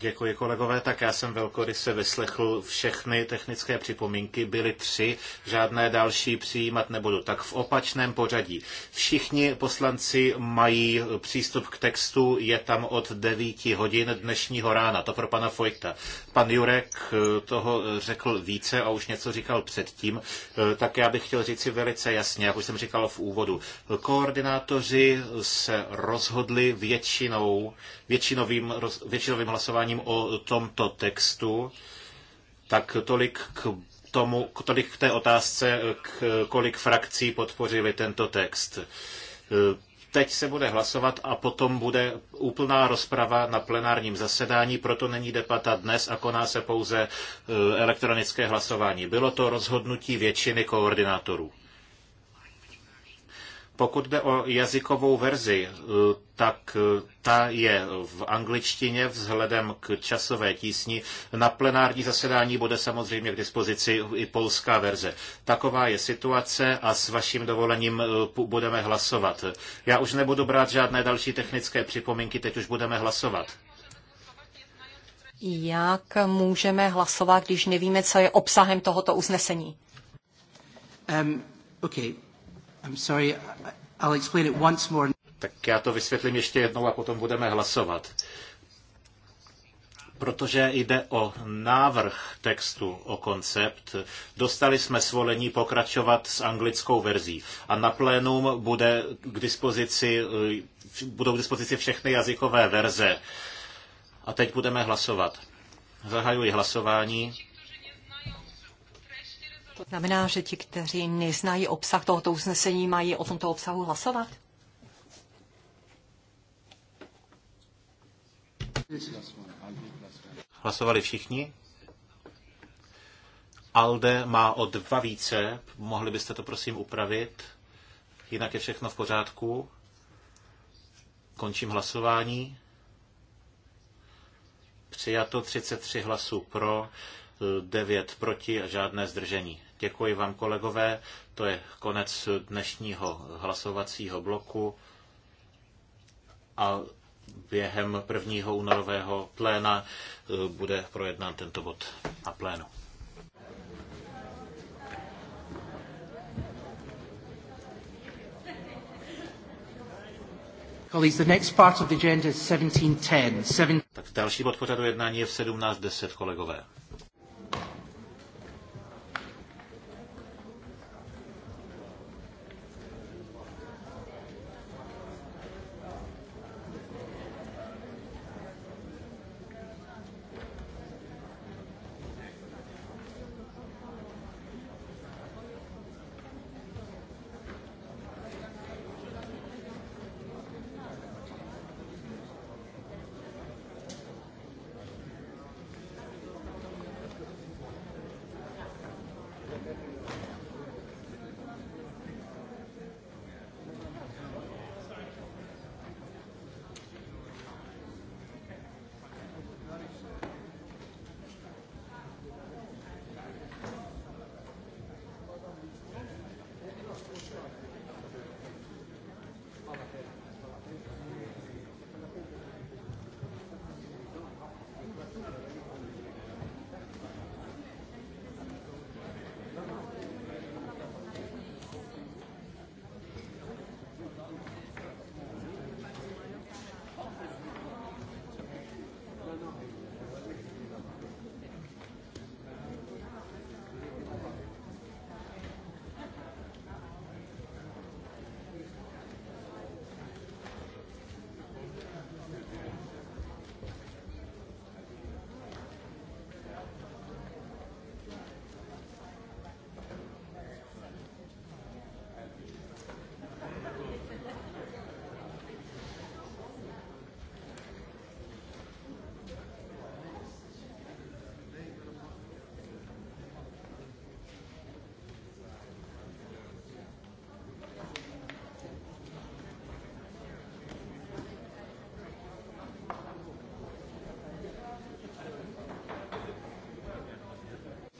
Děkuji kolegové, tak já jsem velkoryse vyslechl všechny technické připomínky, byly tři, žádné další přijímat nebudu. Tak v opačném pořadí. Všichni poslanci mají přístup k textu, je tam od 9 hodin dnešního rána, to pro pana Fojta. Pan Jurek eh, toho eh, řekl více a už něco říkal předtím, eh, tak já bych chtěl říci velice jasně, jak už jsem říkal v úvodu. Koordinátoři se rozhodli většinou, většinovým, většinovým hlasováním hlasováním o tomto textu. Tak tolik k tomu, tolik k té otázce, k kolik frakcí podpořili tento text. Teď se bude hlasovat a potom bude úplná rozprava na plenárním zasedání, proto není debata dnes a koná se pouze eh, elektronické hlasování. Bylo to rozhodnutí většiny koordinátorů. Pokud jde o jazykovou verzi, eh, tak eh, ta je v angličtině vzhledem k časové tísni. Na plenární zasedání bude samozřejmě k dispozici i polská verze. Taková je situace a s vaším dovolením eh, budeme hlasovat. Já už nebudu brát žádné další technické připomínky, teď už budeme hlasovat. Jak můžeme hlasovat, když nevíme, co je obsahem tohoto usnesení? Um, okay. I'm sorry, I'll explain it once more. Tak já to vysvětlím ještě jednou a potom budeme hlasovat. Protože jde o návrh textu, o koncept, dostali jsme svolení pokračovat s anglickou verzí. A na plénum bude k dispozici, budou k dispozici všechny jazykové verze. A teď budeme hlasovat. Zahajuji hlasování. To znamená, že ti, kteří neznají obsah tohoto usnesení, mají o tomto obsahu hlasovat? Hlasovali všichni? Alde má o dva více, mohli byste to prosím upravit, jinak je všechno v pořádku. Končím hlasování. Přijato 33 hlasů pro, 9 proti a žádné zdržení. Děkuji vám, kolegové. To je konec dnešního hlasovacího bloku. A během prvního únorového pléna eh, bude projednán tento bod na plénu. the next part of the agenda is 1710. Tak další bod pořadu jednání je v 17.10, kolegové.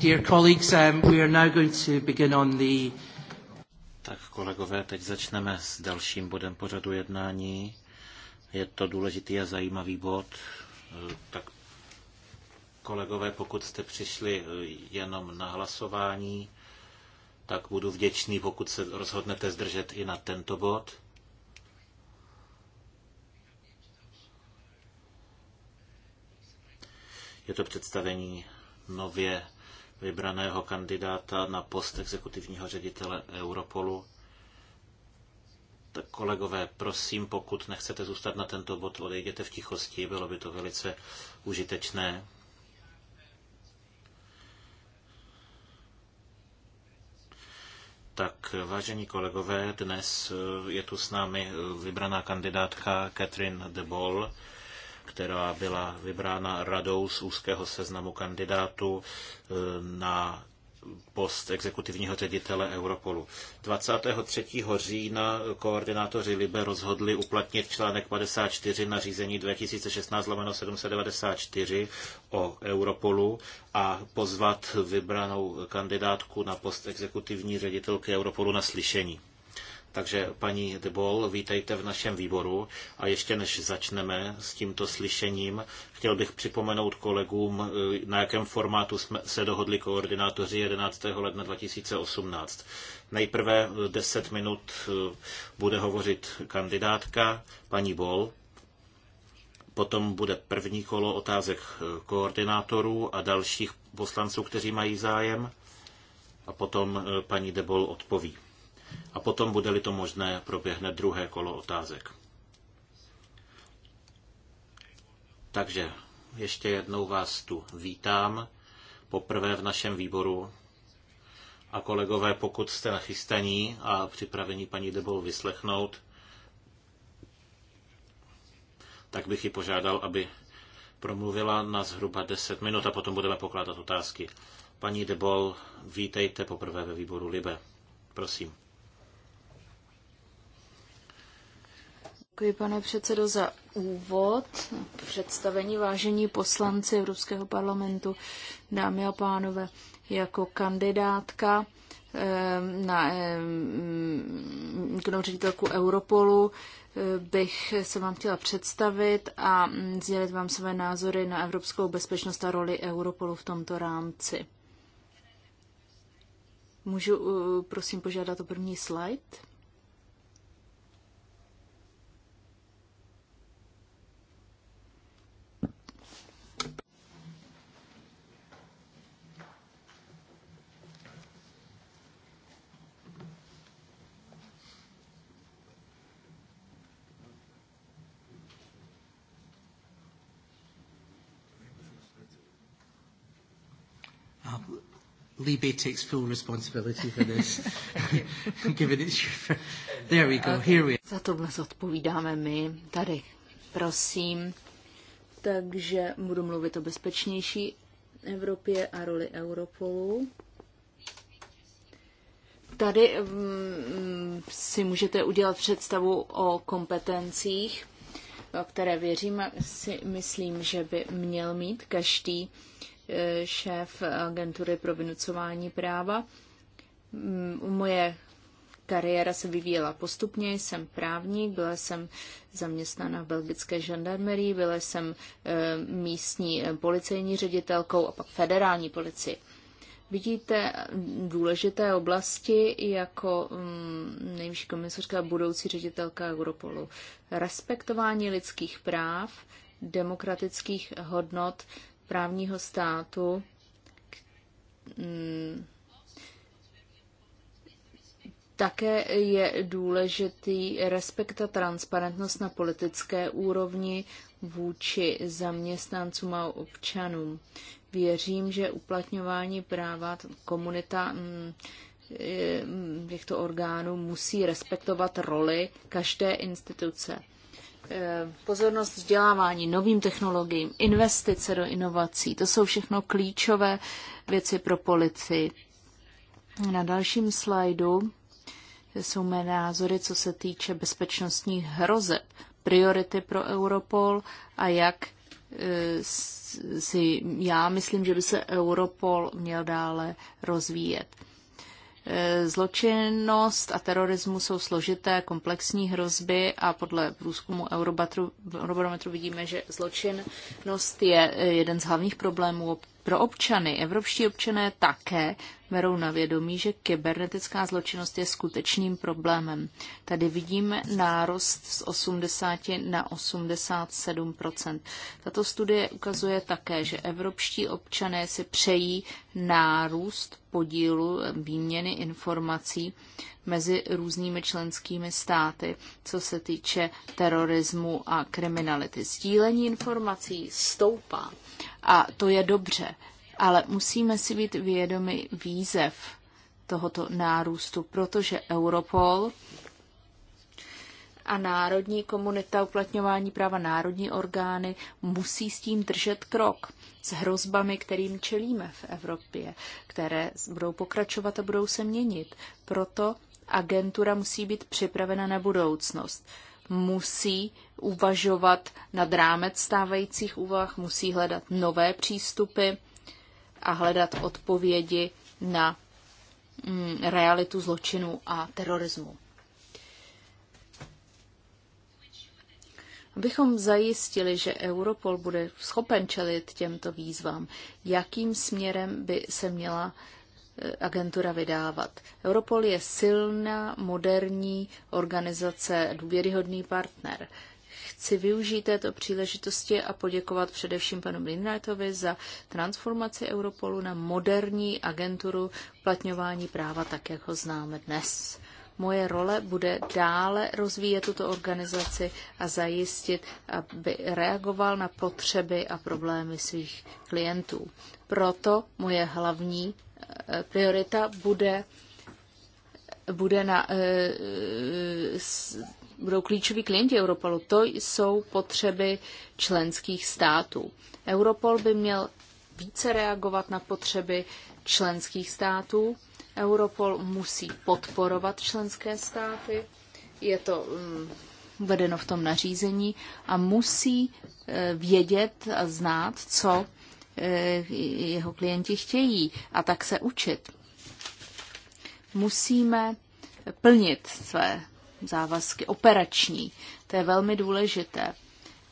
Dear colleagues, um, we are now going to begin on the... Tak kolegové, teď začneme s dalším bodem pořadu jednání. Je to důležitý a zajímavý bod. E, tak kolegové, pokud jste přišli e, jenom na hlasování, tak budu vděčný, pokud se rozhodnete zdržet i na tento bod. Je to představení nově vybraného kandidáta na post exekutivního ředitele Europolu. Tak kolegové, prosím, pokud nechcete zůstat na tento bod, odejděte v tichosti, bylo by to velice užitečné. Tak, vážení kolegové, dnes je tu s námi vybraná kandidátka Catherine de Boll která byla vybrána radou z úzkého seznamu kandidátů eh, na post exekutivního ředitele Europolu. 23. října koordinátoři Libe rozhodli uplatnit článek 54 na řízení 2016-794 o Europolu a pozvat vybranou kandidátku na post exekutivní ředitelky Europolu na slyšení. Takže paní Debol, vítejte v našem výboru a ještě než začneme s tímto slyšením, chtěl bych připomenout kolegům, eh, na jakém formátu jsme se dohodli koordinátoři 11. ledna 2018. Nejprve 10 eh, minut eh, bude hovořit kandidátka paní Bol, potom bude první kolo otázek koordinátorů a dalších poslanců, kteří mají zájem a potom paní Debol odpoví. A potom, bude-li to možné, proběhne druhé kolo otázek. Takže ještě jednou vás tu vítám, poprvé v našem výboru. A kolegové, pokud jste nachystaní a připravení paní Debol vyslechnout, tak bych ji požádal, aby promluvila na zhruba 10 minut a potom budeme pokládat otázky. Paní Debol, vítejte poprvé ve výboru Libe. Prosím. Děkuji, pane předsedo, za úvod, představení vážení poslanci Evropského parlamentu, dámy a pánové, jako kandidátka eh, na, k eh, ředitelku Europolu eh, bych se vám chtěla představit a sdělit vám své názory na evropskou bezpečnost a roli Europolu v tomto rámci. Můžu, prosím, požádat o první slide? Libby takes full responsibility for this, given it's your... There we go, okay. here we are. Za tohle zodpovídáme my, tady, prosím. Takže budu mluvit o bezpečnější Evropě a roli Europolu. Tady mm, si můžete udělat představu o kompetencích, o které věřím a si myslím, že by měl mít každý uh, šéf agentury pro vynucování práva. Mm, moje kariéra se vyvíjela postupně, jsem právník, byla jsem zaměstnána v belgické žandarmerii, byla jsem e, místní e, policejní ředitelkou a pak federální policii. Vidíte důležité oblasti jako mm, nejvyšší komisařka a budoucí ředitelka Europolu. Respektování lidských práv, demokratických hodnot, právního státu, mm, také je důležitý respekt a transparentnost na politické úrovni vůči zaměstnancům a občanům. Věřím, že uplatňování práva komunita mm, eh, mm, těchto orgánů musí respektovat roli každé instituce. Eh, pozornost vzdělávání, novým technologiím, investice do inovací, to jsou všechno klíčové věci pro policii. Na dalším slajdu jsou mé názory, co se týče bezpečnostních hrozeb, priority pro Europol a jak eh, si já myslím, že by se Europol měl dále rozvíjet. Eh, zločinnost a terorismus jsou složité, komplexní hrozby a podle průzkumu Eurobarometru vidíme, že zločinnost je eh, jeden z hlavních problémů pro občany, evropští občané také berou na vědomí, že kybernetická zločinnost je skutečným problémem. Tady vidíme nárost z 80 na 87 Tato studie ukazuje také, že evropští občané si přejí nárůst podílu výměny informací mezi různými členskými státy, co se týče terorismu a kriminality. Sdílení informací stoupá a to je dobře, ale musíme si být vědomi výzev tohoto nárůstu, protože Europol a národní komunita uplatňování práva národní orgány musí s tím držet krok s hrozbami, kterým čelíme v Evropě, které budou pokračovat a budou se měnit. Proto agentura musí být připravena na budoucnost musí uvažovat nad rámec stávajících úvah, musí hledat nové přístupy a hledat odpovědi na mm, realitu zločinu a terorismu. Abychom zajistili, že Europol bude schopen čelit těmto výzvám, jakým směrem by se měla Eh, agentura vydávat. Europol je silná, moderní organizace, důvěryhodný partner. Chci využít této příležitosti a poděkovat především panu Blinrightovi za transformaci Europolu na moderní agenturu platňování práva, tak jak ho známe dnes. Moje role bude dále rozvíjet tuto organizaci a zajistit, aby reagoval na potřeby a problémy svých klientů. Proto moje hlavní priorita bude, bude na, eh, budou klíčoví klienti Europolu. To jsou potřeby členských států. Europol by měl více reagovat na potřeby členských států. Europol musí podporovat členské státy. Je to mm, uvedeno v tom nařízení a musí eh, vědět a znát, co Eh, jeho klienti chtějí a tak se učit. Musíme plnit své závazky operační. To je velmi důležité.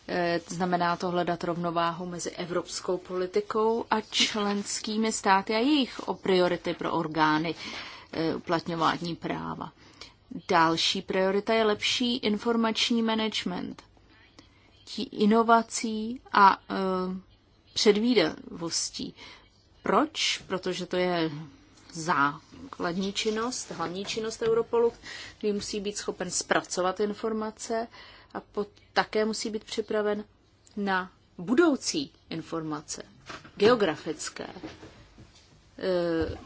Eh, znamená to hledat rovnováhu mezi evropskou politikou a členskými státy a jejich o priority pro orgány eh, uplatňování práva. Další priorita je lepší informační management inovací a předvídavostí. Proč? Protože to je základní činnost, hlavní činnost Europolu, který musí být schopen zpracovat informace a pod, také musí být připraven na budoucí informace, geografické, eh,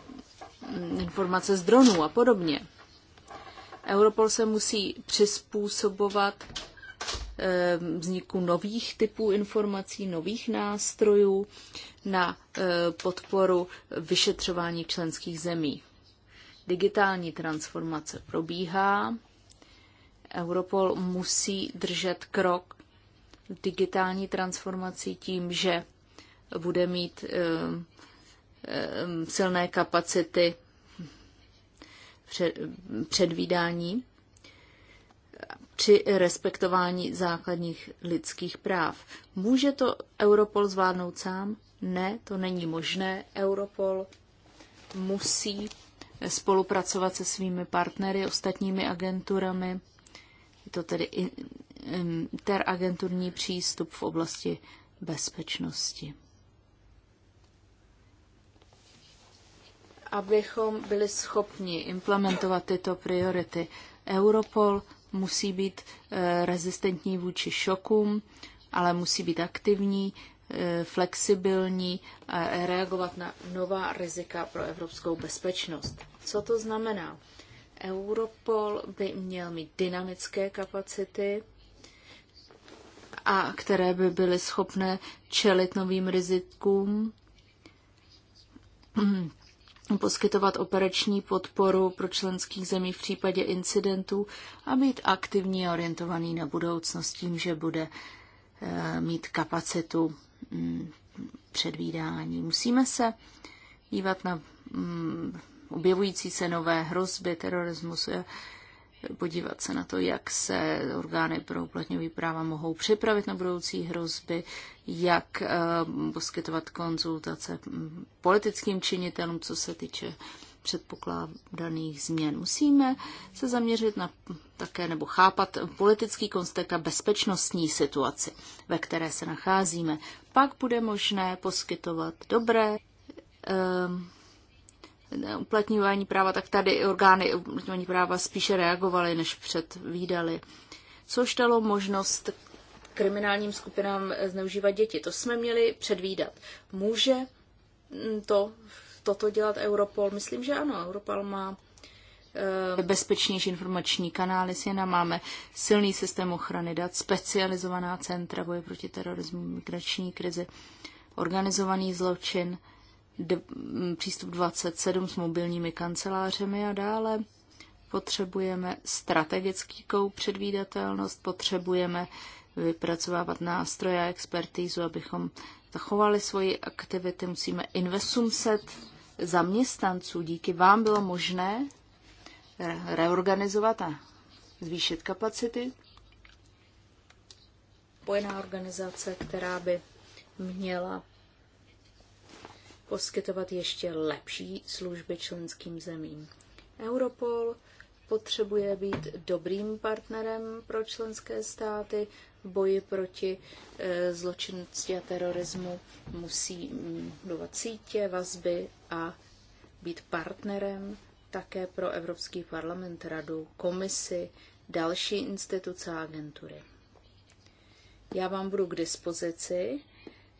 informace z dronů a podobně. Europol se musí přizpůsobovat Eh, vzniku nových typů informací, nových nástrojů na eh, podporu vyšetřování členských zemí. Digitální transformace probíhá. Europol musí držet krok digitální transformací tím, že bude mít eh, silné kapacity předvídání při respektování základních lidských práv. Může to Europol zvládnout sám? Ne, to není možné. Europol musí spolupracovat se svými partnery, ostatními agenturami. Je to tedy interagenturní přístup v oblasti bezpečnosti. Abychom byli schopni implementovat tyto priority, Europol musí být eh, rezistentní vůči šokům, ale musí být aktivní, eh, flexibilní a reagovat na nová rizika pro evropskou bezpečnost. Co to znamená? Europol by měl mít dynamické kapacity, a které by byly schopné čelit novým rizikům hmm poskytovat operační podporu pro členských zemí v případě incidentů a být aktivní a orientovaný na budoucnost tím, že bude eh, mít kapacitu mm, předvídání. Musíme se dívat na mm, objevující se nové hrozby, terorismus, eh, podívat se na to, jak se orgány pro uplatňový práva mohou připravit na budoucí hrozby, jak eh, poskytovat konzultace politickým činitelům, co se týče předpokládaných změn. Musíme se zaměřit na také nebo chápat politický kontext a bezpečnostní situaci, ve které se nacházíme. Pak bude možné poskytovat dobré um, uplatňování práva, tak tady orgány uplatňování práva spíše reagovaly, než předvídali. Což dalo možnost kriminálním skupinám zneužívat děti. To jsme měli předvídat. Může to, toto dělat Europol? Myslím, že ano. Europol má eh, bezpečnější informační kanály SIENA, máme silný systém ochrany dat, specializovaná centra boje proti terorismu, migrační krizi, organizovaný zločin, přístup 27 s mobilními kancelářemi a dále. Potřebujeme strategickou předvídatelnost, potřebujeme vypracovávat nástroje a expertízu, abychom zachovali svoji aktivity. Musíme investum set zaměstnanců. Díky vám bylo možné reorganizovat a zvýšit kapacity. Pojená organizace, která by měla poskytovat ještě lepší služby členským zemím. Europol potřebuje být dobrým partnerem pro členské státy v boji proti eh, zločinnosti a terorismu. Musí mm, budovat sítě, vazby a být partnerem také pro Evropský parlament, radu, komisi, další instituce a agentury. Já vám budu k dispozici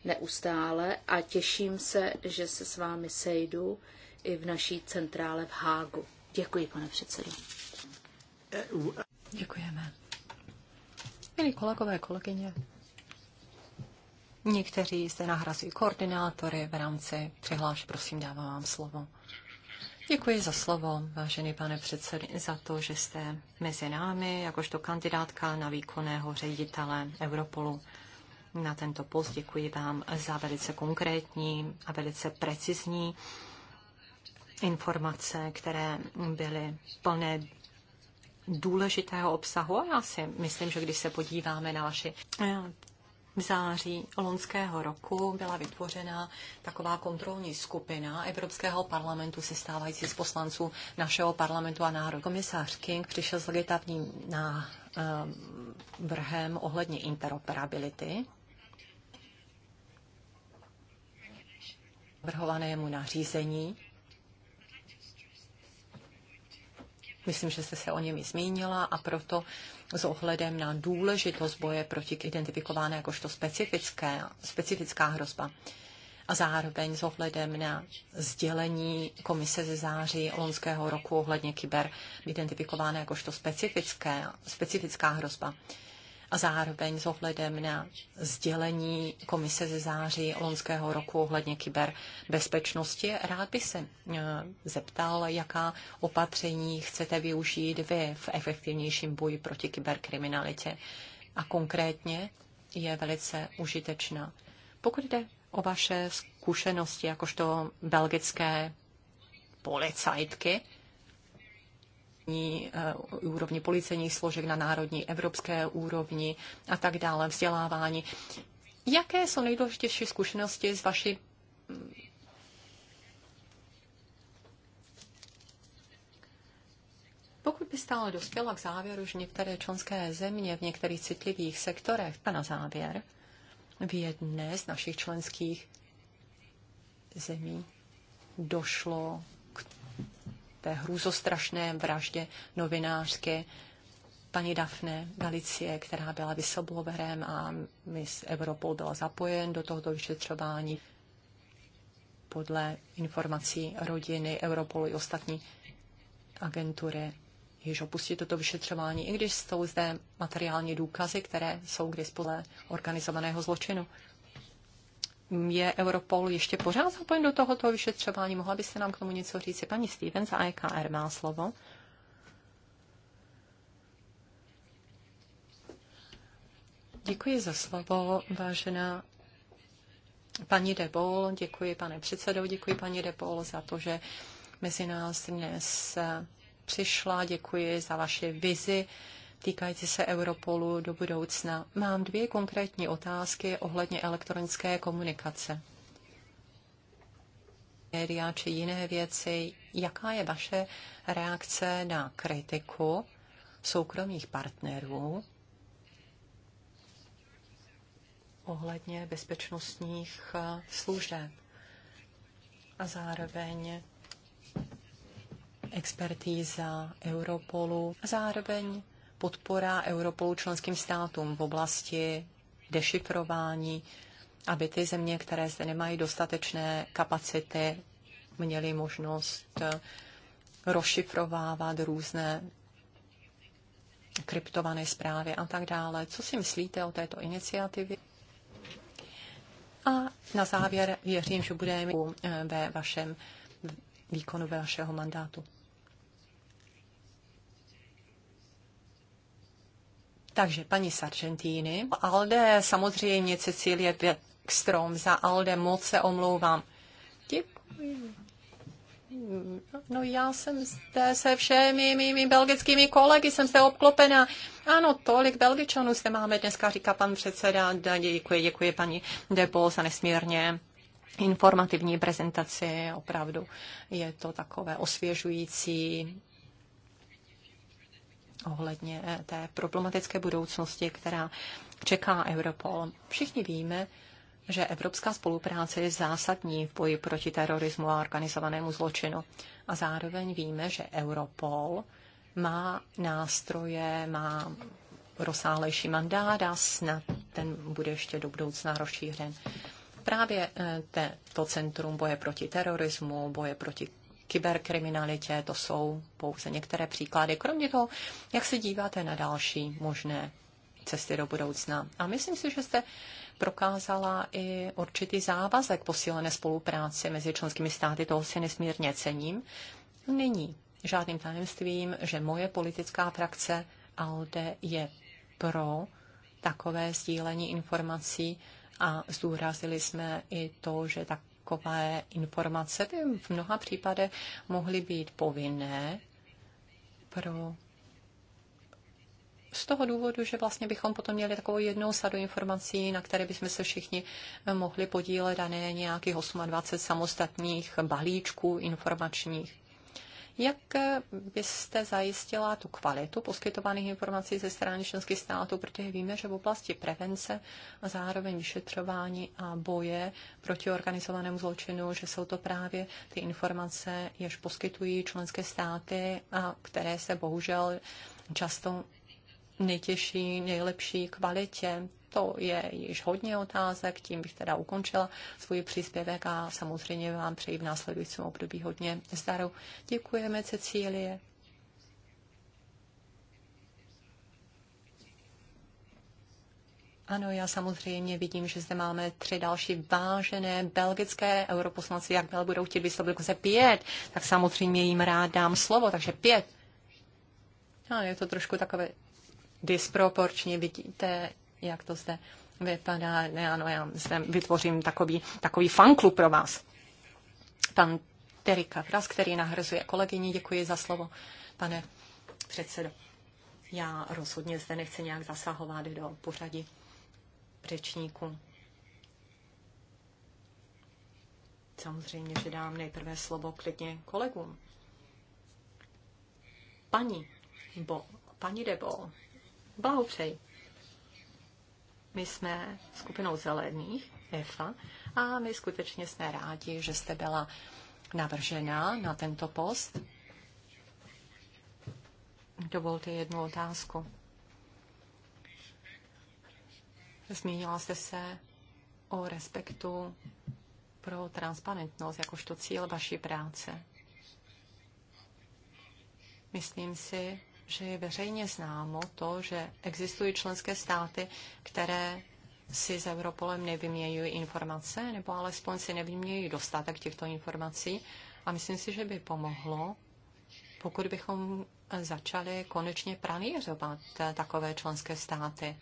neustále a těším se, že se s vámi sejdu i v naší centrále v Hágu. Děkuji, pane předsedo. Děkujeme. Milí kolegové, kolegyně, někteří se nahrazují koordinátory v rámci přihláš, Prosím, dávám vám slovo. Děkuji za slovo, vážený pane předsedo, za to, že jste mezi námi jakožto kandidátka na výkonného ředitele Europolu na tento post. Děkuji vám za velice konkrétní a velice precizní informace, které byly plné důležitého obsahu. A já si myslím, že když se podíváme na vaši eh, v září loňského roku byla vytvořena taková kontrolní skupina Evropského parlamentu sestávající z poslanců našeho parlamentu a národu. Komisář King přišel s legitavním návrhem eh, ohledně interoperability vrhovanému nařízení. Myslím, že jste se o něm i zmínila a proto s ohledem na důležitost boje proti identifikované jakožto specifické, specifická hrozba a zároveň s ohledem na sdělení komise ze září loňského roku ohledně kyber identifikované jakožto specifické, specifická hrozba a zároveň s ohledem na sdělení komise ze září loňského roku ohledně kyberbezpečnosti. Rád bych se eh, zeptal, jaká opatření chcete využít vy v efektivnějším boji proti kyberkriminalitě. A konkrétně je velice užitečná. Pokud jde o vaše zkušenosti jakožto belgické policajtky, národní eh, úrovni policejních složek, na národní evropské úrovni a tak dále, vzdělávání. Jaké jsou nejdůležitější zkušenosti z vaší mm, Pokud by stále dospěla k závěru, že některé členské země v některých citlivých sektorech, a na závěr, v jedné z našich členských zemí došlo té hrůzostrašné vraždě novinářky paní Dafne Galicie, která byla vysobloverem a my s Evropou byla zapojen do tohoto vyšetřování. Podle informací rodiny, Europolu i ostatní agentury již opustit toto vyšetřování, i když jsou zde materiální důkazy, které jsou k dispozici organizovaného zločinu je Europol ještě pořád zapojen do tohoto vyšetřování? Mohla byste nám k tomu něco říct? Paní Stevens a EKR má slovo. Děkuji za slovo, vážená paní Debol. Děkuji, pane předsedo, děkuji paní Debol za to, že mezi nás dnes přišla. Děkuji za vaše vizi týkající se Europolu do budoucna. Mám dvě konkrétní otázky ohledně elektronické komunikace. Média či jiné věci. Jaká je vaše reakce na kritiku soukromých partnerů ohledně bezpečnostních eh, služeb a zároveň expertíza Europolu a zároveň podpora Europolu členským státům v oblasti dešifrování, aby ty země, které zde nemají dostatečné kapacity, měly možnost eh, rozšifrovávat různé kryptované zprávy a tak dále. Co si myslíte o této iniciativě? A na závěr věřím, že budeme ve vašem výkonu ve vašeho mandátu. Takže paní Sargentini, Alde, samozřejmě Cecilie Běkstrom za Alde, moc se omlouvám. Děkuji. No já jsem zde se všemi mými belgickými kolegy, jsem zde obklopena. Ano, tolik belgičanů zde máme dneska, říká pan předseda. Děkuji, děkuji paní Debo za nesmírně informativní prezentaci. Opravdu je to takové osvěžující ohledně eh, té problematické budoucnosti, která čeká Europol. Všichni víme, že evropská spolupráce je zásadní v boji proti terorismu a organizovanému zločinu. A zároveň víme, že Europol má nástroje, má rozsáhlejší mandát a snad ten bude ještě do budoucna rozšířen. Právě eh, te, to Centrum boje proti terorismu, boje proti kyberkriminalitě. To jsou pouze některé příklady. Kromě toho, jak se díváte na další možné cesty do budoucna. A myslím si, že jste prokázala i určitý závazek posílené spolupráci mezi členskými státy. Toho si nesmírně cením. Není žádným tajemstvím, že moje politická frakce ALDE je pro takové sdílení informací a zdůrazili jsme i to, že tak takové informace by v mnoha případech mohly být povinné pro z toho důvodu, že vlastně bychom potom měli takovou jednou sadu informací, na které bychom se všichni mohli podílet a ne nějakých 28 samostatných balíčků informačních. Jak eh, byste zajistila tu kvalitu poskytovaných informací ze strany členských států, protože víme, že v oblasti prevence a zároveň vyšetřování a boje proti organizovanému zločinu, že jsou to právě ty informace, jež poskytují členské státy a které se bohužel často nejtěžší, nejlepší kvalitě. To je již hodně otázek, tím bych teda ukončila svůj příspěvek a samozřejmě vám přeji v následujícím období hodně zdaru. Děkujeme, Cecílie. Ano, já samozřejmě vidím, že zde máme tři další vážené belgické europoslanci. Jakmile budou chtít vyslovit se pět, tak samozřejmě jim rád dám slovo, takže pět. No, je to trošku takové disproporčně, vidíte, jak to zde vypadá. Ne, ano, já zde vytvořím takový, takový fanklub pro vás. Pan Terika Vras, který nahrazuje kolegyni, děkuji za slovo, pane předsedo. Já rozhodně zde nechci nějak zasahovat do pořadí řečníků. Samozřejmě, že dám nejprve slovo klidně kolegům. Paní Bo, paní Debo, blahopřeji. My jsme skupinou zelených, EFA, a my skutečně jsme rádi, že jste byla navržena na tento post. Dovolte jednu otázku. Zmínila jste se o respektu pro transparentnost jakožto cíl vaší práce. Myslím si, že je veřejně známo to, že existují členské státy, které si s Europolem nevyměňují informace, nebo alespoň si nevyměňují dostatek těchto informací. A myslím si, že by pomohlo, pokud bychom začali konečně pranířovat takové členské státy.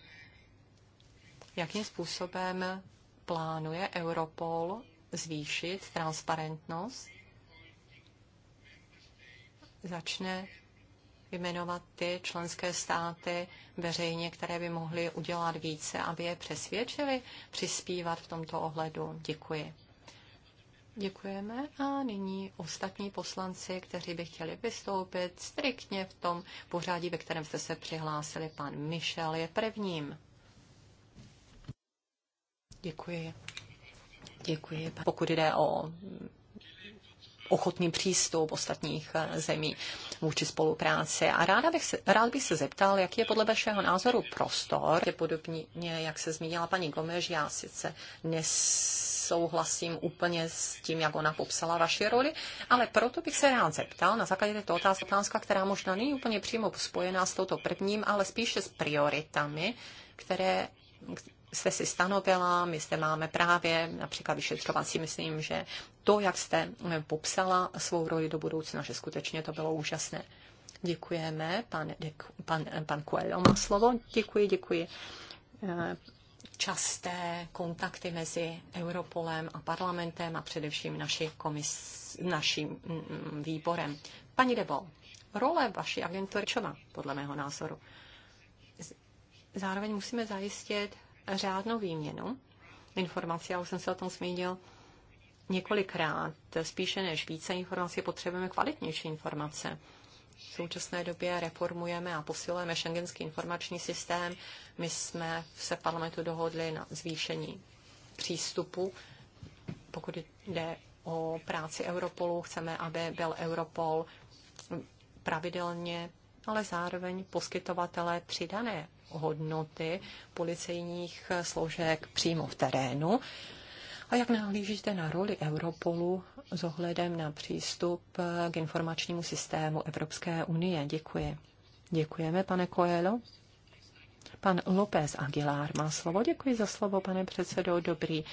Jakým způsobem plánuje Europol zvýšit transparentnost? Začne vymenovat ty členské státy veřejně, které by mohly udělat více, aby je přesvědčili přispívat v tomto ohledu. Děkuji. Děkujeme a nyní ostatní poslanci, kteří by chtěli vystoupit striktně v tom pořádí, ve kterém jste se přihlásili. Pan Michel je prvním. Děkuji. Děkuji. Pokud jde o ochotný přístup ostatních eh, zemí vůči spolupráci. A ráda bych se, rád bych se zeptal, jaký je podle vašeho názoru prostor, podobně jak se zmínila paní Gomež, já sice nesouhlasím úplně s tím, jak ona popsala vaši roli, ale proto bych se rád zeptal na základě této otázky, otázka, která možná není úplně přímo spojená s touto prvním, ale spíše s prioritami, které jste si stanovila, my zde máme právě například vyšetřovací, myslím, že to, jak jste eh, popsala svou roli do budoucna, že skutečně to bylo úžasné. Děkujeme. Pan, pan, eh, pan Coelho má slovo. Děkuji, děkuji. Eh, časté kontakty mezi Europolem a parlamentem a především naši komis, naším mm, výborem. Paní Debo, role vaší agentury čova, podle mého názoru. Zároveň musíme zajistit řádnou výměnu informací, já už jsem se o tom zmínil, několikrát, spíše než více informací, potřebujeme kvalitnější informace. V současné době reformujeme a posilujeme šengenský informační systém. My jsme se v parlamentu dohodli na zvýšení přístupu. Pokud jde o práci Europolu, chceme, aby byl Europol pravidelně, ale zároveň poskytovatele přidané hodnoty policejních složek přímo v terénu a jak nahlížíte na roli Europolu s ohledem na přístup eh, k informačnímu systému Evropské unie? Děkuji. Děkujeme, pane Coelho. Pan López Aguilar má slovo. Děkuji za slovo, pane předsedo. Dobrý.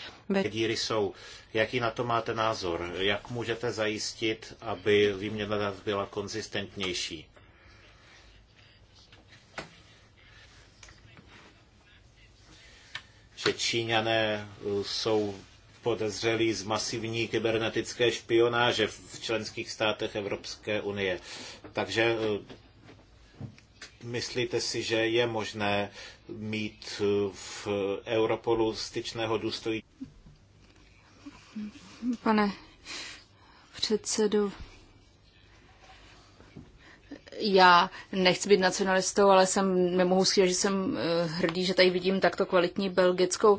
Díry jsou. Jaký na to máte názor? Jak můžete zajistit, aby výměna dat byla konzistentnější? Že Číňané eh, jsou podezřelí z masivní kybernetické špionáže v členských státech Evropské unie. Takže eh, myslíte si, že je možné mít eh, v Europolu styčného důstojníka? Pane předsedu, já nechci být nacionalistou, ale jsem, nemohu skvět, že jsem eh, hrdý, že tady vidím takto kvalitní belgickou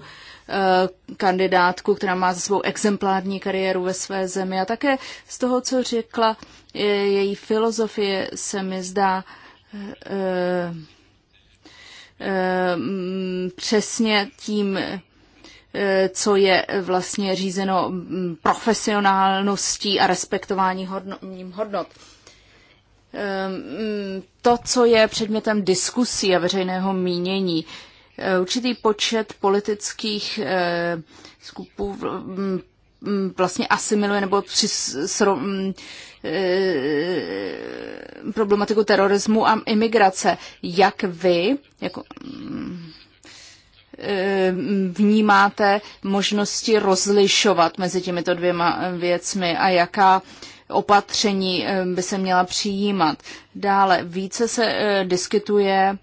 eh, kandidátku, která má za svou exemplární kariéru ve své zemi. A také z toho, co řekla, její filozofie se mi zdá eh, mm, přesně tím, co je vlastně řízeno mm, profesionálností a respektováním hodnot Ehm, mm, to, co je předmětem diskusí a veřejného mínění. Eh, určitý počet politických eh, skupů mm, mm, vlastně asimiluje nebo při sro, eh, problematiku terorismu a imigrace. Jak vy, jako vnímáte možnosti rozlišovat mezi těmito dvěma věcmi a jaká opatření eh, by se měla přijímat. Dále více se eh, diskutuje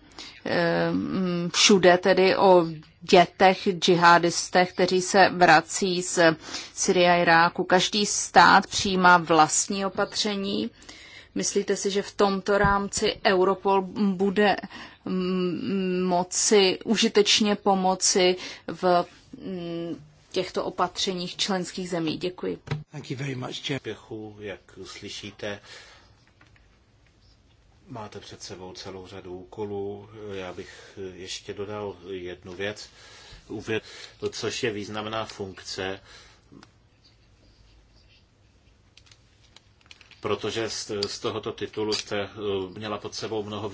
eh, mm, všude tedy o dětech, džihadistech, kteří se vrací z Syrie a Iráku. Každý stát přijímá vlastní opatření. Myslíte si, že v tomto rámci Europol bude mm, mm, moci užitečně pomoci v těchto opatřeních členských zemí. Děkuji. Thank you very much, Pěchu, jak slyšíte, máte před sebou celou řadu úkolů. Já bych ještě dodal jednu věc, což je významná funkce, protože z tohoto titulu jste eh, měla pod sebou mnoho